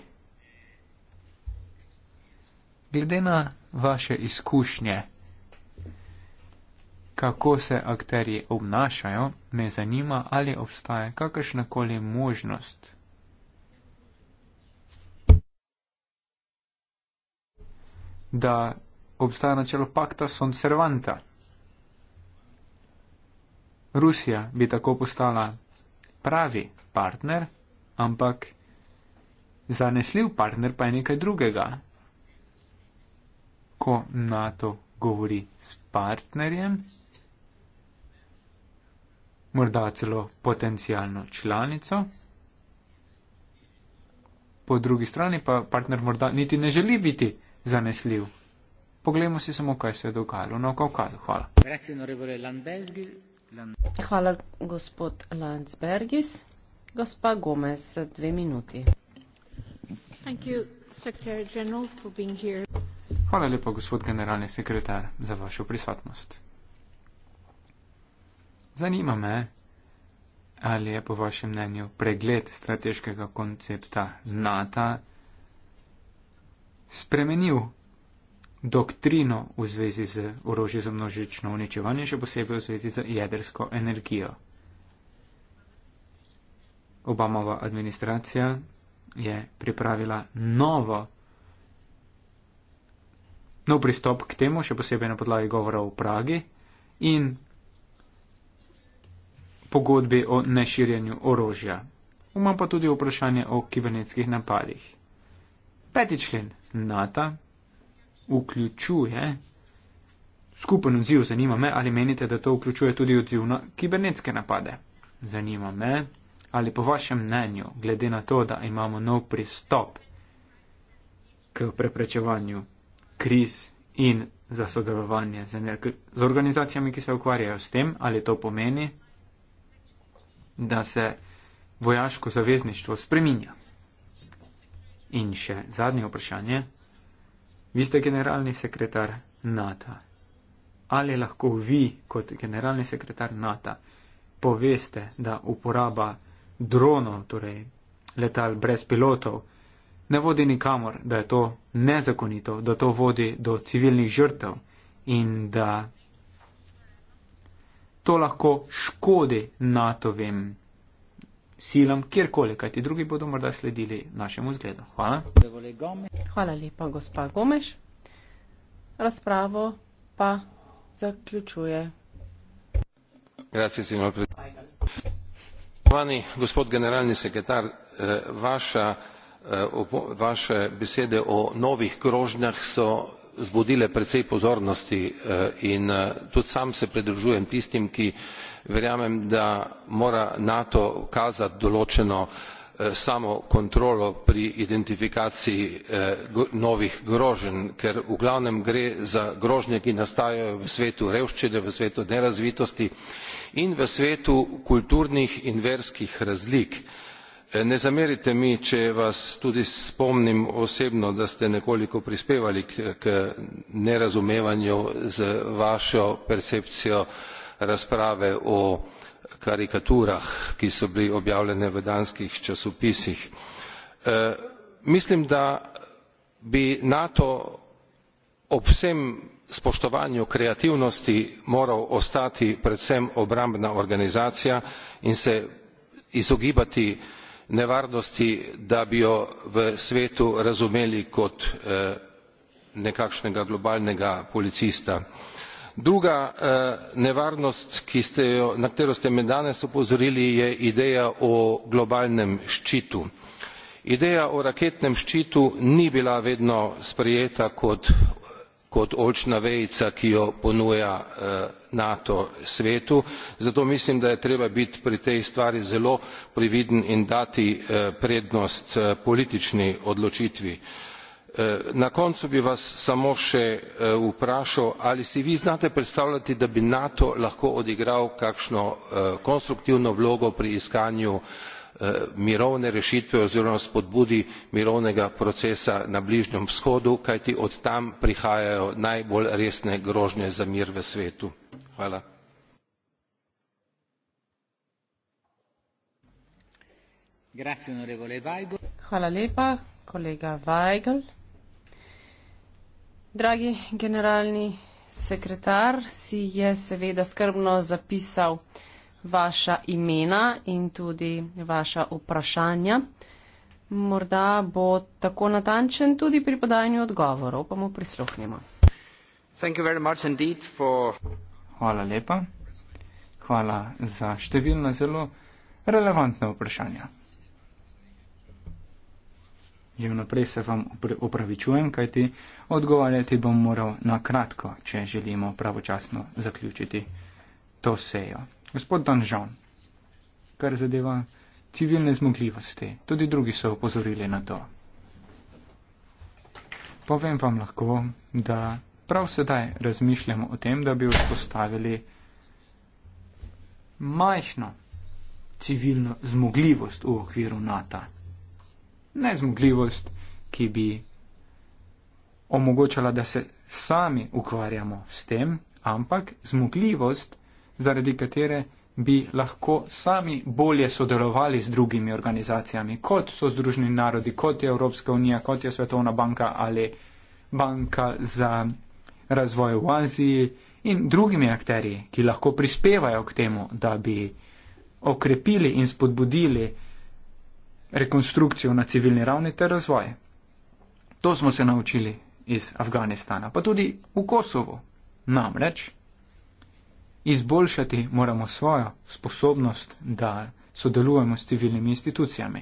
Glede na vaše izkušnje, kako se akterji obnašajo, me zanima, ali obstaja kakršnakoli možnost. Da obstaja načelo pakta Sonservanta. Rusija bi tako postala pravi partner, ampak zanesljiv partner pa je nekaj drugega. Ko NATO govori s partnerjem, morda celo potencijalno članico. Po drugi strani pa partner morda niti ne želi biti zanesljiv. Poglejmo si samo, kaj se je dogajalo na Kaukazu. Hvala. Hvala, gospod Landsbergis. Gospa Gomez, dve minuti. Hvala lepa, gospod generalni sekretar, za vašo prisotnost. Zanima me, ali je po vašem mnenju pregled strateškega koncepta NATO spremenil doktrino v zvezi z orožje za množično uničevanje, še posebej v zvezi z jedrsko energijo. Obamova administracija je pripravila novo, nov pristop k temu, še posebej na podlagi govora v Pragi in pogodbi o neširjenju orožja. Imam pa tudi vprašanje o kibernetskih napadih. Peti člen NATO vključuje skupen odziv. Zanima me, ali menite, da to vključuje tudi odziv na kibernetske napade. Zanima me, ali po vašem mnenju, glede na to, da imamo nov pristop k preprečevanju kriz in za sodelovanje z, z organizacijami, ki se ukvarjajo s tem, ali to pomeni, da se vojaško zavezništvo spreminja. In še zadnje vprašanje. Vi ste generalni sekretar NATO. Ali lahko vi kot generalni sekretar NATO poveste, da uporaba dronov, torej letal brez pilotov, ne vodi nikamor, da je to nezakonito, da to vodi do civilnih žrtev in da to lahko škodi NATO-vim silam, kjerkoli, kajti drugi bodo morda sledili našemu zgledu. Hvala. Hvala lepa, gospa Gomeš. Razpravo pa zaključuje. Grazie, signor predsednik. Spoštovani gospod generalni sekretar, eh, vaša, eh, vaše besede o novih grožnjah so vzbudile precej pozornosti eh, in eh, tudi sam se pridružujem tistim ki verjamem da mora nato kazati določeno eh, samokontrolo pri identifikaciji novih groženj ker v glavnem gre za grožnje ki nastajajo v svetu revščine v svetu nerazvitosti in v svetu kulturnih in verskih razlik. Eh, ne zamerite mi če vas tudi spomnim osebno da ste nekoliko prispevali k nerazumevanju z vašo percepcijo razprave o karikaturah ki so bile objavljene v danskih časopisih. Eh, mislim da bi nato ob vsem spoštovanju kreativnosti moral ostati predvsem obrambna organizacija in se izogibati nevarnosti da bi jo v svetu razumeli kot eh, nekakšnega globalnega policista. druga eh, nevarnost ki ste jo na katero ste me danes opozorili je ideja o globalnem ščitu. ideja o raketnem ščitu ni bila vedno sprejeta kot kot oljčna vejica ki jo ponuja eh, nato svetu zato mislim da je treba biti pri tej stvari zelo previden in dati eh, prednost eh, politični odločitvi. na koncu bi vas samo še vprašal ali si vi znate predstavljati da bi nato lahko odigral kakšno konstruktivno vlogo pri iskanju Eh, mirovne rešitve oziroma spodbudi mirovnega procesa na bližnjem vzhodu kajti od tam prihajajo najbolj resne grožnje za mir v svetu. Hvala. Dragi generalni sekretar si je seveda skrbno zapisal vaša imena in tudi vaša vprašanja. Morda bo tako natančen tudi pri podajanju odgovorov, pa mu prisluhnimo. For... Hvala lepa. Hvala za številna zelo relevantna vprašanja. Že vnaprej se vam opravičujem, kajti odgovarjati bom moral na kratko, če želimo pravočasno zaključiti to sejo gospod Danžan, kar zadeva civilne zmogljivosti. Tudi drugi so upozorili na to. Povem vam lahko, da prav sedaj razmišljamo o tem, da bi vzpostavili majhno civilno zmogljivost v okviru NATO. Ne zmogljivost, ki bi omogočala, da se sami ukvarjamo s tem, ampak zmogljivost, zaradi katere bi lahko sami bolje sodelovali z drugimi organizacijami, kot so Združeni narodi, kot je Evropska unija, kot je Svetovna banka ali Banka za razvoj v Aziji in drugimi akteri, ki lahko prispevajo k temu, da bi okrepili in spodbudili rekonstrukcijo na civilni ravni ter razvoj. To smo se naučili iz Afganistana, pa tudi v Kosovo. Namreč Izboljšati moramo svojo sposobnost, da sodelujemo s civilnimi institucijami.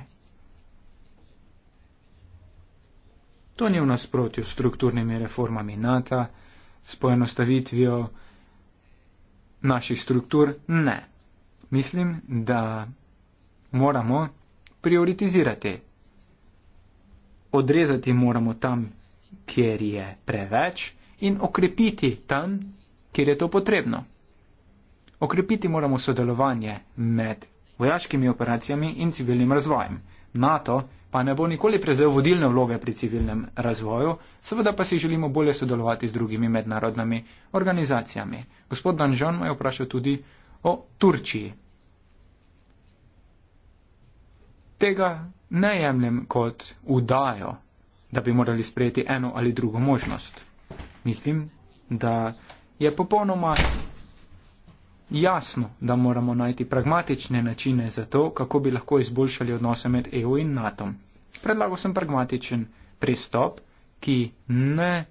To ni v nasprotju s strukturnimi reformami NATO, s poenostavitvijo naših struktur, ne. Mislim, da moramo prioritizirati. Odrezati moramo tam, kjer je preveč in okrepiti tam, kjer je to potrebno. Okrepiti moramo sodelovanje med vojaškimi operacijami in civilnim razvojem. NATO pa ne bo nikoli prezel vodilne vloge pri civilnem razvoju, seveda pa si želimo bolje sodelovati z drugimi mednarodnimi organizacijami. Gospod Danžon me je vprašal tudi o Turčiji. Tega ne jemljem kot udajo, da bi morali sprejeti eno ali drugo možnost. Mislim, da je popolnoma Jasno, da moramo najti pragmatične načine za to, kako bi lahko izboljšali odnose med EU in NATO. Predlagal sem pragmatičen pristop, ki ne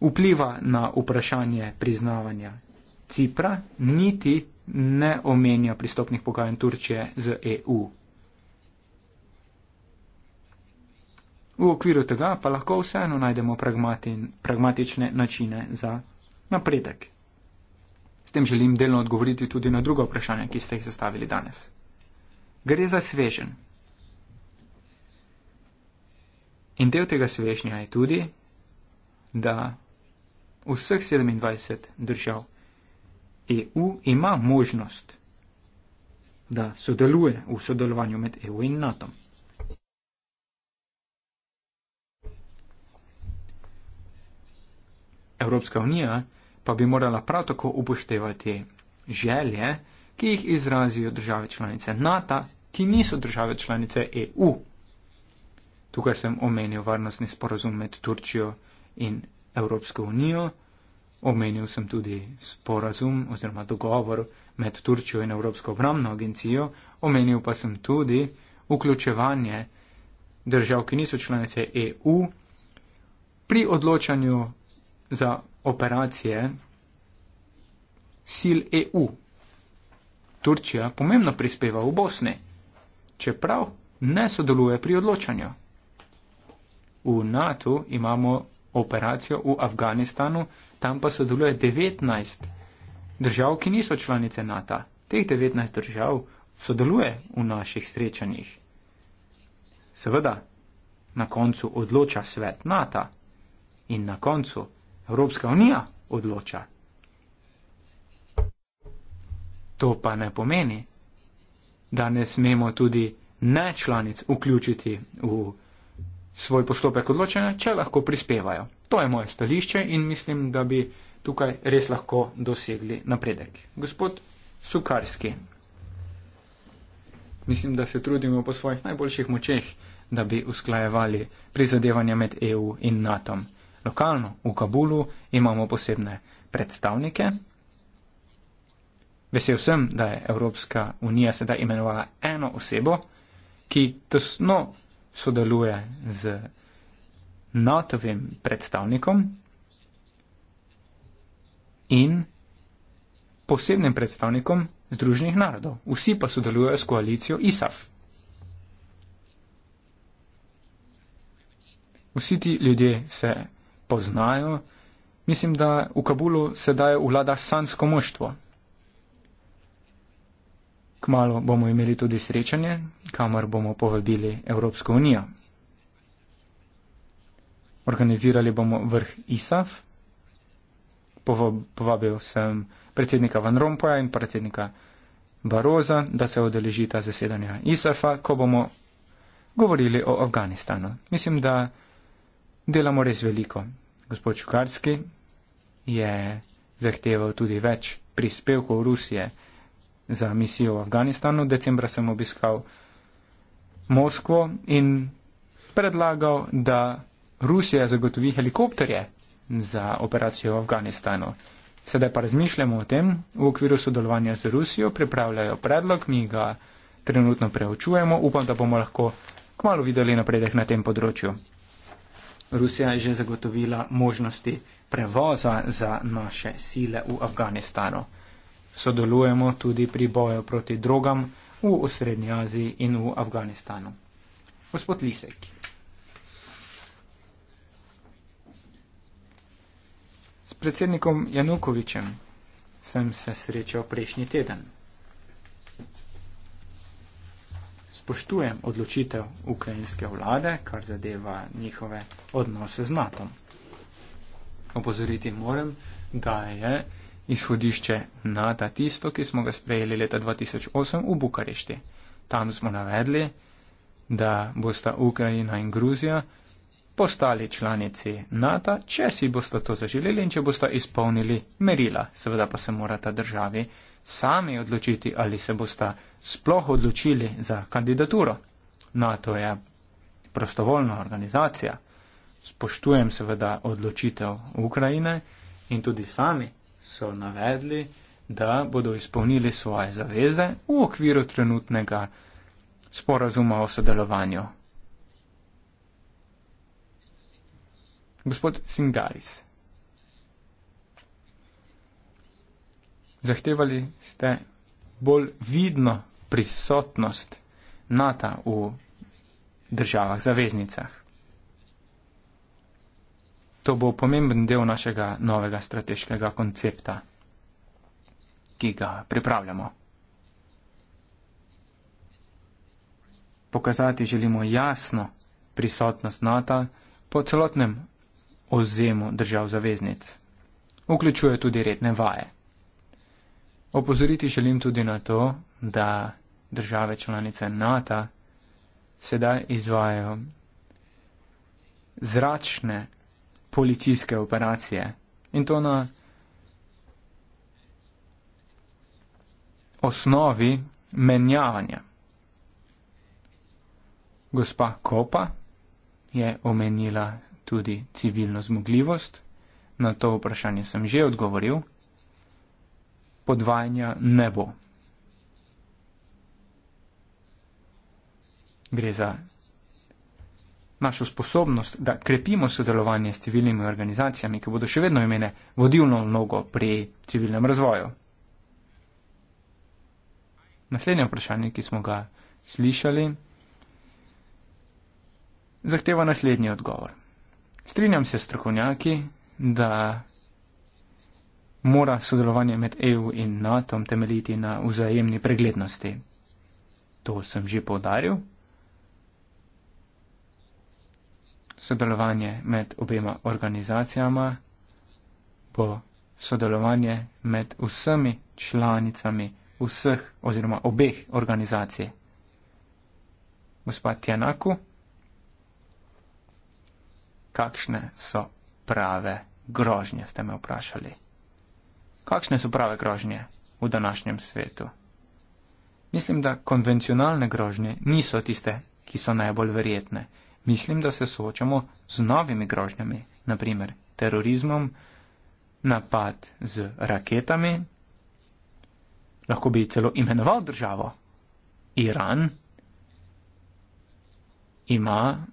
vpliva na vprašanje priznavanja Cipra, niti ne omenja pristopnih pogajanj Turčije z EU. V okviru tega pa lahko vseeno najdemo pragmatične načine za napredek tem želim delno odgovoriti tudi na druga vprašanja, ki ste jih zastavili danes. Gre za svežen. In del tega svežnja je tudi, da vseh 27 držav EU ima možnost, da sodeluje v sodelovanju med EU in NATO. Evropska unija pa bi morala prav tako upoštevati želje, ki jih izrazijo države članice NATO, ki niso države članice EU. Tukaj sem omenil varnostni sporozum med Turčijo in Evropsko unijo, omenil sem tudi sporozum oziroma dogovor med Turčijo in Evropsko obramno agencijo, omenil pa sem tudi vključevanje držav, ki niso članice EU, pri odločanju za operacije sil EU. Turčija pomembno prispeva v Bosni, čeprav ne sodeluje pri odločanju. V NATO imamo operacijo v Afganistanu, tam pa sodeluje 19 držav, ki niso članice NATO. Teh 19 držav sodeluje v naših srečanjih. Seveda, na koncu odloča svet NATO in na koncu Evropska unija odloča. To pa ne pomeni, da ne smemo tudi nečlanic vključiti v svoj postopek odločanja, če lahko prispevajo. To je moje stališče in mislim, da bi tukaj res lahko dosegli napredek. Gospod Sukarski, mislim, da se trudimo po svojih najboljših močeh, da bi usklajevali prizadevanja med EU in NATO. -om lokalno v Kabulu imamo posebne predstavnike. Vesel sem, da je Evropska unija sedaj imenovala eno osebo, ki tesno sodeluje z NATO-vim predstavnikom in posebnim predstavnikom Združenih narodov. Vsi pa sodelujejo s koalicijo ISAF. Vsi ti ljudje se poznajo, mislim, da v Kabulu sedaj vlada sansko moštvo. Kmalo bomo imeli tudi srečanje, kamor bomo povabili Evropsko unijo. Organizirali bomo vrh ISAF, povabil sem predsednika Van Rompuja in predsednika Baroza, da se odeleži ta zasedanja ISAF-a, ko bomo govorili o Afganistanu. Mislim, da delamo res veliko gospod Čukarski je zahteval tudi več prispevkov Rusije za misijo v Afganistanu. Decembra sem obiskal Moskvo in predlagal, da Rusija zagotovi helikopterje za operacijo v Afganistanu. Sedaj pa razmišljamo o tem, v okviru sodelovanja z Rusijo pripravljajo predlog, mi ga trenutno preučujemo, upam, da bomo lahko kmalo videli napredek na tem področju. Rusija je že zagotovila možnosti prevoza za naše sile v Afganistanu. Sodelujemo tudi pri boju proti drogam v Srednji Aziji in v Afganistanu. Gospod Lisek. S predsednikom Janukovičem sem se srečal prejšnji teden. spoštujem odločitev ukrajinske vlade, kar zadeva njihove odnose z NATO. Opozoriti moram, da je izhodišče NATO tisto, ki smo ga sprejeli leta 2008 v Bukarešti. Tam smo navedli, da bosta Ukrajina in Gruzija postali članici NATO, če si bosta to zaželeli in če bosta izpolnili merila. Seveda pa se mora ta državi sami odločiti, ali se boste sploh odločili za kandidaturo. NATO no, je prostovoljna organizacija, spoštujem seveda odločitev Ukrajine in tudi sami so navedli, da bodo izpolnili svoje zaveze v okviru trenutnega sporazuma o sodelovanju. Gospod Singaris. zahtevali ste bolj vidno prisotnost NATO v državah, zaveznicah. To bo pomemben del našega novega strateškega koncepta, ki ga pripravljamo. Pokazati želimo jasno prisotnost NATO po celotnem ozemu držav zaveznic. Vključuje tudi redne vaje. Opozoriti želim tudi na to, da države članice NATO sedaj izvajajo zračne policijske operacije in to na osnovi menjavanja. Gospa Kopa je omenila tudi civilno zmogljivost, na to vprašanje sem že odgovoril podvajanja ne bo. Gre za našo sposobnost, da krepimo sodelovanje s civilnimi organizacijami, ki bodo še vedno imene vodilno mnogo pri civilnem razvoju. Naslednje vprašanje, ki smo ga slišali, zahteva naslednji odgovor. Strinjam se s strokovnjaki, da mora sodelovanje med EU in NATO temeljiti na vzajemni preglednosti. To sem že povdaril. Sodelovanje med obema organizacijama bo sodelovanje med vsemi članicami vseh oziroma obeh organizacij. Gospod Janaku, kakšne so prave grožnje, ste me vprašali. Kakšne so prave grožnje v današnjem svetu? Mislim, da konvencionalne grožnje niso tiste, ki so najbolj verjetne. Mislim, da se soočamo z novimi grožnjami, naprimer terorizmom, napad z raketami, lahko bi celo imenoval državo. Iran ima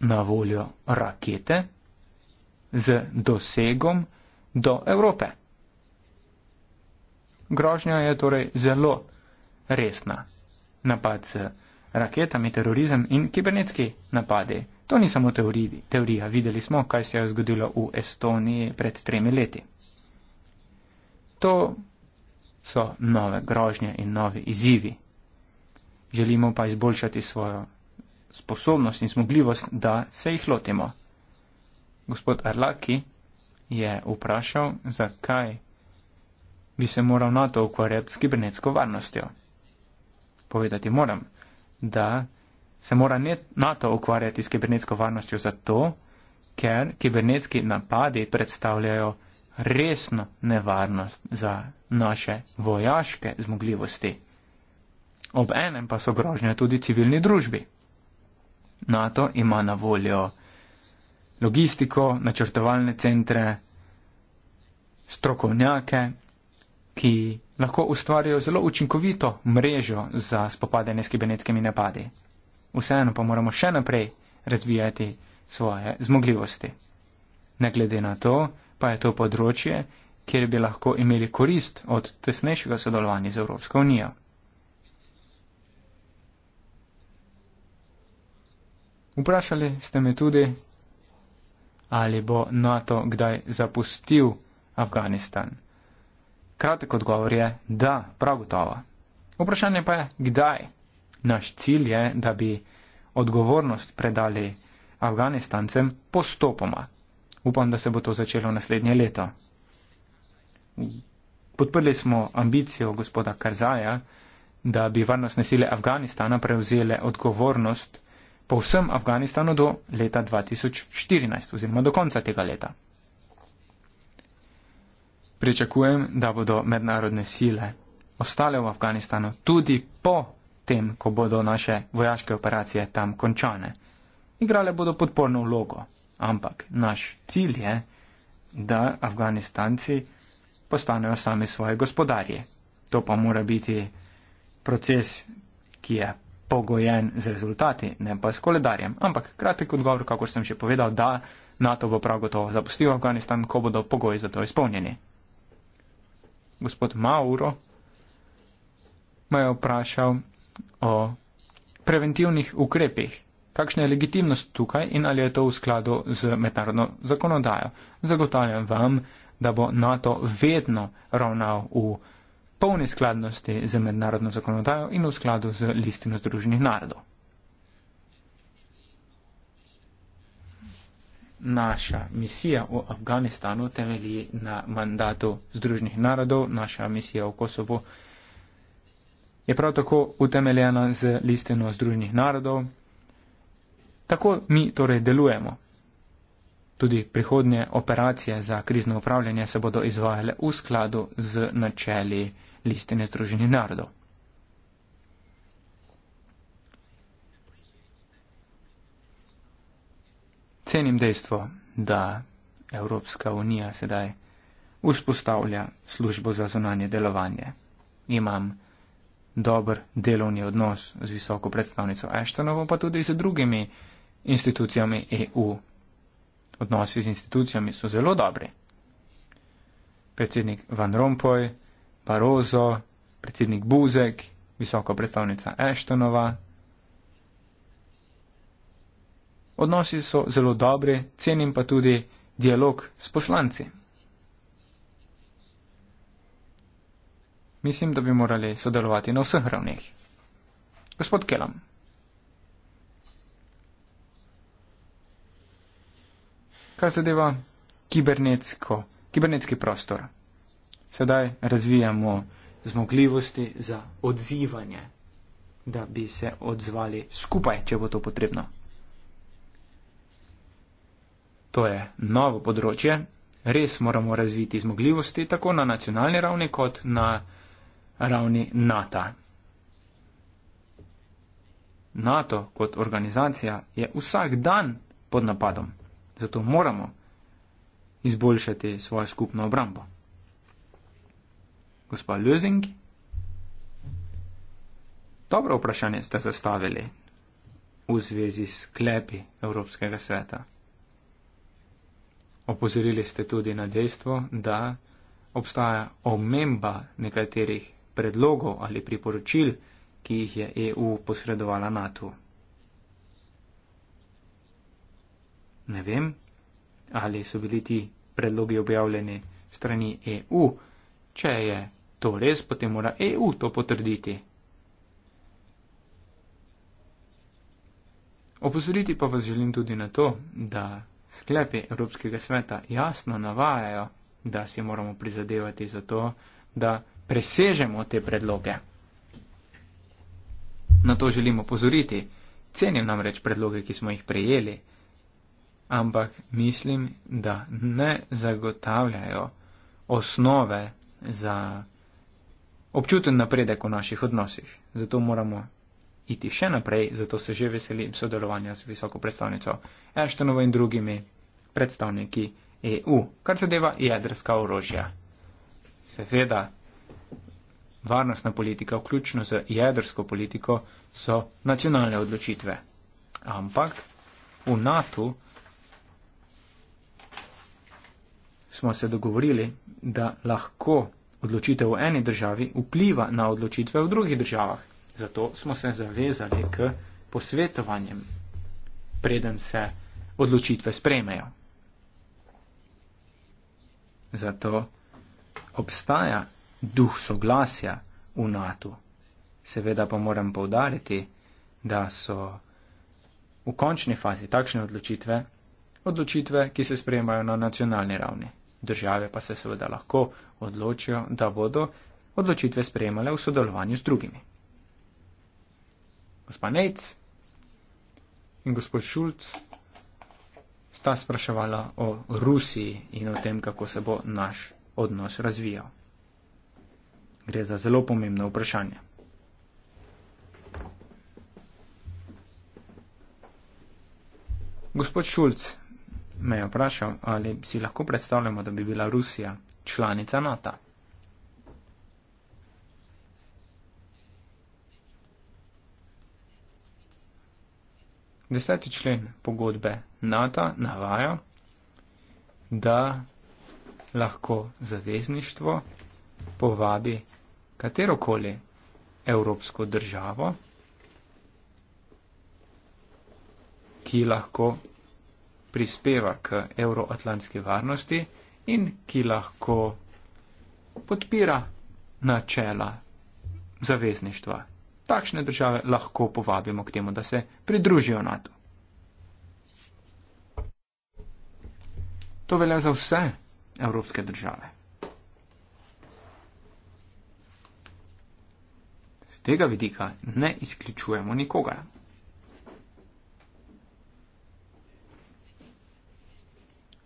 na voljo rakete z dosegom do Evrope. Grožnja je torej zelo resna. Napad z raketami, terorizem in kibernetski napadi. To ni samo teorija. Videli smo, kaj se je zgodilo v Estoniji pred tremi leti. To so nove grožnje in novi izzivi. Želimo pa izboljšati svojo sposobnost in zmogljivost, da se jih lotimo. Gospod Arlaki je vprašal, zakaj bi se moral NATO ukvarjati s kibernetsko varnostjo. Povedati moram, da se mora NATO ukvarjati s kibernetsko varnostjo zato, ker kibernetski napadi predstavljajo resno nevarnost za naše vojaške zmogljivosti. Ob enem pa so grožnja tudi civilni družbi. NATO ima na voljo logistiko, načrtovalne centre, strokovnjake ki lahko ustvarjajo zelo učinkovito mrežo za spopadanje s kibernetskimi napadi. Vseeno pa moramo še naprej razvijati svoje zmogljivosti. Ne glede na to, pa je to področje, kjer bi lahko imeli korist od tesnejšega sodelovanja z Evropsko unijo. Vprašali ste me tudi, ali bo NATO kdaj zapustil Afganistan. Kratek odgovor je da, prav gotovo. Vprašanje pa je, kdaj? Naš cilj je, da bi odgovornost predali Afganistancem postopoma. Upam, da se bo to začelo naslednje leto. Podprli smo ambicijo gospoda Karzaja, da bi varnostne sile Afganistana prevzele odgovornost po vsem Afganistanu do leta 2014 oziroma do konca tega leta. Pričakujem, da bodo mednarodne sile ostale v Afganistanu tudi po tem, ko bodo naše vojaške operacije tam končane. Igrale bodo podporno vlogo, ampak naš cilj je, da Afganistanci postanejo sami svoje gospodarje. To pa mora biti proces, ki je pogojen z rezultati, ne pa s koledarjem. Ampak kratek odgovor, kakor sem že povedal, da NATO bo prav gotovo zapustil Afganistan, ko bodo pogoji za to izpolnjeni gospod Mauro, me je vprašal o preventivnih ukrepih. Kakšna je legitimnost tukaj in ali je to v skladu z mednarodno zakonodajo? Zagotavljam vam, da bo NATO vedno ravnal v polni skladnosti z mednarodno zakonodajo in v skladu z listino Združenih narodov. naša misija v Afganistanu temelji na mandatu Združenih narodov, naša misija v Kosovo je prav tako utemeljena z listino Združenih narodov. Tako mi torej delujemo. Tudi prihodnje operacije za krizno upravljanje se bodo izvajale v skladu z načeli listine Združenih narodov. cenim dejstvo, da Evropska unija sedaj vzpostavlja službo za zunanje delovanje. Imam dober delovni odnos z visoko predstavnico Eštonovo, pa tudi z drugimi institucijami EU. Odnosi z institucijami so zelo dobri. Predsednik Van Rompuy, Barozo, predsednik Buzek, visoko predstavnica Eštonova, Odnosi so zelo dobri, cenim pa tudi dialog s poslanci. Mislim, da bi morali sodelovati na vseh ravneh. Gospod Kelam. Kaj zadeva kibernetsko, kibernetski prostor? Sedaj razvijamo zmogljivosti za odzivanje, da bi se odzvali skupaj, če bo to potrebno. To je novo področje. Res moramo razviti zmogljivosti tako na nacionalni ravni kot na ravni NATO. NATO kot organizacija je vsak dan pod napadom, zato moramo izboljšati svojo skupno obrambo. Gospa Lözing, dobro vprašanje ste zastavili v zvezi s klepi Evropskega sveta. Opozorili ste tudi na dejstvo, da obstaja omemba nekaterih predlogov ali priporočil, ki jih je EU posredovala NATO. Ne vem, ali so bili ti predlogi objavljeni strani EU. Če je to res, potem mora EU to potrditi. Opozoriti pa vas želim tudi na to, da sklepi Evropskega sveta jasno navajajo, da si moramo prizadevati za to, da presežemo te predloge. Na to želimo pozoriti. Cenim namreč predloge, ki smo jih prejeli, ampak mislim, da ne zagotavljajo osnove za občuten napredek v naših odnosih. Zato moramo iti še naprej, zato se že veselim sodelovanja z visoko predstavnico Ashtonovo in drugimi predstavniki EU, kar zadeva jedrska orožja. Seveda, varnostna politika, vključno z jedrsko politiko, so nacionalne odločitve. Ampak v NATO smo se dogovorili, da lahko odločitev v eni državi vpliva na odločitve v drugih državah. Zato smo se zavezali k posvetovanjem, preden se odločitve sprejmejo. Zato obstaja duh soglasja v NATO. Seveda pa moram povdariti, da so v končni fazi takšne odločitve odločitve, ki se sprejmajo na nacionalni ravni. Države pa se seveda lahko odločijo, da bodo odločitve sprejmale v sodelovanju z drugimi gospa Nec in gospod Šulc sta spraševala o Rusiji in o tem, kako se bo naš odnos razvijal. Gre za zelo pomembno vprašanje. Gospod Šulc me je vprašal, ali si lahko predstavljamo, da bi bila Rusija članica NATO. Deseti člen pogodbe NATO navaja, da lahko zavezništvo povabi katerokoli evropsko državo, ki lahko prispeva k euroatlantski varnosti in ki lahko podpira načela zavezništva takšne države lahko povabimo k temu, da se pridružijo NATO. To velja za vse evropske države. Z tega vidika ne izključujemo nikogar.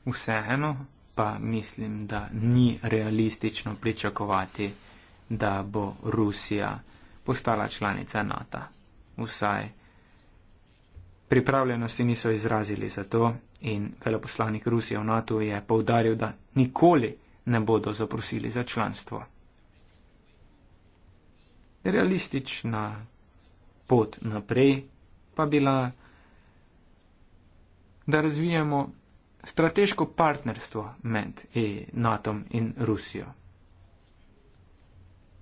Vseeno pa mislim, da ni realistično pričakovati, da bo Rusija postala članica NATO. Vsaj pripravljenosti niso izrazili za to in veleposlanik Rusije v NATO je povdaril, da nikoli ne bodo zaprosili za članstvo. Realistična pot naprej pa bila, da razvijamo strateško partnerstvo med e, NATO in Rusijo.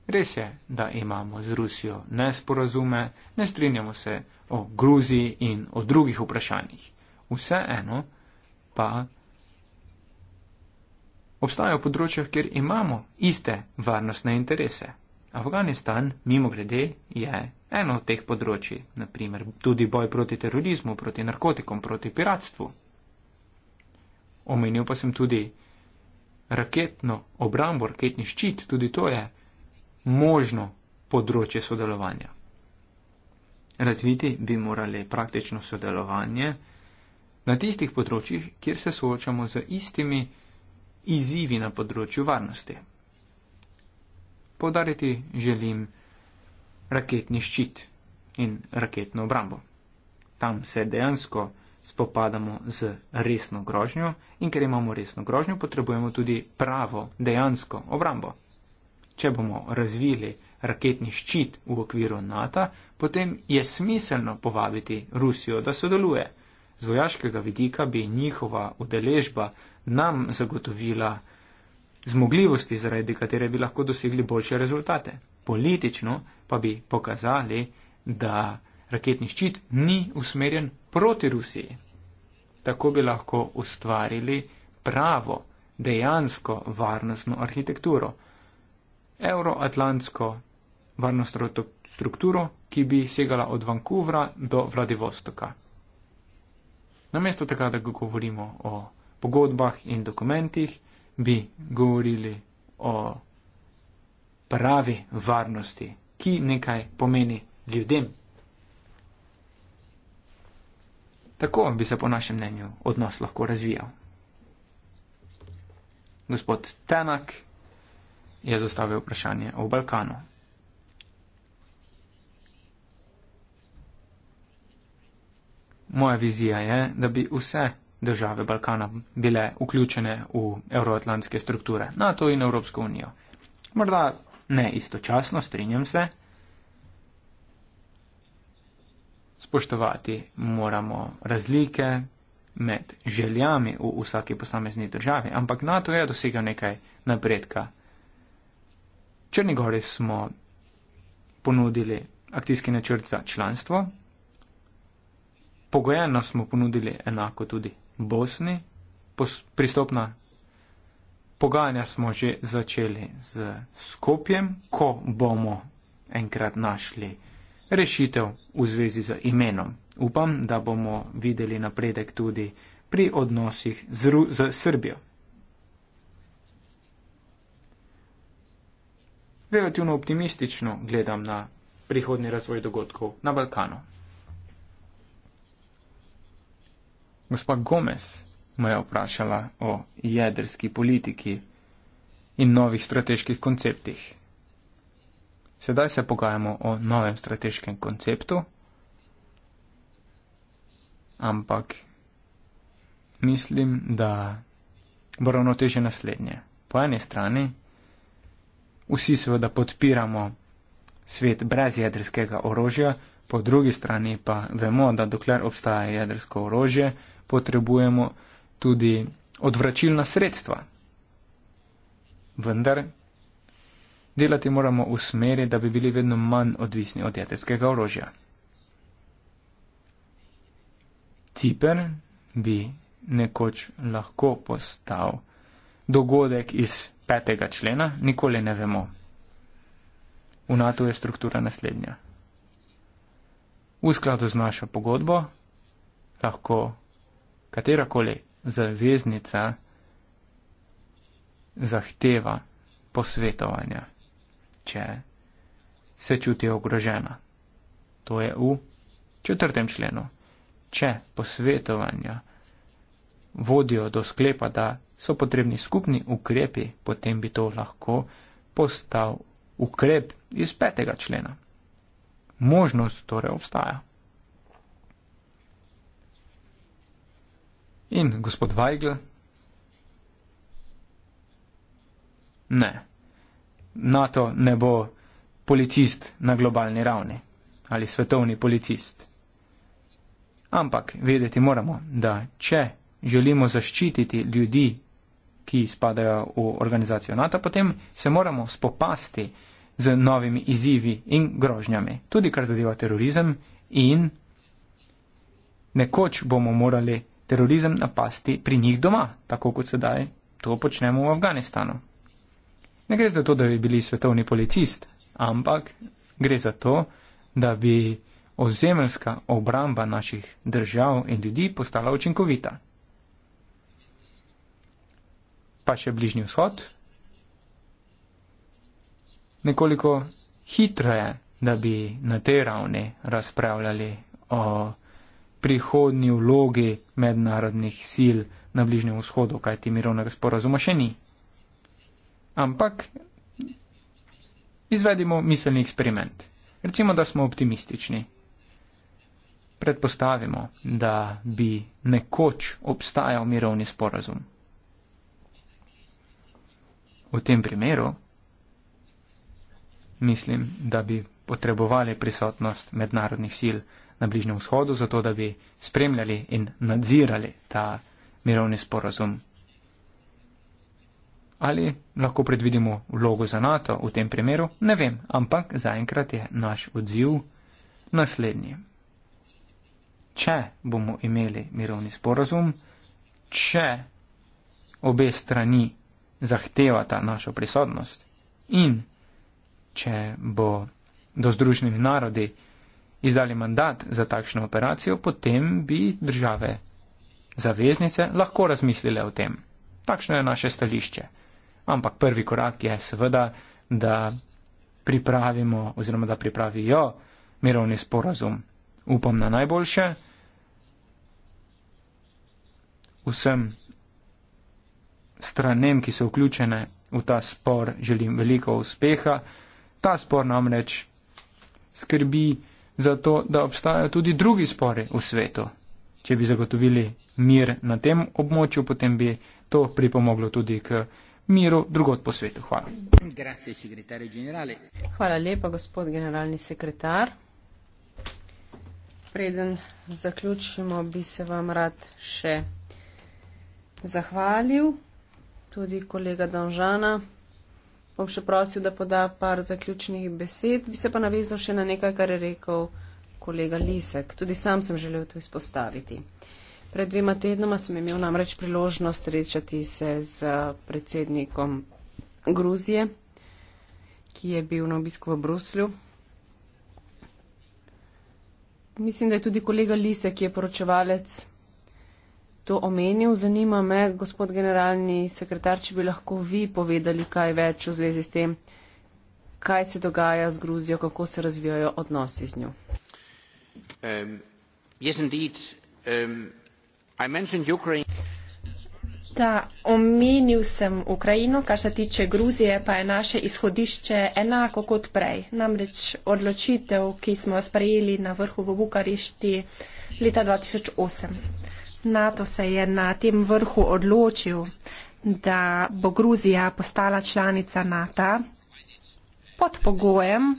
Res je, da imamo z Rusijo nesporazume, ne strinjamo se o Gruziji in o drugih vprašanjih. Vseeno pa obstajajo področja, kjer imamo iste varnostne interese. Afganistan, mimo grede, je eno od teh področji, naprimer tudi boj proti terorizmu, proti narkotikom, proti piratstvu. Omenil pa sem tudi raketno obrambo, raketni ščit, tudi to je možno področje sodelovanja. Razviti bi morali praktično sodelovanje na tistih področjih, kjer se soočamo z istimi izzivi na področju varnosti. Podariti želim raketni ščit in raketno obrambo. Tam se dejansko spopadamo z resno grožnjo in ker imamo resno grožnjo, potrebujemo tudi pravo, dejansko obrambo če bomo razvili raketni ščit v okviru NATO, potem je smiselno povabiti Rusijo, da sodeluje. Z vojaškega vidika bi njihova udeležba nam zagotovila zmogljivosti, zaradi katere bi lahko dosegli boljše rezultate. Politično pa bi pokazali, da raketni ščit ni usmerjen proti Rusiji. Tako bi lahko ustvarili pravo, dejansko varnostno arhitekturo euroatlantsko varnostno strukturo, ki bi segala od Vancouvra do Vladivostoka. Namesto tega, da govorimo o pogodbah in dokumentih, bi govorili o pravi varnosti, ki nekaj pomeni ljudem. Tako bi se po našem mnenju odnos lahko razvijal. Gospod Tenak je zastavil vprašanje o Balkanu. Moja vizija je, da bi vse države Balkana bile vključene v euroatlantske strukture, NATO in Evropsko unijo. Morda ne istočasno, strinjam se. Spoštovati moramo razlike med željami v vsaki posamezni državi, ampak NATO je dosegel nekaj napredka. Črni gori smo ponudili akcijski načrt za članstvo, pogojeno smo ponudili enako tudi Bosni, Pos pristopna pogajanja smo že začeli z Skopjem, ko bomo enkrat našli rešitev v zvezi z imenom. Upam, da bomo videli napredek tudi pri odnosih z, z Srbijo. relativno optimistično gledam na prihodni razvoj dogodkov na Balkanu. Gospa Gomez me je vprašala o jedrski politiki in novih strateških konceptih. Sedaj se pogajamo o novem strateškem konceptu, ampak mislim, da bo ravnoteže naslednje. Po eni strani vsi seveda podpiramo svet brez jedrskega orožja, po drugi strani pa vemo, da dokler obstaja jedrsko orožje, potrebujemo tudi odvračilna sredstva. Vendar delati moramo v smeri, da bi bili vedno manj odvisni od jedrskega orožja. Ciper bi nekoč lahko postal dogodek iz 5. člena, nikoli ne vemo. V NATO je struktura naslednja. V skladu z našo pogodbo lahko katerakoli zaveznica zahteva posvetovanja, če se čuti ogrožena. To je v četrtem členu. Če posvetovanja vodijo do sklepa, da so potrebni skupni ukrepi, potem bi to lahko postal ukrep iz petega člena. Možnost torej obstaja. In gospod Weigl? Ne, NATO ne bo policist na globalni ravni ali svetovni policist. Ampak vedeti moramo, da če želimo zaščititi ljudi ki spadajo v organizacijo NATO, potem se moramo spopasti z novimi izzivi in grožnjami, tudi kar zadeva terorizem in nekoč bomo morali terorizem napasti pri njih doma, tako kot sedaj to počnemo v Afganistanu. Ne gre za to, da bi bili svetovni policist, ampak gre za to, da bi ozemeljska obramba naših držav in ljudi postala učinkovita pa še Bližnji vzhod. Nekoliko hitro je, da bi na tej ravni razpravljali o prihodnji vlogi mednarodnih sil na Bližnjem vzhodu, kajti mirovnega sporazuma še ni. Ampak izvedimo miselni eksperiment. Recimo, da smo optimistični. Predpostavimo, da bi nekoč obstajal mirovni sporazum. V tem primeru mislim, da bi potrebovali prisotnost mednarodnih sil na Bližnjem vzhodu, zato da bi spremljali in nadzirali ta mirovni sporozum. Ali lahko predvidimo vlogo za NATO v tem primeru, ne vem, ampak zaenkrat je naš odziv naslednji. Če bomo imeli mirovni sporozum, če obe strani zahtevata našo prisotnost. In če bo do združenih narodi izdali mandat za takšno operacijo, potem bi države zaveznice lahko razmislile o tem. Takšno je naše stališče. Ampak prvi korak je seveda, da pripravimo oziroma da pripravijo mirovni sporazum. Upam na najboljše. Vsem stranem, ki so vključene v ta spor, želim veliko uspeha. Ta spor namreč skrbi za to, da obstajajo tudi drugi spori v svetu. Če bi zagotovili mir na tem območju, potem bi to pripomoglo tudi k miru drugot po svetu. Hvala. Hvala lepa, gospod generalni sekretar. Preden zaključimo, bi se vam rad še zahvalil tudi kolega Danžana. Bom še prosil, da poda par zaključnih besed, bi se pa navezal še na nekaj, kar je rekel kolega Lisek. Tudi sam sem želel to izpostaviti. Pred dvema tednoma sem imel namreč priložnost srečati se z predsednikom Gruzije, ki je bil na obisku v Bruslju. Mislim, da je tudi kolega Lisek, ki je poročevalec to omenil. Zanima me, gospod generalni sekretar, če bi lahko vi povedali kaj več v zvezi s tem, kaj se dogaja z Gruzijo, kako se razvijajo odnosi z njo. Um, yes, um, Ukraine... Da, omenil sem Ukrajino, kar se tiče Gruzije, pa je naše izhodišče enako kot prej. Namreč odločitev, ki smo jo sprejeli na vrhu v Bukarišti leta 2008. NATO se je na tem vrhu odločil, da bo Gruzija postala članica NATO pod pogojem,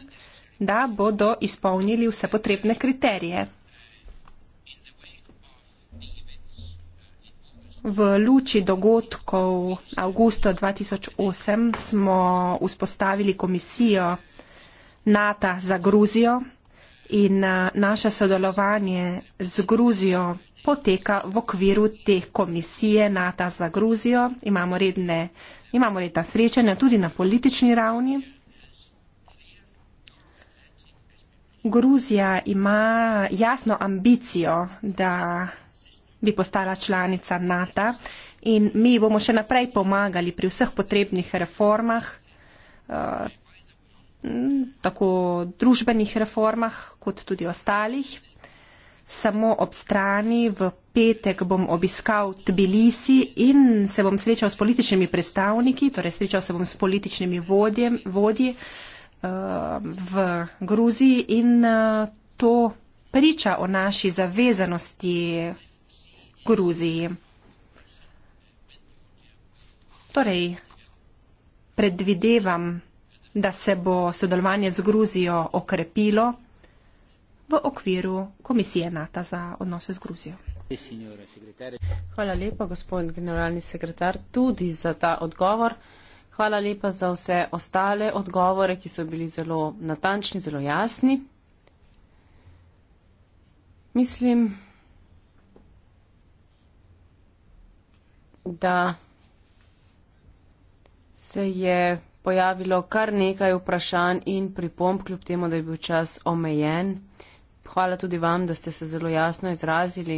da bodo izpolnili vse potrebne kriterije. V luči dogodkov avgusta 2008 smo vzpostavili komisijo NATO za Gruzijo in eh, naše sodelovanje z Gruzijo poteka v okviru te komisije NATO za Gruzijo. Imamo redne, imamo redna srečanja tudi na politični ravni. Gruzija ima jasno ambicijo, da bi postala članica NATO in mi bomo še naprej pomagali pri vseh potrebnih reformah, eh, tako družbenih reformah kot tudi ostalih samo ob strani, v petek bom obiskal Tbilisi in se bom srečal s političnimi predstavniki, torej srečal se bom s političnimi vodjem, vodji eh, v Gruziji in eh, to priča o naši zavezanosti Gruziji. Torej, predvidevam, da se bo sodelovanje z Gruzijo okrepilo v okviru Komisije NATO za odnose z Gruzijo. Hvala lepa, gospod generalni sekretar, tudi za ta odgovor. Hvala lepa za vse ostale odgovore, ki so bili zelo natančni, zelo jasni. Mislim, da se je pojavilo kar nekaj vprašanj in pripomb, kljub temu, da je bil čas omejen. Hvala tudi vam, da ste se zelo jasno izrazili.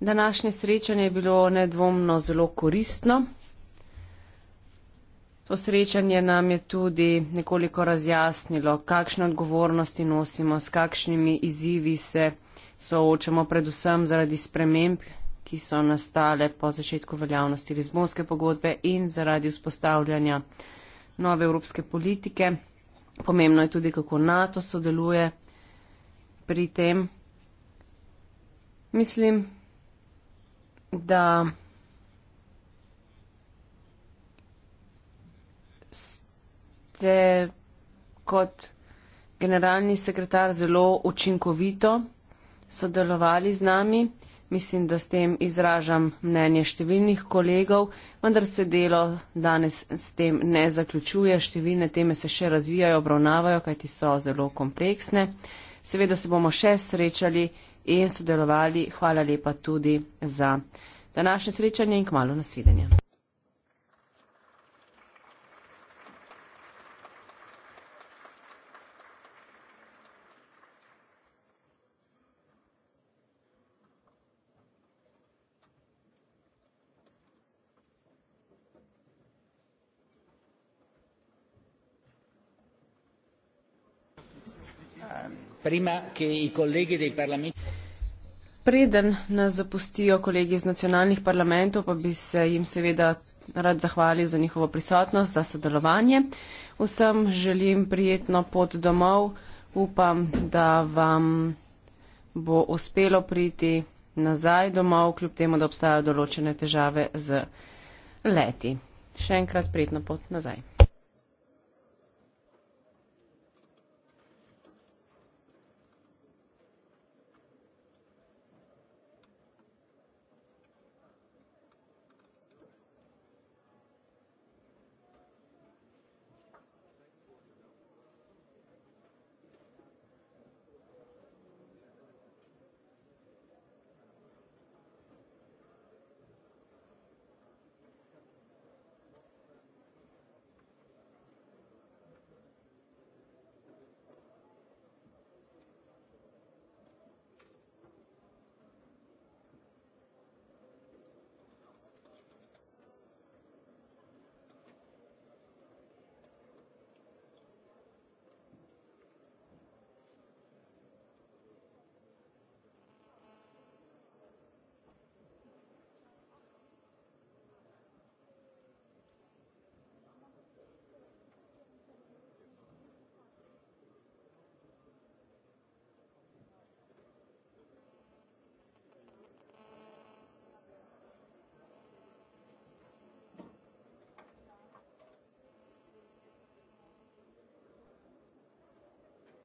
Današnje srečanje je bilo nedvomno zelo koristno. To srečanje nam je tudi nekoliko razjasnilo, kakšne odgovornosti nosimo, s kakšnimi izzivi se soočamo, predvsem zaradi sprememb, ki so nastale po začetku veljavnosti Lizbonske pogodbe in zaradi vzpostavljanja nove evropske politike. Pomembno je tudi, kako NATO sodeluje pri tem. Mislim, da ste kot generalni sekretar zelo učinkovito sodelovali z nami. Mislim, da s tem izražam mnenje številnih kolegov, vendar se delo danes s tem ne zaključuje. Številne teme se še razvijajo, obravnavajo, kajti so zelo kompleksne seveda se bomo še srečali in sodelovali. Hvala lepa tudi za današnje srečanje in k malu nasvidenje. Preden nas zapustijo kolegi iz nacionalnih parlamentov, pa bi se jim seveda rad zahvalil za njihovo prisotnost, za sodelovanje. Vsem želim prijetno pot domov. Upam, da vam bo uspelo priti nazaj domov, kljub temu, da obstajajo določene težave z leti. Še enkrat prijetno pot nazaj.